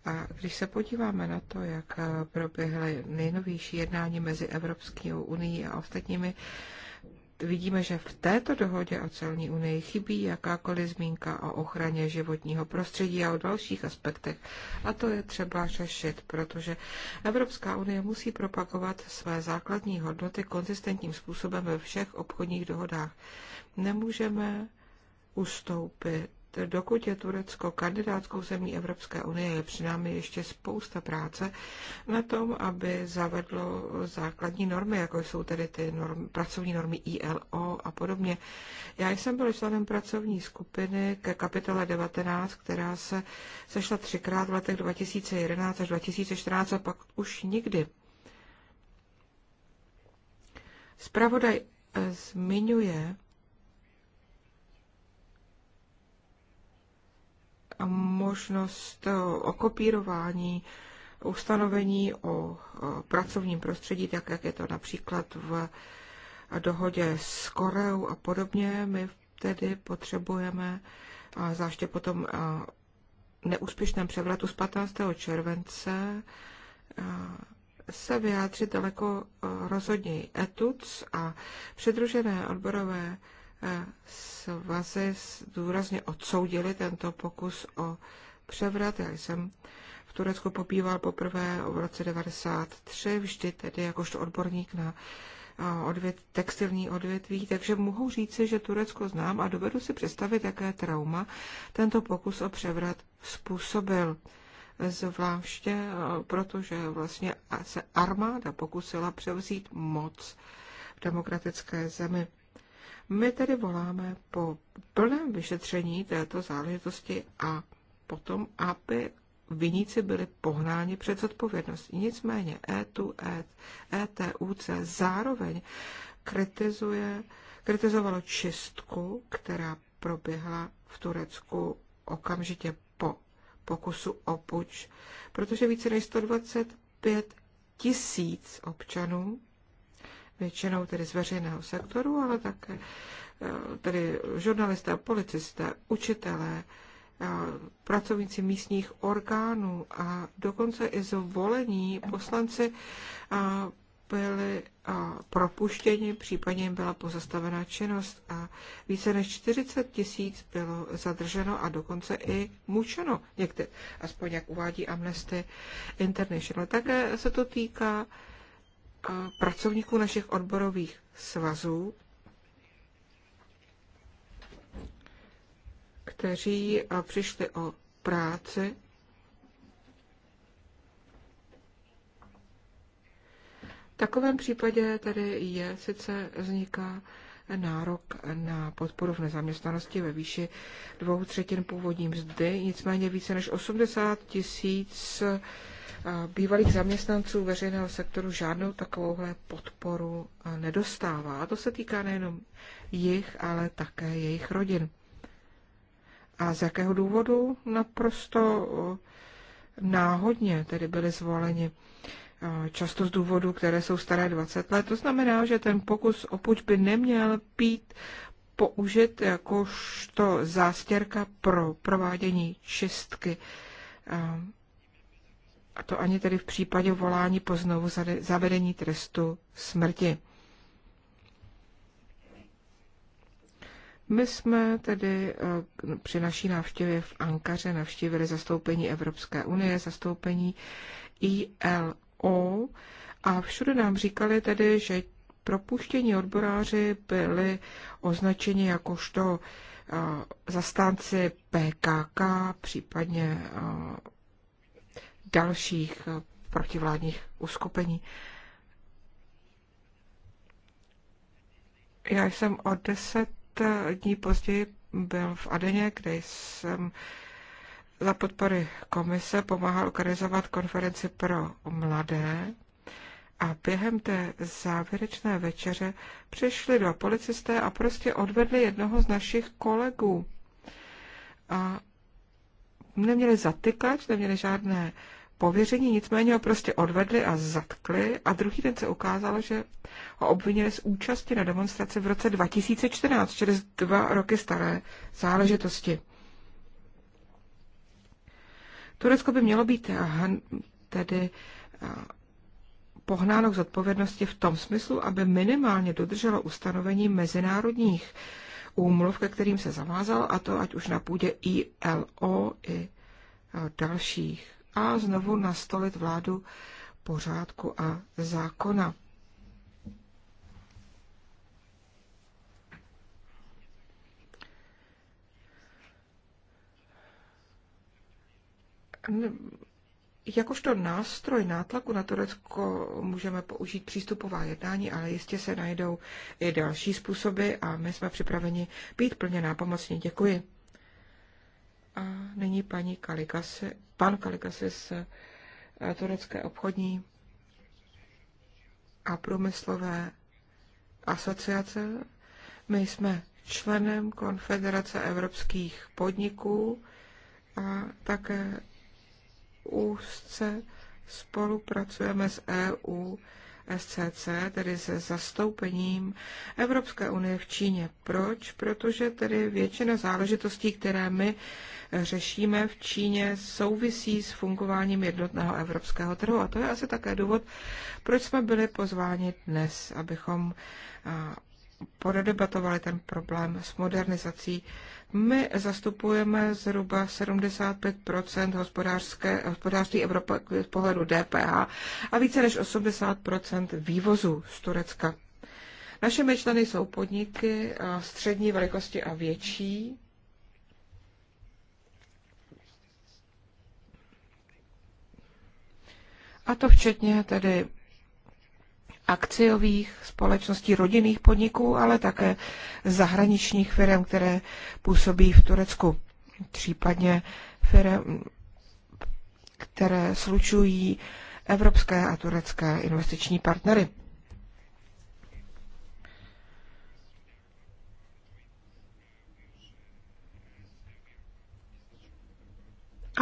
A když se podíváme na to, jak eh, proběhly nejnovější jednání mezi Evropskou unii a ostatními, vidíme, že v této dohodě o celní unii chybí jakákoliv zmínka o ochraně životního prostředí a o dalších aspektech. A to je třeba řešit, protože Evropská unie musí propagovat své základní hodnoty konzistentním způsobem ve všech obchodních dohodách. Nemůžeme ustoupit dokud je Turecko kandidátskou zemí Evropské unie, je při námi ještě spousta práce na tom, aby zavedlo základní normy, jako jsou tedy ty norm, pracovní normy ILO a podobně. Já jsem byl členem pracovní skupiny ke kapitole 19, která se sešla třikrát v letech 2011 až 2014 a pak už nikdy. Spravodaj eh, zmiňuje možnost eh, okopírování ustanovení o eh, pracovním prostředí, tak jak je to například v eh, dohodě s Koreou a podobně. My tedy potřebujeme, záště po tom neúspěšném převratu z 15. července, se vyjádřit daleko rozhodněji. ETUC a předružené odborové svazy důrazně odsoudili tento pokus o převrat. Já jsem v Turecku pobýval poprvé v roce 1993, vždy tedy jakožto odborník na odvět, textilní odvětví, takže mohu říci, že Turecko znám a dovedu si představit, jaké trauma tento pokus o převrat způsobil. Zvláště protože vlastně se armáda pokusila převzít moc v demokratické zemi. My tedy voláme po plném vyšetření této záležitosti a potom, aby viníci byli pohnáni před zodpovědnost. Nicméně ETU, ETUC zároveň kritizuje, kritizovalo čistku, která proběhla v Turecku okamžitě po pokusu o puč, protože více než 125 tisíc občanů většinou tedy z veřejného sektoru, ale také eh, tedy žurnalisté, policisté, učitelé, eh, pracovníci místních orgánů a dokonce i zvolení poslanci eh, byli propuštěni, případně jim byla pozastavena činnost a více než 40 tisíc bylo zadrženo a dokonce i mučeno, někde, aspoň jak uvádí Amnesty International. Také se to týká pracovníků našich odborových svazů, kteří přišli o práci V takovém případě tedy je sice vzniká nárok na podporu v nezaměstnanosti ve výši dvou třetin původní mzdy, nicméně více než 80 tisíc 000 bývalých zaměstnanců veřejného sektoru žádnou takovouhle podporu nedostává. A to se týká nejenom jich, ale také jejich rodin. A z jakého důvodu? Naprosto náhodně tedy byli zvoleni často z důvodů, které jsou staré 20 let. To znamená, že ten pokus o puč by neměl být použit jakožto zástěrka pro provádění čistky a to ani tedy v případě volání po znovu zavedení trestu smrti. My jsme tedy eh, při naší návštěvě v Ankaře navštívili zastoupení Evropské unie, zastoupení ILO a všude nám říkali tedy, že propuštění odboráři byli označeni jakožto eh, zastánci PKK, případně eh, dalších eh, protivládních uskupení. Já jsem o deset eh, dní později byl v Adeně, kde jsem za podpory komise pomáhal organizovat konferenci pro mladé. A během té závěrečné večeře přišli dva policisté a prostě odvedli jednoho z našich kolegů. A neměli zatykač, neměli žádné pověření, nicméně ho prostě odvedli a zatkli a druhý den se ukázalo, že ho obvinili z účasti na demonstraci v roce 2014, čili dva roky staré záležitosti. Turecko by mělo být eh, tedy eh, pohnáno k zodpovědnosti v tom smyslu, aby minimálně dodrželo ustanovení mezinárodních úmluv, ke kterým se zavázal, a to ať už na půdě ILO i eh, dalších a znovu nastolit vládu pořádku a zákona. Jakožto nástroj nátlaku na Turecko můžeme použít přístupová jednání, ale jistě se najdou i další způsoby a my jsme připraveni být plně nápomocní. Děkuji. A nyní paní Kaligasi, pan Kaligasi z eh, Turecké obchodní a průmyslové asociace. My jsme členem Konfederace evropských podniků a také úzce spolupracujeme s EU SCC, tedy se zastoupením Evropské unie v Číně. Proč? Protože tedy většina záležitostí, které my řešíme v Číně, souvisí s fungováním jednotného evropského trhu. A to je asi také důvod, proč jsme byli pozváni dnes, abychom podedebatovali ten problém s modernizací my zastupujeme zhruba 75 hospodářské, hospodářství Evropy z pohledu DPH a více než 80 vývozu z Turecka. Naše myšleny jsou podniky střední velikosti a větší. A to včetně tedy akciových společností, rodinných podniků, ale také zahraničních firm, které působí v Turecku, případně firm, které slučují evropské a turecké investiční partnery.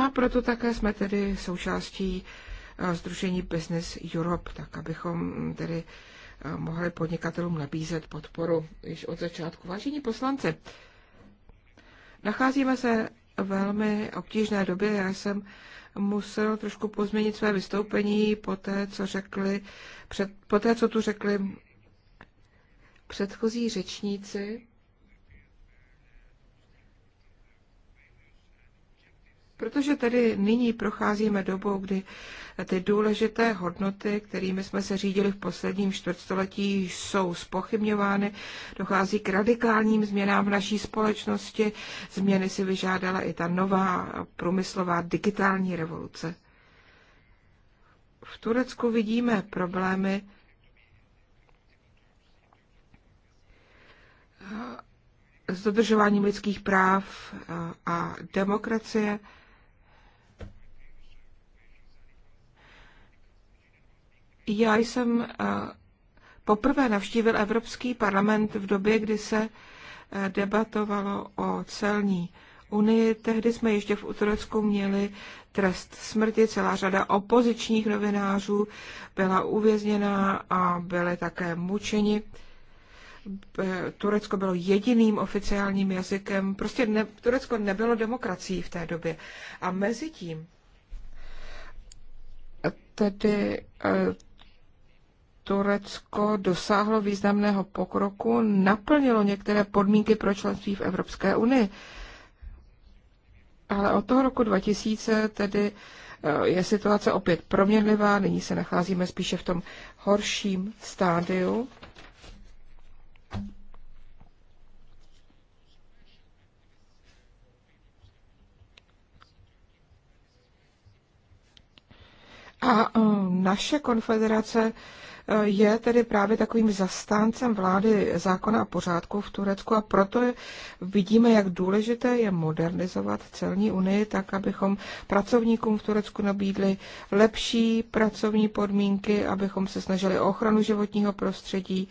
A proto také jsme tedy součástí Eh, Združení Business Europe, tak abychom mm, tedy eh, mohli podnikatelům nabízet podporu již od začátku. Vážení poslanci, nacházíme se velmi obtížné době. Já jsem musel trošku pozměnit své vystoupení po té, co řekli, před, po té, co tu řekli předchozí řečníci. Protože tady nyní procházíme dobou, kdy ty důležité hodnoty, kterými jsme se řídili v posledním čtvrtstoletí, jsou spochybňovány, dochází k radikálním změnám v naší společnosti, změny si vyžádala i ta nová průmyslová digitální revoluce. V Turecku vidíme problémy s dodržováním lidských práv a demokracie, Já jsem eh, poprvé navštívil Evropský parlament v době, kdy se eh, debatovalo o celní unii. Tehdy jsme ještě v Turecku měli trest smrti. Celá řada opozičních novinářů byla uvězněna a byly také mučeni. Eh, Turecko bylo jediným oficiálním jazykem. Prostě ne, Turecko nebylo demokracií v té době. A mezi tím tedy Turecko dosáhlo významného pokroku, naplnilo některé podmínky pro členství v Evropské unii. Ale od toho roku 2000 tedy eh, je situace opět proměnlivá, nyní se nacházíme spíše v tom horším stádiu. A eh, naše konfederace Eh, je tedy právě takovým zastáncem vlády zákona a pořádku v Turecku a proto vidíme, jak důležité je modernizovat celní unii tak, abychom pracovníkům v Turecku nabídli lepší pracovní podmínky, abychom se snažili o ochranu životního prostředí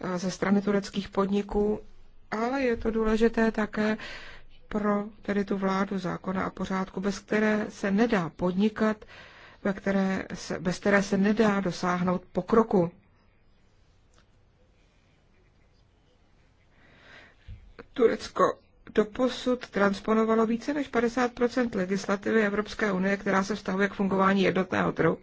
eh, ze strany tureckých podniků, ale je to důležité také pro tedy tu vládu zákona a pořádku, bez které se nedá podnikat, ve které se, bez které se nedá dosáhnout pokroku. Turecko doposud transponovalo více než 50 legislativy Evropské unie, která se vztahuje k fungování jednotného trhu.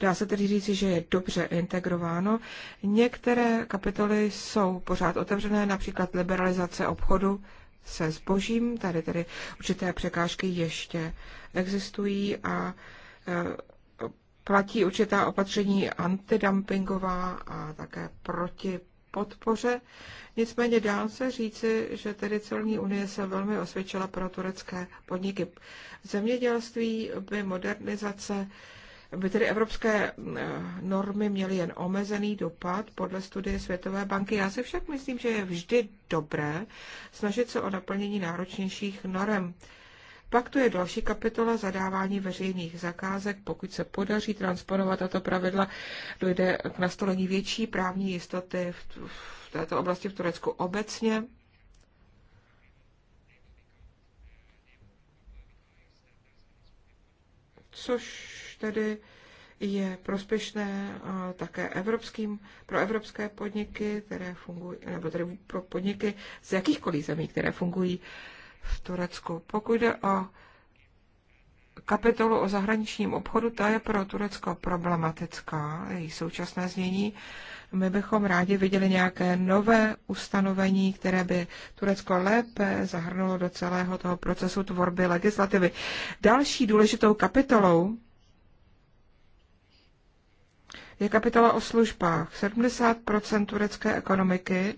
Dá se tedy říci, že je dobře integrováno. Některé kapitoly jsou pořád otevřené, například liberalizace obchodu se zbožím. Tady tedy určité překážky ještě existují a eh, platí určitá opatření antidumpingová a také proti podpoře. Nicméně dá se říci, že tedy celní unie se velmi osvědčila pro turecké podniky. Zemědělství by modernizace by tedy evropské eh, normy měly jen omezený dopad podle studie Světové banky. Já si však myslím, že je vždy dobré snažit se o naplnění náročnějších norem. Pak tu je další kapitola zadávání veřejných zakázek. Pokud se podaří transponovat tato pravidla, dojde k nastolení větší právní jistoty v, v této oblasti v Turecku obecně. Což tedy je prospěšné také evropským, pro evropské podniky, které fungují, nebo tedy pro podniky z jakýchkoliv zemí, které fungují v Turecku. Pokud jde o kapitolu o zahraničním obchodu, ta je pro Turecko problematická, její současné znění. My bychom rádi viděli nějaké nové ustanovení, které by Turecko lépe zahrnulo do celého toho procesu tvorby legislativy. Další důležitou kapitolou je kapitola o službách. 70 turecké ekonomiky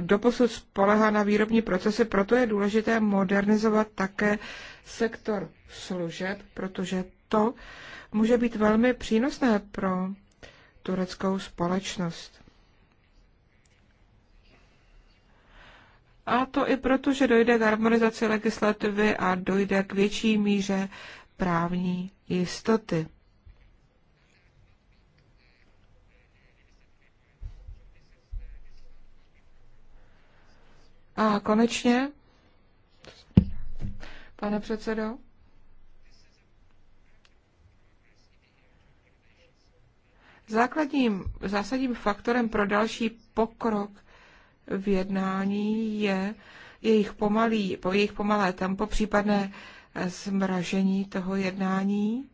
doposud spolehá na výrobní procesy, proto je důležité modernizovat také sektor služeb, protože to může být velmi přínosné pro tureckou společnost. A to i proto, že dojde k harmonizaci legislativy a dojde k větší míře právní jistoty. A konečně, pane předsedo, Základním zásadním faktorem pro další pokrok v jednání je jejich, pomalý, po jejich pomalé tempo, případné zmražení toho jednání.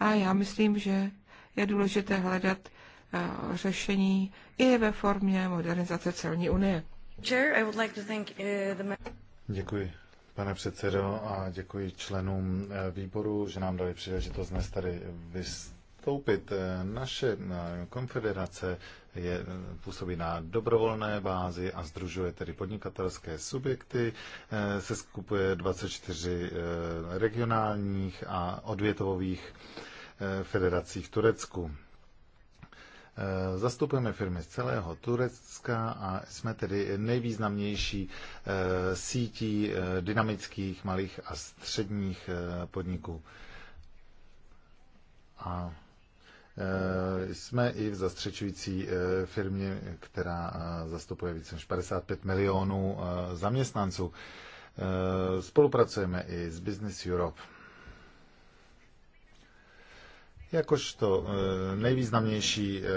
A já myslím, že je důležité hledat eh, řešení i ve formě modernizace celní unie. Uh, děkuji, pane předsedo, a děkuji členům eh, výboru, že nám dali příležitost dnes tady vystoupit. Eh, naše eh, konfederace je, působí na dobrovolné bázi a združuje tedy podnikatelské subjekty. Se skupuje 24 regionálních a odvětových federací v Turecku. Eh, zastupujeme firmy z celého Turecka a jsme tedy nejvýznamnější eh, sítí eh, dynamických malých a středních podniků. A jsme i v zastřečující firmě, která zastupuje více než 55 milionů zaměstnanců. Spolupracujeme i s Business Europe jakožto e, nejvýznamnější e,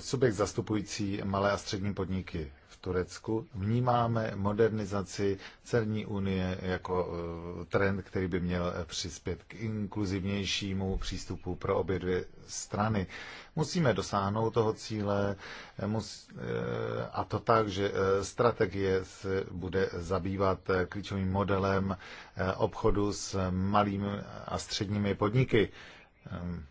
subjekt zastupující malé a střední podniky v Turecku. Vnímáme modernizaci celní unie jako e, trend, který by měl přispět k inkluzivnějšímu přístupu pro obě dvě strany. Musíme dosáhnout toho cíle a to tak, že strategie se bude zabývat klíčovým modelem obchodu s malými a středními podniky ehm,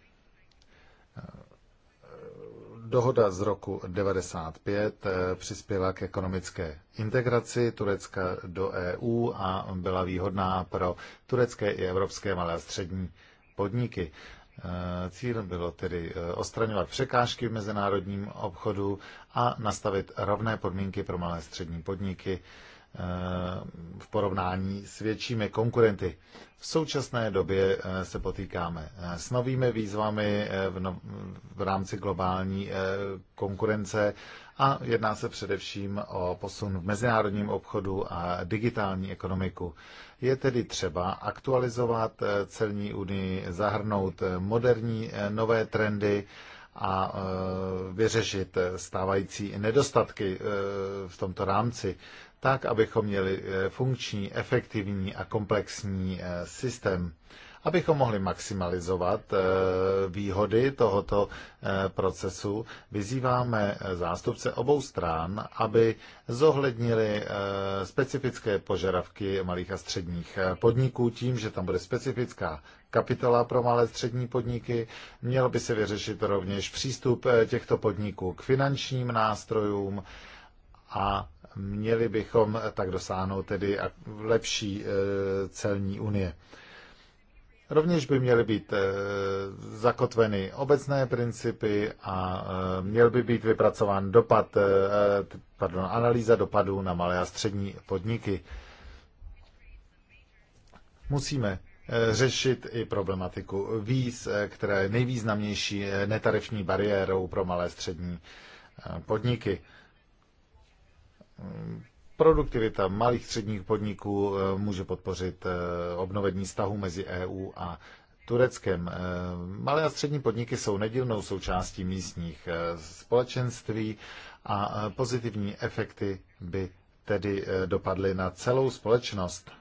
Dohoda z roku 1995 eh, přispěla k ekonomické integraci Turecka do EU a byla výhodná pro turecké i evropské malé a střední podniky. Eh, Cílem bylo tedy eh, odstraňovat překážky v mezinárodním obchodu a nastavit rovné podmínky pro malé a střední podniky Eh, v porovnání s většími konkurenty. V současné době eh, se potýkáme eh, s novými výzvami v, no, v rámci globální konkurence a jedná se především o posun v mezinárodním obchodu a digitální ekonomiku. Je tedy třeba aktualizovat celní unii, zahrnout moderní nové trendy, a vyřešit stávající nedostatky v tomto rámci tak, abychom měli eh, funkční, efektivní a komplexní eh, systém, abychom mohli maximalizovat eh, výhody tohoto procesu. Vyzýváme zástupce obou stran, aby zohlednili specifické požadavky malých a středních podniků tím, že tam bude specifická kapitola pro malé střední podniky. Měl by se vyřešit rovněž přístup těchto podniků k finančním nástrojům a Měli bychom tak dosáhnout tedy lepší e, celní unie. Rovněž by měly být e, zakotveny obecné principy a e, měl by být vypracován dopad, pardon, analýza dopadů na malé a střední podniky. Musíme řešit i problematiku víz, která je nejvýznamnější netarifní bariérou pro malé a střední podniky. Produktivita malých středních podniků eh, může podpořit eh, obnovení vztahu mezi EU a Tureckem. Eh, malé a střední podniky jsou nedílnou součástí místních společenství a pozitivní efekty by tedy dopadly na celou společnost.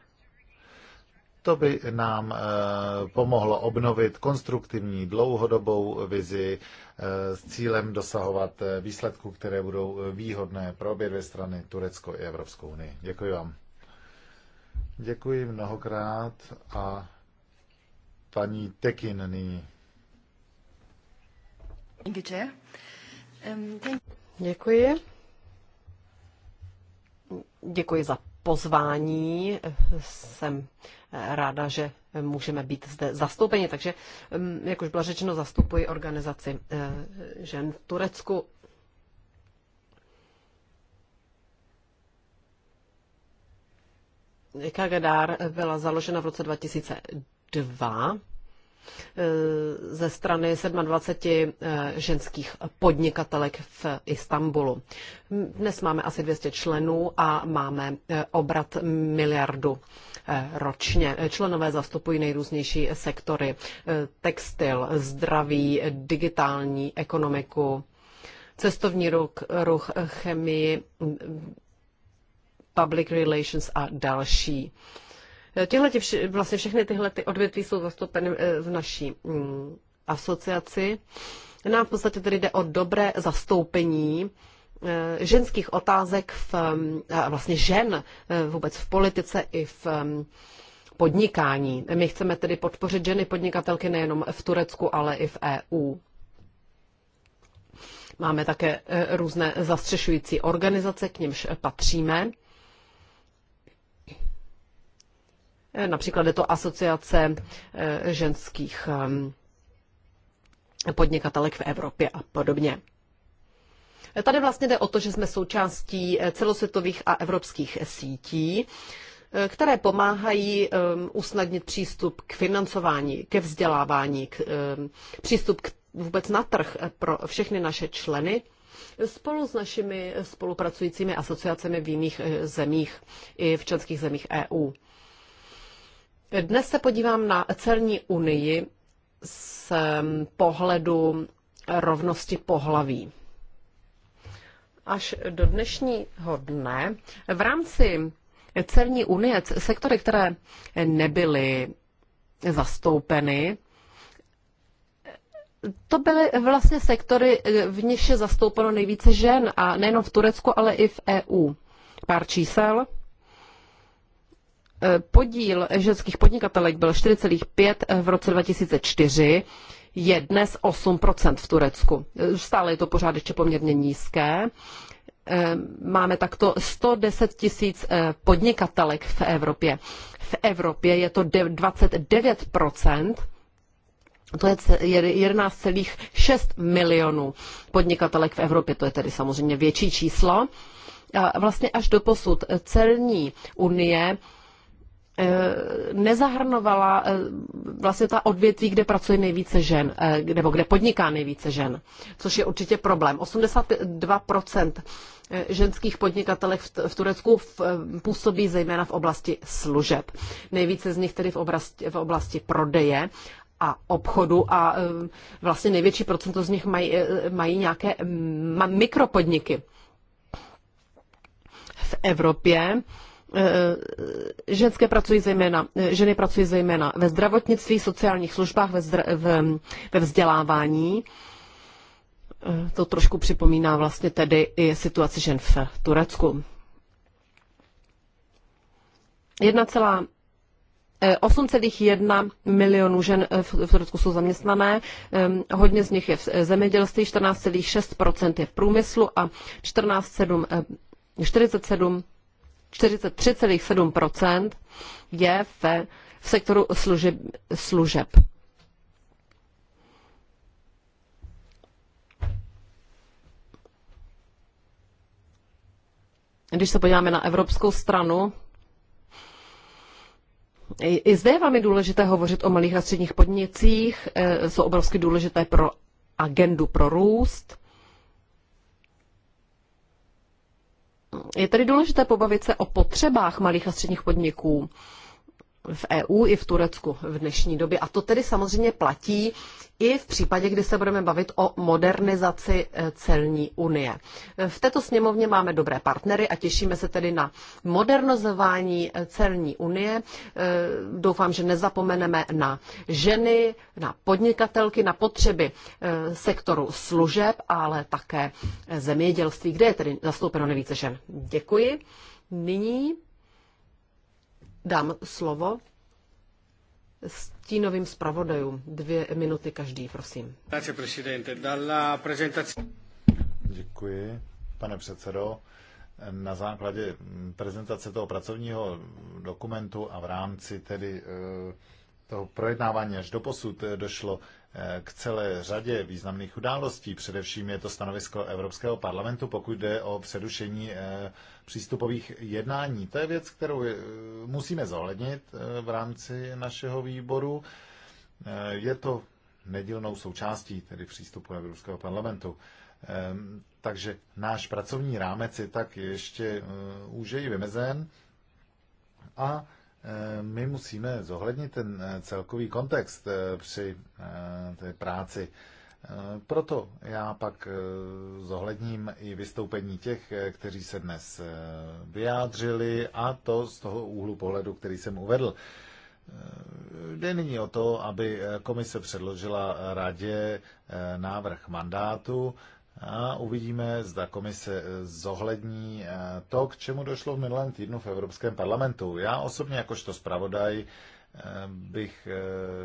To by nám eh, pomohlo obnovit konstruktivní dlouhodobou vizi eh, s cílem dosahovat eh, výsledků, které budou výhodné pro obě dvě strany, Turecko i Evropskou unii. Děkuji vám. Děkuji mnohokrát a paní Tekin nyní. Um, Děkuji. Děkuji za pozvání. Jsem ráda, že můžeme být zde zastoupeni. Takže, mm, jak už bylo řečeno, zastupuji organizaci eh, žen v Turecku. Kagedár byla založena v roce 2002 ze strany 27 eh, ženských podnikatelek v Istanbulu. Dnes máme asi 200 členů a máme eh, obrat miliardu eh, ročně. Členové zastupují nejrůznější sektory. Textil, zdraví, digitální ekonomiku, cestovní ruch, ruch chemii, mm, public relations a další. Těhle, vlastně všechny tyhle ty odvětví jsou zastoupeny eh, v naší mm, asociaci. Nám no v podstatě tedy jde o dobré zastoupení eh, ženských otázek v, mm, vlastně žen eh, vůbec v politice i v mm, podnikání. My chceme tedy podpořit ženy podnikatelky nejenom v Turecku, ale i v EU. Máme také různé zastřešující organizace, k nimž patříme. Například je to asociace eh, ženských eh, podnikatelek v Evropě a podobně. Tady vlastně jde o to, že jsme součástí eh, celosvětových a evropských sítí, které pomáhají usnadnit přístup k financování, ke vzdělávání, k, přístup k vůbec na trh pro všechny naše členy spolu s našimi spolupracujícími asociacemi v jiných zemích i v členských zemích EU. Dnes se podívám na celní unii z pohledu rovnosti pohlaví. Až do dnešního dne v rámci celní unie sektory, které nebyly zastoupeny, to byly vlastně sektory, v nich je zastoupeno nejvíce žen a nejenom v Turecku, ale i v EU. Pár čísel. Eh, podíl ženských podnikatelek byl 4,5 v roce 2004, je dnes 8% v Turecku. Eh, stále je to pořád ještě poměrně nízké. Eh, máme takto 110 tisíc podnikatelek v Evropě. V Evropě je to 29%, to je 11,6 milionů podnikatelek v Evropě, to je tedy samozřejmě větší číslo. A vlastně až do posud celní unie Eh, nezahrnovala eh, vlastně ta odvětví, kde pracuje nejvíce žen, eh, nebo kde podniká nejvíce žen, což je určitě problém. 82% ženských podnikatelek v Turecku působí zejména v oblasti služeb. Nejvíce z nich tedy v oblasti, v oblasti prodeje a obchodu a vlastně největší procento z nich mají, mají nějaké mm, mikropodniky. V Evropě Eh, ženské pracují zejména, eh, ženy pracují zejména ve zdravotnictví, sociálních službách, ve, zdra, ve, ve vzdělávání. Eh, to trošku připomíná vlastně tedy i situaci žen v Turecku. 8,1 milionů žen v Turecku jsou zaměstnané, hodně z nich je v zemědělství, 14,6 je v průmyslu a 14,7 47 43,7 je ve, v sektoru služeb. služeb. Když se podíváme na evropskou stranu, i zde je velmi důležité hovořit o malých a středních podnicích, e, jsou obrovsky důležité pro agendu pro růst. Je tedy důležité pobavit se o potřebách malých a středních podniků v EU i v Turecku v dnešní době. A to tedy samozřejmě platí i v případě, kdy se budeme bavit o modernizaci e, celní unie. V této sněmovně máme dobré partnery a těšíme se tedy na modernizování e, celní unie. E, doufám, že nezapomeneme na ženy, na podnikatelky, na potřeby sektoru služeb, ale také zemědělství, kde je tedy zastoupeno nejvíce žen. Děkuji. Nyní dám slovo stínovým zpravodajům. Dvě minuty každý, prosím. Děkuji, pane předsedo. Na základě prezentace toho pracovního dokumentu a v rámci tedy eh, toho projednávání až do posud eh, došlo Eh, k celé řadě významných událostí. Především je to stanovisko Evropského parlamentu, pokud jde o předušení eh, přístupových jednání. To je věc, kterou eh, musíme zohlednit v rámci našeho výboru. Je to nedílnou součástí tedy přístupu Evropského parlamentu. Ehm, takže náš pracovní rámec je tak ještě úžeji vymezen a Eh, my musíme zohlednit ten eh, celkový kontext eh, při té práci. Proto já pak zohledním i vystoupení těch, kteří se dnes vyjádřili a to z toho úhlu pohledu, který jsem uvedl. Jde nyní o to, aby komise předložila radě návrh mandátu, a uvidíme, zda komise eh, zohlední eh, to, k čemu došlo v minulém týdnu v Evropském parlamentu. Já osobně jakožto zpravodaj eh, bych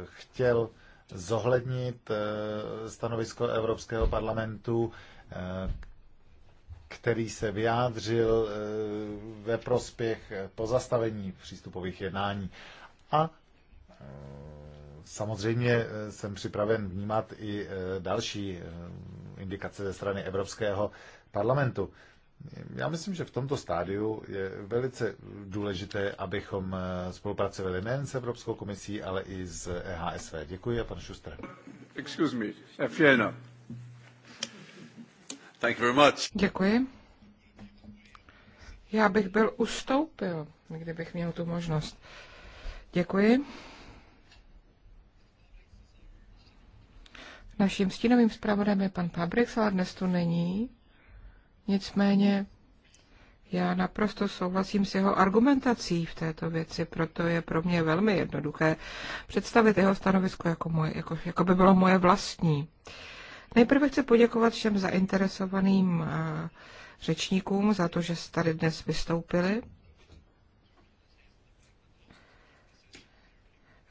chtěl zohlednit stanovisko Evropského parlamentu, který se vyjádřil ve prospěch pozastavení přístupových jednání. A samozřejmě jsem připraven vnímat i další indikace ze strany Evropského parlamentu. Já myslím, že v tomto stádiu je velice důležité, abychom eh, spolupracovali nejen s Evropskou komisí, ale i s EHSV. Děkuji a pan Šuster. Excuse me, Fjena. Thank you very much. Děkuji. Já bych byl ustoupil, kdybych měl tu možnost. Děkuji. Naším stínovým zpravodem je pan Pabrix, ale dnes tu není. Nicméně já naprosto souhlasím s jeho argumentací v této věci, proto je pro mě velmi jednoduché představit jeho stanovisko, jako, moje, jako, jako by bylo moje vlastní. Nejprve chci poděkovat všem zainteresovaným eh, řečníkům za to, že tady dnes vystoupili.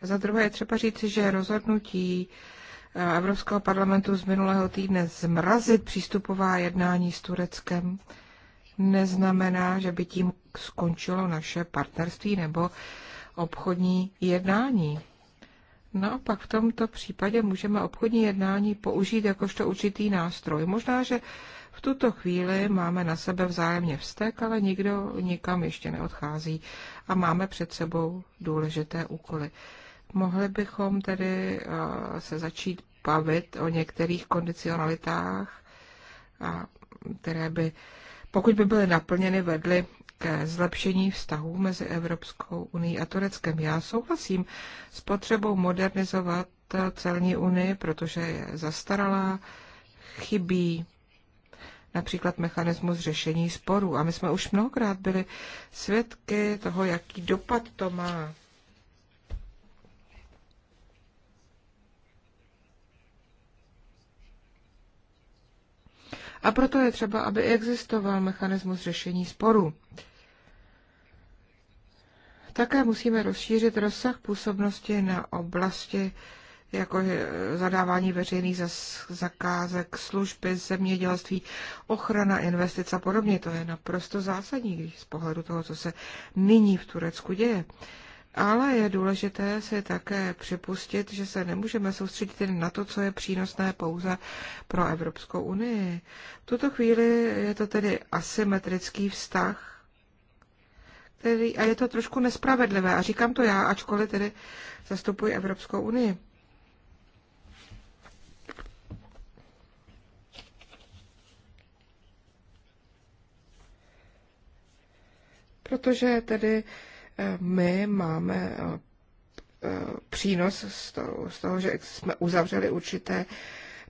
Za druhé je třeba říci, že rozhodnutí Eh, Evropského parlamentu z minulého týdne zmrazit přístupová jednání s Tureckem neznamená, že by tím skončilo naše partnerství nebo obchodní jednání. Naopak v tomto případě můžeme obchodní jednání použít jakožto určitý nástroj. Možná, že v tuto chvíli máme na sebe vzájemně vztek, ale nikdo nikam ještě neodchází a máme před sebou důležité úkoly. Mohli bychom tedy eh, se začít bavit o některých kondicionalitách, které by, pokud by byly naplněny, vedly ke zlepšení vztahů mezi Evropskou unii a Tureckem. Já souhlasím s potřebou modernizovat eh, celní unii, protože je zastaralá, chybí například mechanismus řešení sporů. A my jsme už mnohokrát byli svědky toho, jaký dopad to má a proto je třeba, aby existoval mechanismus řešení sporů. Také musíme rozšířit rozsah působnosti na oblasti jako zadávání veřejných zakázek, služby, zemědělství, ochrana investic a podobně. To je naprosto zásadní z pohledu toho, co se nyní v Turecku děje. Ale je důležité si také připustit, že se nemůžeme soustředit jen na to, co je přínosné pouze pro Evropskou unii. V tuto chvíli je to tedy asymetrický vztah, který, a je to trošku nespravedlivé. A říkám to já, ačkoliv tedy zastupuji Evropskou unii. Protože tedy my máme eh, eh, přínos z toho, z toho, že jsme uzavřeli určité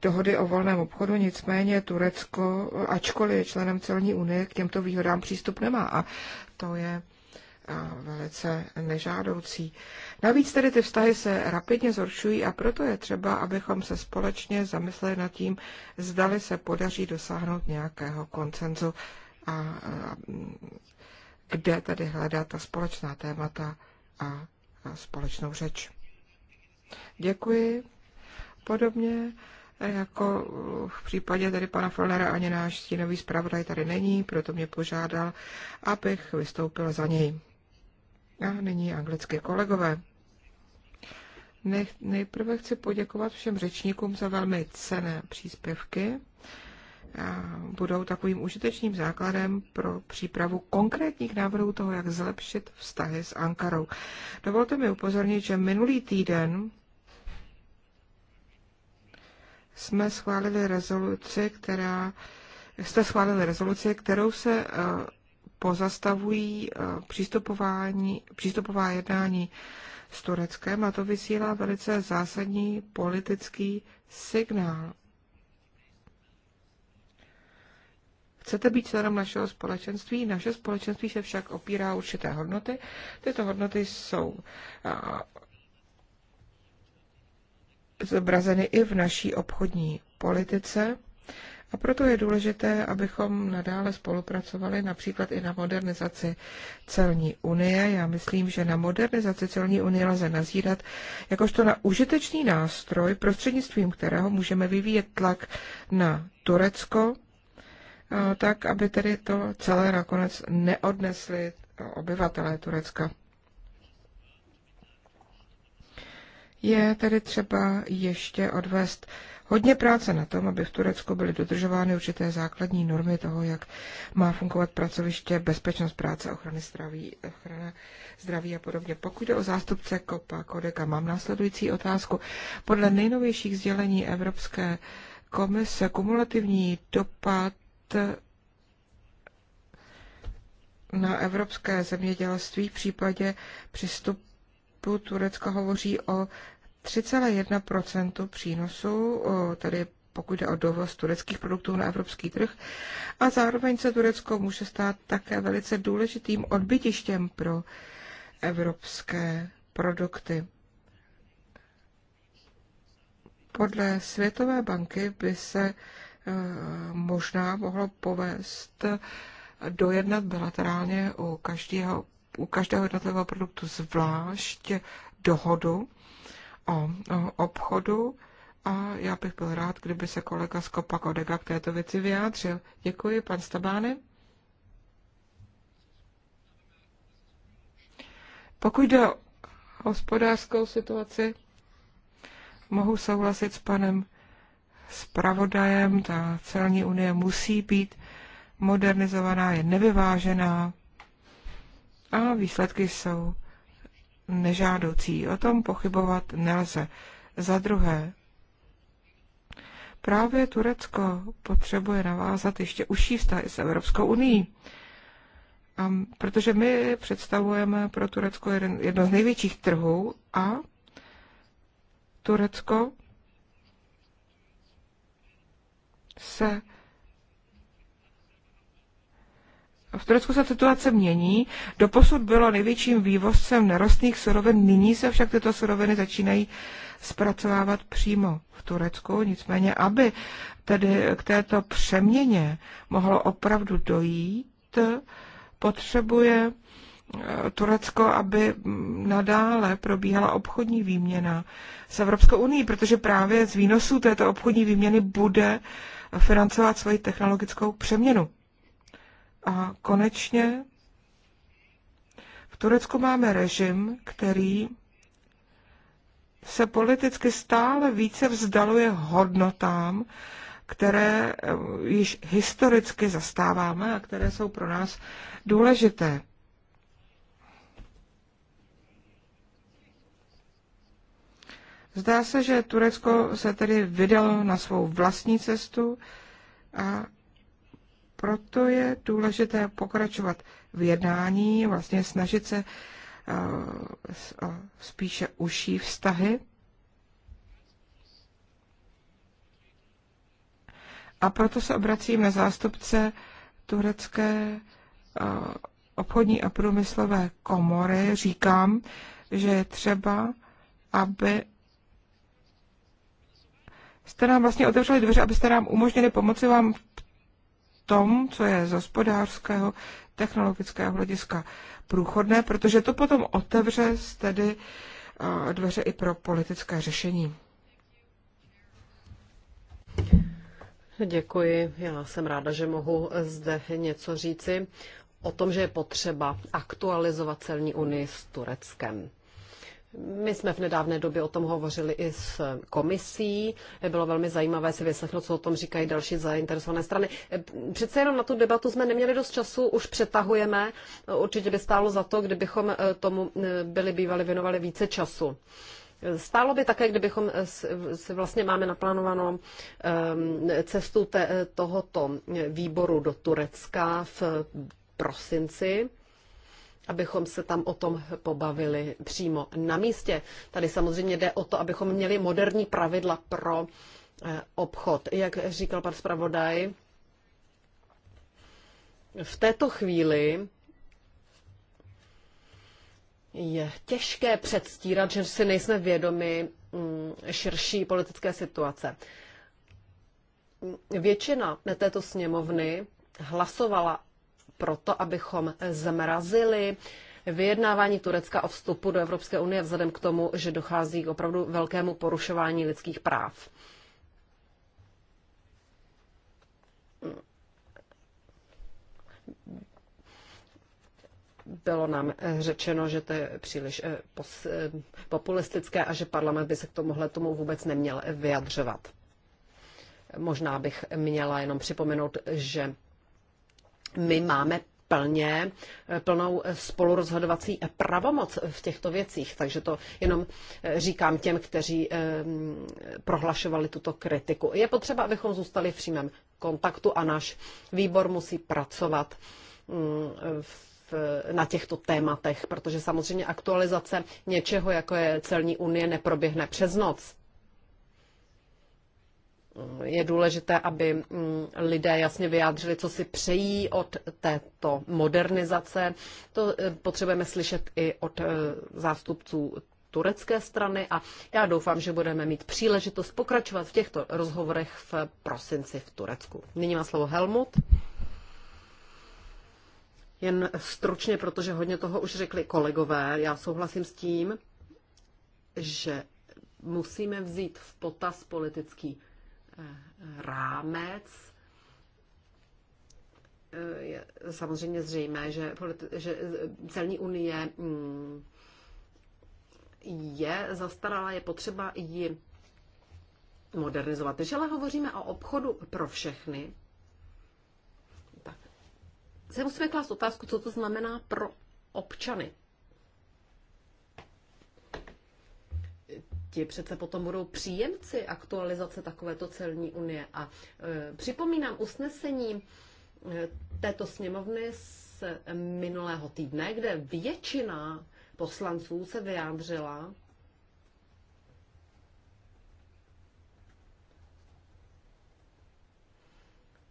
dohody o volném obchodu, nicméně Turecko, ačkoliv je členem celní unie, k těmto výhodám přístup nemá a to je eh, velice nežádoucí. Navíc tedy ty vztahy se rapidně zhoršují a proto je třeba, abychom se společně zamysleli nad tím, zdali se podaří dosáhnout nějakého koncenzu a kde tady hledá ta společná témata a, společnou řeč. Děkuji. Podobně jako v případě tady pana Fellnera ani náš stínový zpravodaj tady není, proto mě požádal, abych vystoupil za něj. A nyní anglické kolegové. Nej, nejprve chci poděkovat všem řečníkům za velmi cené příspěvky budou takovým užitečným základem pro přípravu konkrétních návrhů toho, jak zlepšit vztahy s Ankarou. Dovolte mi upozornit, že minulý týden jsme schválili rezoluci, která jste schválili rezoluci, kterou se e, pozastavují e, přístupování, přístupová jednání s Tureckem a to vysílá velice zásadní politický signál. Chcete být členem našeho společenství? Naše společenství se však opírá určité hodnoty. Tyto hodnoty jsou zobrazeny i v naší obchodní politice. A proto je důležité, abychom nadále spolupracovali například i na modernizaci celní unie. Já myslím, že na modernizaci celní unie lze nazírat jakožto na užitečný nástroj, prostřednictvím kterého můžeme vyvíjet tlak na Turecko, tak aby tedy to celé nakonec neodnesli eh, obyvatelé Turecka. Je tedy třeba ještě odvést hodně práce na tom, aby v Turecku byly dodržovány určité základní normy toho, jak má fungovat pracoviště, bezpečnost práce, ochrany zdraví, ochrana zdraví a podobně. Pokud jde o zástupce Kopa Kodeka, mám následující otázku. Podle nejnovějších sdělení Evropské komise kumulativní dopad na evropské zemědělství. V případě přístupu Turecka hovoří o 3,1 přínosu, tedy pokud jde o dovoz tureckých produktů na evropský trh. A zároveň se Turecko může stát také velice důležitým odbytištěm pro evropské produkty. Podle Světové banky by se Eh, možná mohlo povést eh, dojednat bilaterálně u každého, u každého jednotlivého produktu zvlášť dohodu o, o obchodu. A já bych byl rád, kdyby se kolega z Kopa Kodega k této věci vyjádřil. Děkuji, pan Stabány. Pokud jde o hospodářskou situaci, mohu souhlasit s panem zpravodajem. Ta celní unie musí být modernizovaná, je nevyvážená a výsledky jsou nežádoucí. O tom pochybovat nelze. Za druhé, právě Turecko potřebuje navázat ještě užší vztahy s Evropskou unii. A protože my představujeme pro Turecko jeden, jedno z největších trhů a Turecko se v Turecku se situace mění. Doposud bylo největším vývozcem nerostných surovin, nyní se však tyto suroviny začínají zpracovávat přímo v Turecku. Nicméně, aby tedy k této přeměně mohlo opravdu dojít, potřebuje eh, Turecko, aby nadále probíhala obchodní výměna s Evropskou unii, protože právě z výnosů této obchodní výměny bude financovat svoji technologickou přeměnu. A konečně v Turecku máme režim, který se politicky stále více vzdaluje hodnotám, které eh, již historicky zastáváme a které jsou pro nás důležité. Zdá se, že Turecko se tedy vydalo na svou vlastní cestu a proto je důležité pokračovat v jednání, vlastně snažit se eh, o spíše užší vztahy. A proto se obracím na zástupce turecké eh, obchodní a průmyslové komory. Říkám, že je třeba, aby jste nám vlastně otevřeli dveře, abyste nám umožnili pomoci vám v tom, co je z hospodářského, technologického hlediska průchodné, protože to potom otevře tedy eh, dveře i pro politické řešení. Děkuji. Já jsem ráda, že mohu zde něco říci o tom, že je potřeba aktualizovat celní unii s Tureckem. My jsme v nedávné době o tom hovořili i s komisí. Bylo velmi zajímavé si vyslechnout, co o tom říkají další zainteresované strany. Přece jenom na tu debatu jsme neměli dost času, už přetahujeme. Určitě by stálo za to, kdybychom eh, tomu eh, byli bývali věnovali více času. Stálo by také, kdybychom si vlastně máme naplánovanou ehm, cestu eh, tohoto výboru do Turecka v prosinci abychom se tam o tom pobavili přímo na místě. Tady samozřejmě jde o to, abychom měli moderní pravidla pro eh, obchod. Jak říkal pan zpravodaj, v této chvíli je těžké předstírat, že si nejsme vědomi mm, širší politické situace. Většina této sněmovny hlasovala proto, abychom zmrazili vyjednávání Turecka o vstupu do Evropské unie vzhledem k tomu, že dochází k opravdu velkému porušování lidských práv. Bylo nám řečeno, že to je příliš eh, eh, populistické a že parlament by se k tomuhle tomu vůbec neměl vyjadřovat. Možná bych měla jenom připomenout, že my máme plně, eh, plnou eh, spolurozhodovací eh, pravomoc v těchto věcích. Takže to jenom říkám těm, kteří ehm, prohlašovali tuto kritiku. Je potřeba, abychom zůstali v přímém kontaktu a náš výbor musí pracovat mm, v, na těchto tématech, protože samozřejmě aktualizace něčeho, jako je celní unie, neproběhne přes noc je důležité, aby mm, lidé jasně vyjádřili, co si přejí od této modernizace. To eh, potřebujeme slyšet i od eh, zástupců turecké strany a já doufám, že budeme mít příležitost pokračovat v těchto rozhovorech v prosinci v Turecku. Nyní má slovo Helmut. Jen stručně, protože hodně toho už řekli kolegové, já souhlasím s tím, že musíme vzít v potaz politický rámec. Eh, je samozřejmě zřejmé, že, že celní unie mm, je zastarala, je potřeba ji modernizovat. Když ale hovoříme o obchodu pro všechny, tak se musíme klást otázku, co to znamená pro občany. ti přece potom budou příjemci aktualizace takovéto celní unie. A e, připomínám usnesení e, této sněmovny z minulého týdne, kde většina poslanců se vyjádřila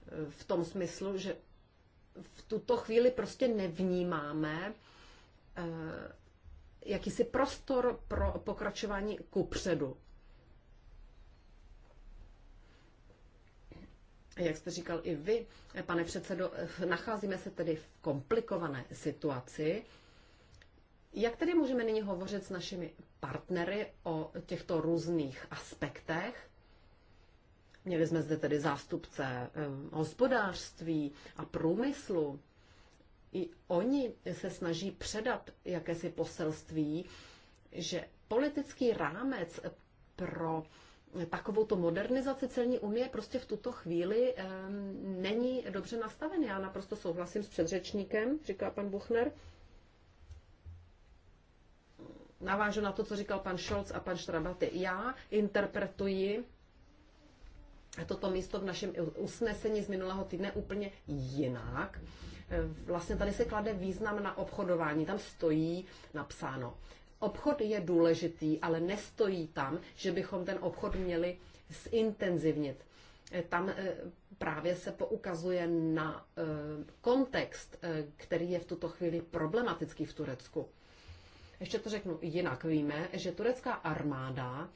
e, v tom smyslu, že v tuto chvíli prostě nevnímáme e, jakýsi prostor pro pokračování ku předu. Jak jste říkal i vy, pane předsedo, nacházíme se tedy v komplikované situaci. Jak tedy můžeme nyní hovořit s našimi partnery o těchto různých aspektech? Měli jsme zde tedy zástupce eh, hospodářství a průmyslu, i oni se snaží předat jakési poselství, že politický rámec pro takovou to modernizaci celní unie prostě v tuto chvíli um, není dobře nastavený. Já naprosto souhlasím s předřečníkem, říká pan Buchner. Navážu na to, co říkal pan Scholz a pan Štrabaty. Já interpretuji toto místo v našem usnesení z minulého týdne úplně jinak. E, vlastně tady se klade význam na obchodování. Tam stojí napsáno, obchod je důležitý, ale nestojí tam, že bychom ten obchod měli zintenzivnit. E, tam e, právě se poukazuje na kontext, který je v tuto chvíli problematický v Turecku. Ještě to řeknu jinak. Víme, že turecká armáda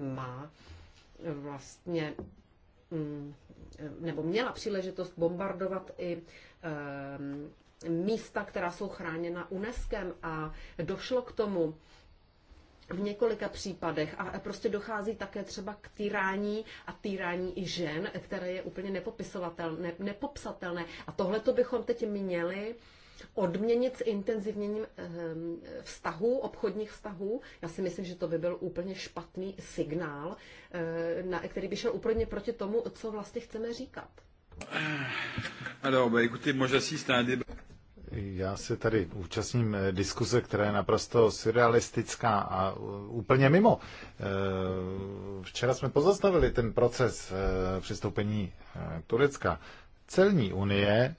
má vlastně mm, nebo měla příležitost bombardovat i eh, místa, která jsou chráněna UNESCO a došlo k tomu v několika případech a prostě dochází také třeba k týrání a týrání i žen, které je úplně nepopisovatelné, nepopsatelné. A tohle to bychom teď měli uh, odměnit s intenzivněním ehm, vztahů, obchodních vztahů. Já si myslím, že to by byl úplně špatný signál, eh, na, který by šel úplně proti tomu, co vlastně chceme říkat. Já se tady účastním eh, diskuse, která je naprosto surrealistická a eh, úplně mimo. Včera jsme pozastavili ten proces přistoupení Turecka. Celní unie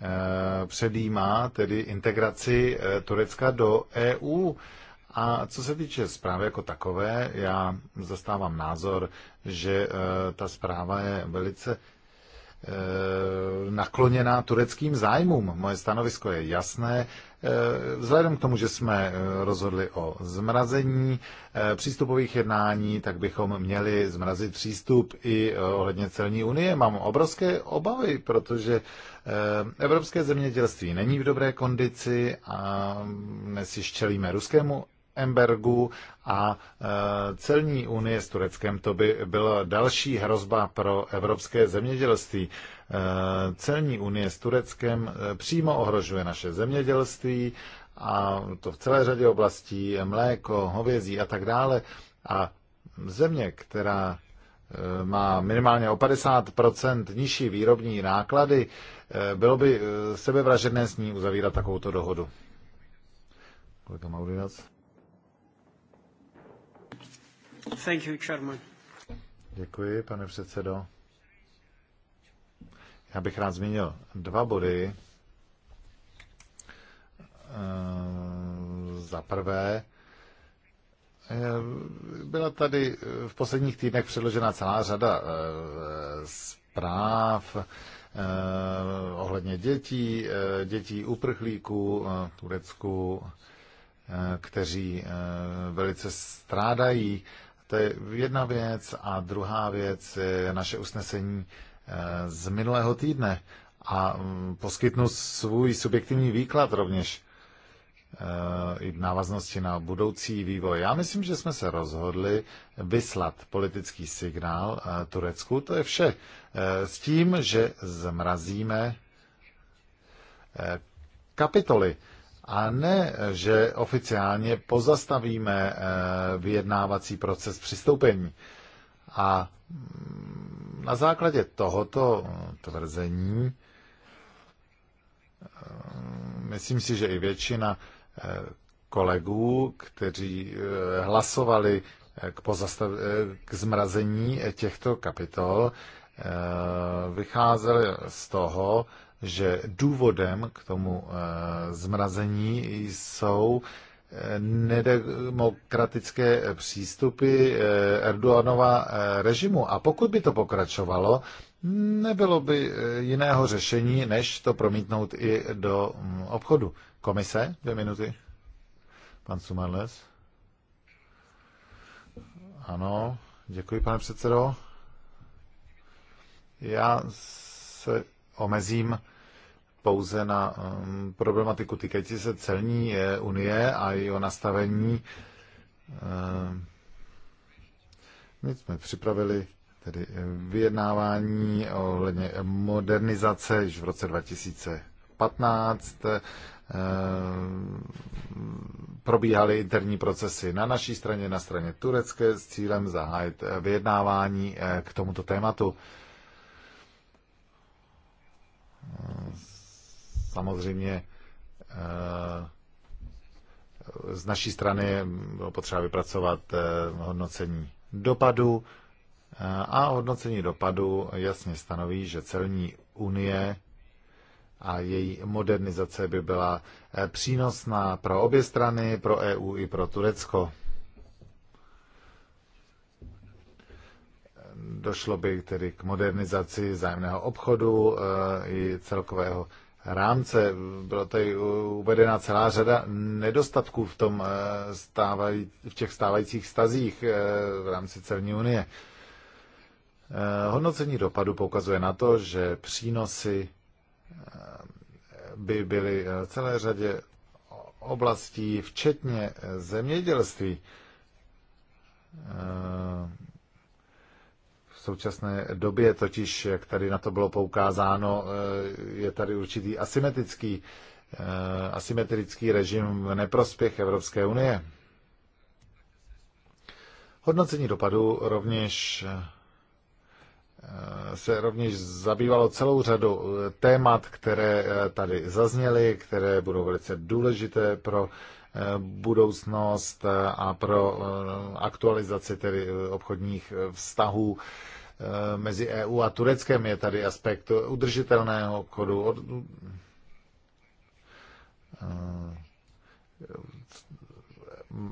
Eh, předjímá tedy integraci eh, Turecka do EU. A co se týče zprávy jako takové, já zastávám názor, že eh, ta zpráva je velice Eh, nakloněná tureckým zájmům. Moje stanovisko je jasné. Eh, vzhledem k tomu, že jsme eh, rozhodli o zmrazení přístupových jednání, tak bychom měli zmrazit přístup i ohledně celní unie. Mám obrovské obavy, protože evropské zemědělství není v dobré kondici a dnes již čelíme ruskému Embergu a e, celní unie s Tureckem, to by byla další hrozba pro evropské zemědělství. E, celní unie s Tureckem e, přímo ohrožuje naše zemědělství a to v celé řadě oblastí, mléko, hovězí a tak dále. A země, která má minimálně o 50 nižší výrobní náklady, bylo by sebevražedné s ní uzavírat takovouto dohodu. Kolega Maurinac. Děkuji, pane předsedo. Já bych rád zmínil dva body. Eh, za prvé, eh, byla tady v posledních týdnech předložena celá řada eh, zpráv ohledně dětí, dětí uprchlíků v Turecku, kteří velice strádají to je jedna věc a druhá věc je naše usnesení eh, z minulého týdne a mm, poskytnu svůj subjektivní výklad rovněž eh, i v návaznosti na budoucí vývoj. Já myslím, že jsme se rozhodli vyslat politický signál eh, Turecku, to je vše, s tím, že zmrazíme kapitoly a ne, že oficiálně pozastavíme eh, vyjednávací proces přistoupení. A mm, na základě tohoto tvrzení eh, myslím si, že i většina eh, kolegů, kteří hlasovali k, pozastav, k zmrazení těchto kapitol, vycházeli z toho, že důvodem k tomu eh, zmrazení jsou eh, nedemokratické přístupy eh, Erdoganova režimu. A pokud by to pokračovalo, nebylo by jiného řešení, než to promítnout i do mm, obchodu. Komise, dvě minuty. Pan Sumerles. Ano, děkuji, pane předsedo. Já se omezím pouze na um, problematiku týkající se celní eh, unie a jeho nastavení. Eh, my jsme připravili tedy eh, vyjednávání ohledně modernizace již v roce 2015. Probíhaly interní procesy na naší straně, na straně turecké s cílem zahájit vyjednávání k tomuto tématu. Samozřejmě eh, z naší strany bylo potřeba vypracovat eh, hodnocení dopadu eh, a hodnocení dopadu jasně stanoví, že celní unie a její modernizace by byla přínosná pro obě strany, pro EU i pro Turecko. Došlo by tedy k modernizaci zájemného obchodu i celkového rámce. Byla tady uvedena celá řada nedostatků v, tom eh, stávaj, v těch stávajících stazích eh, v rámci celní unie. Eh, hodnocení dopadu poukazuje na to, že přínosy by byly v celé řadě oblastí, včetně zemědělství současné době, totiž, jak tady na to bylo poukázáno, eh, je tady určitý asymetrický, eh, asymetrický režim v neprospěch Evropské unie. Hodnocení dopadu rovněž eh, se rovněž zabývalo celou řadu témat, které tady zazněly, které budou velice důležité pro budoucnost a pro aktualizaci tedy obchodních vztahů Eh, mezi EU a Tureckem je tady aspekt udržitelného obchodu. Od, eh,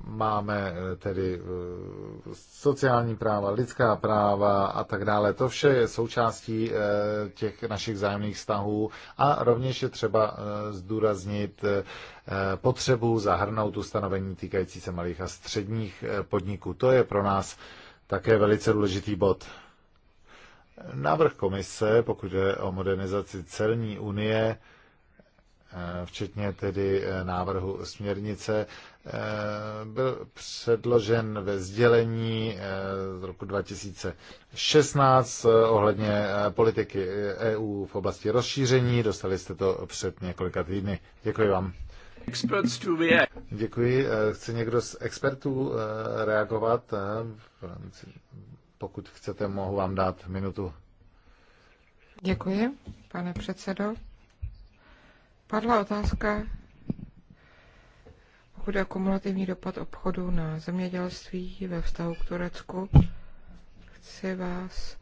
máme tedy eh, sociální práva, lidská práva a tak dále. To vše je součástí těch našich zájemných vztahů a rovněž je třeba zdůraznit potřebu zahrnout ustanovení týkající se malých a středních podniků. To je pro nás také velice důležitý bod. Návrh komise, pokud je o modernizaci celní unie, eh, včetně tedy eh, návrhu směrnice, eh, byl předložen ve sdělení z roku 2016 ohledně politiky EU v oblasti rozšíření. Dostali jste to před několika týdny. Děkuji vám. Děkuji. Chce někdo z expertů reagovat v rámci pokud chcete, mohu vám dát minutu. Děkuji, pane předsedo. Padla otázka, pokud je kumulativní dopad obchodu na zemědělství ve vztahu k Turecku. Chci vás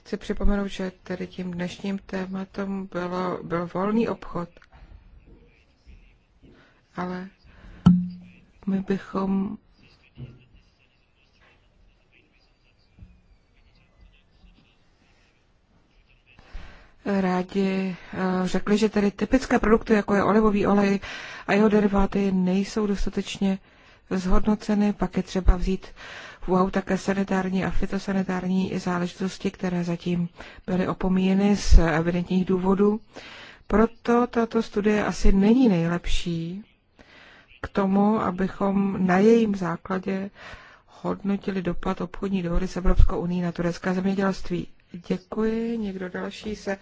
chci připomenout, že tedy tím dnešním tématem bylo, byl volný obchod. Ale my bychom rádi eh, řekli, že tedy typické produkty, jako je olivový olej a jeho deriváty, nejsou dostatečně zhodnoceny, pak je třeba vzít v úvahu také sanitární a fitosanitární záležitosti, které zatím byly opomíjeny z evidentních důvodů. Proto tato studie asi není nejlepší k tomu, abychom na jejím základě hodnotili dopad obchodní dohody s Evropskou uní na turecké zemědělství. Děkuji. Někdo další se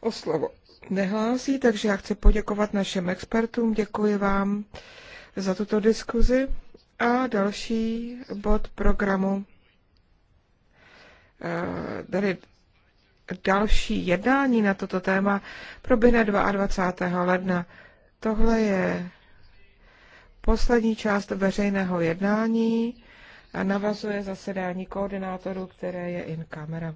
o slovo nehlásí, takže já chci poděkovat našem expertům. Děkuji vám za tuto diskuzi. A další bod programu, eh, tedy další jednání na toto téma, proběhne 22. ledna. Tohle je poslední část veřejného jednání a navazuje zasedání koordinátorů, které je in camera.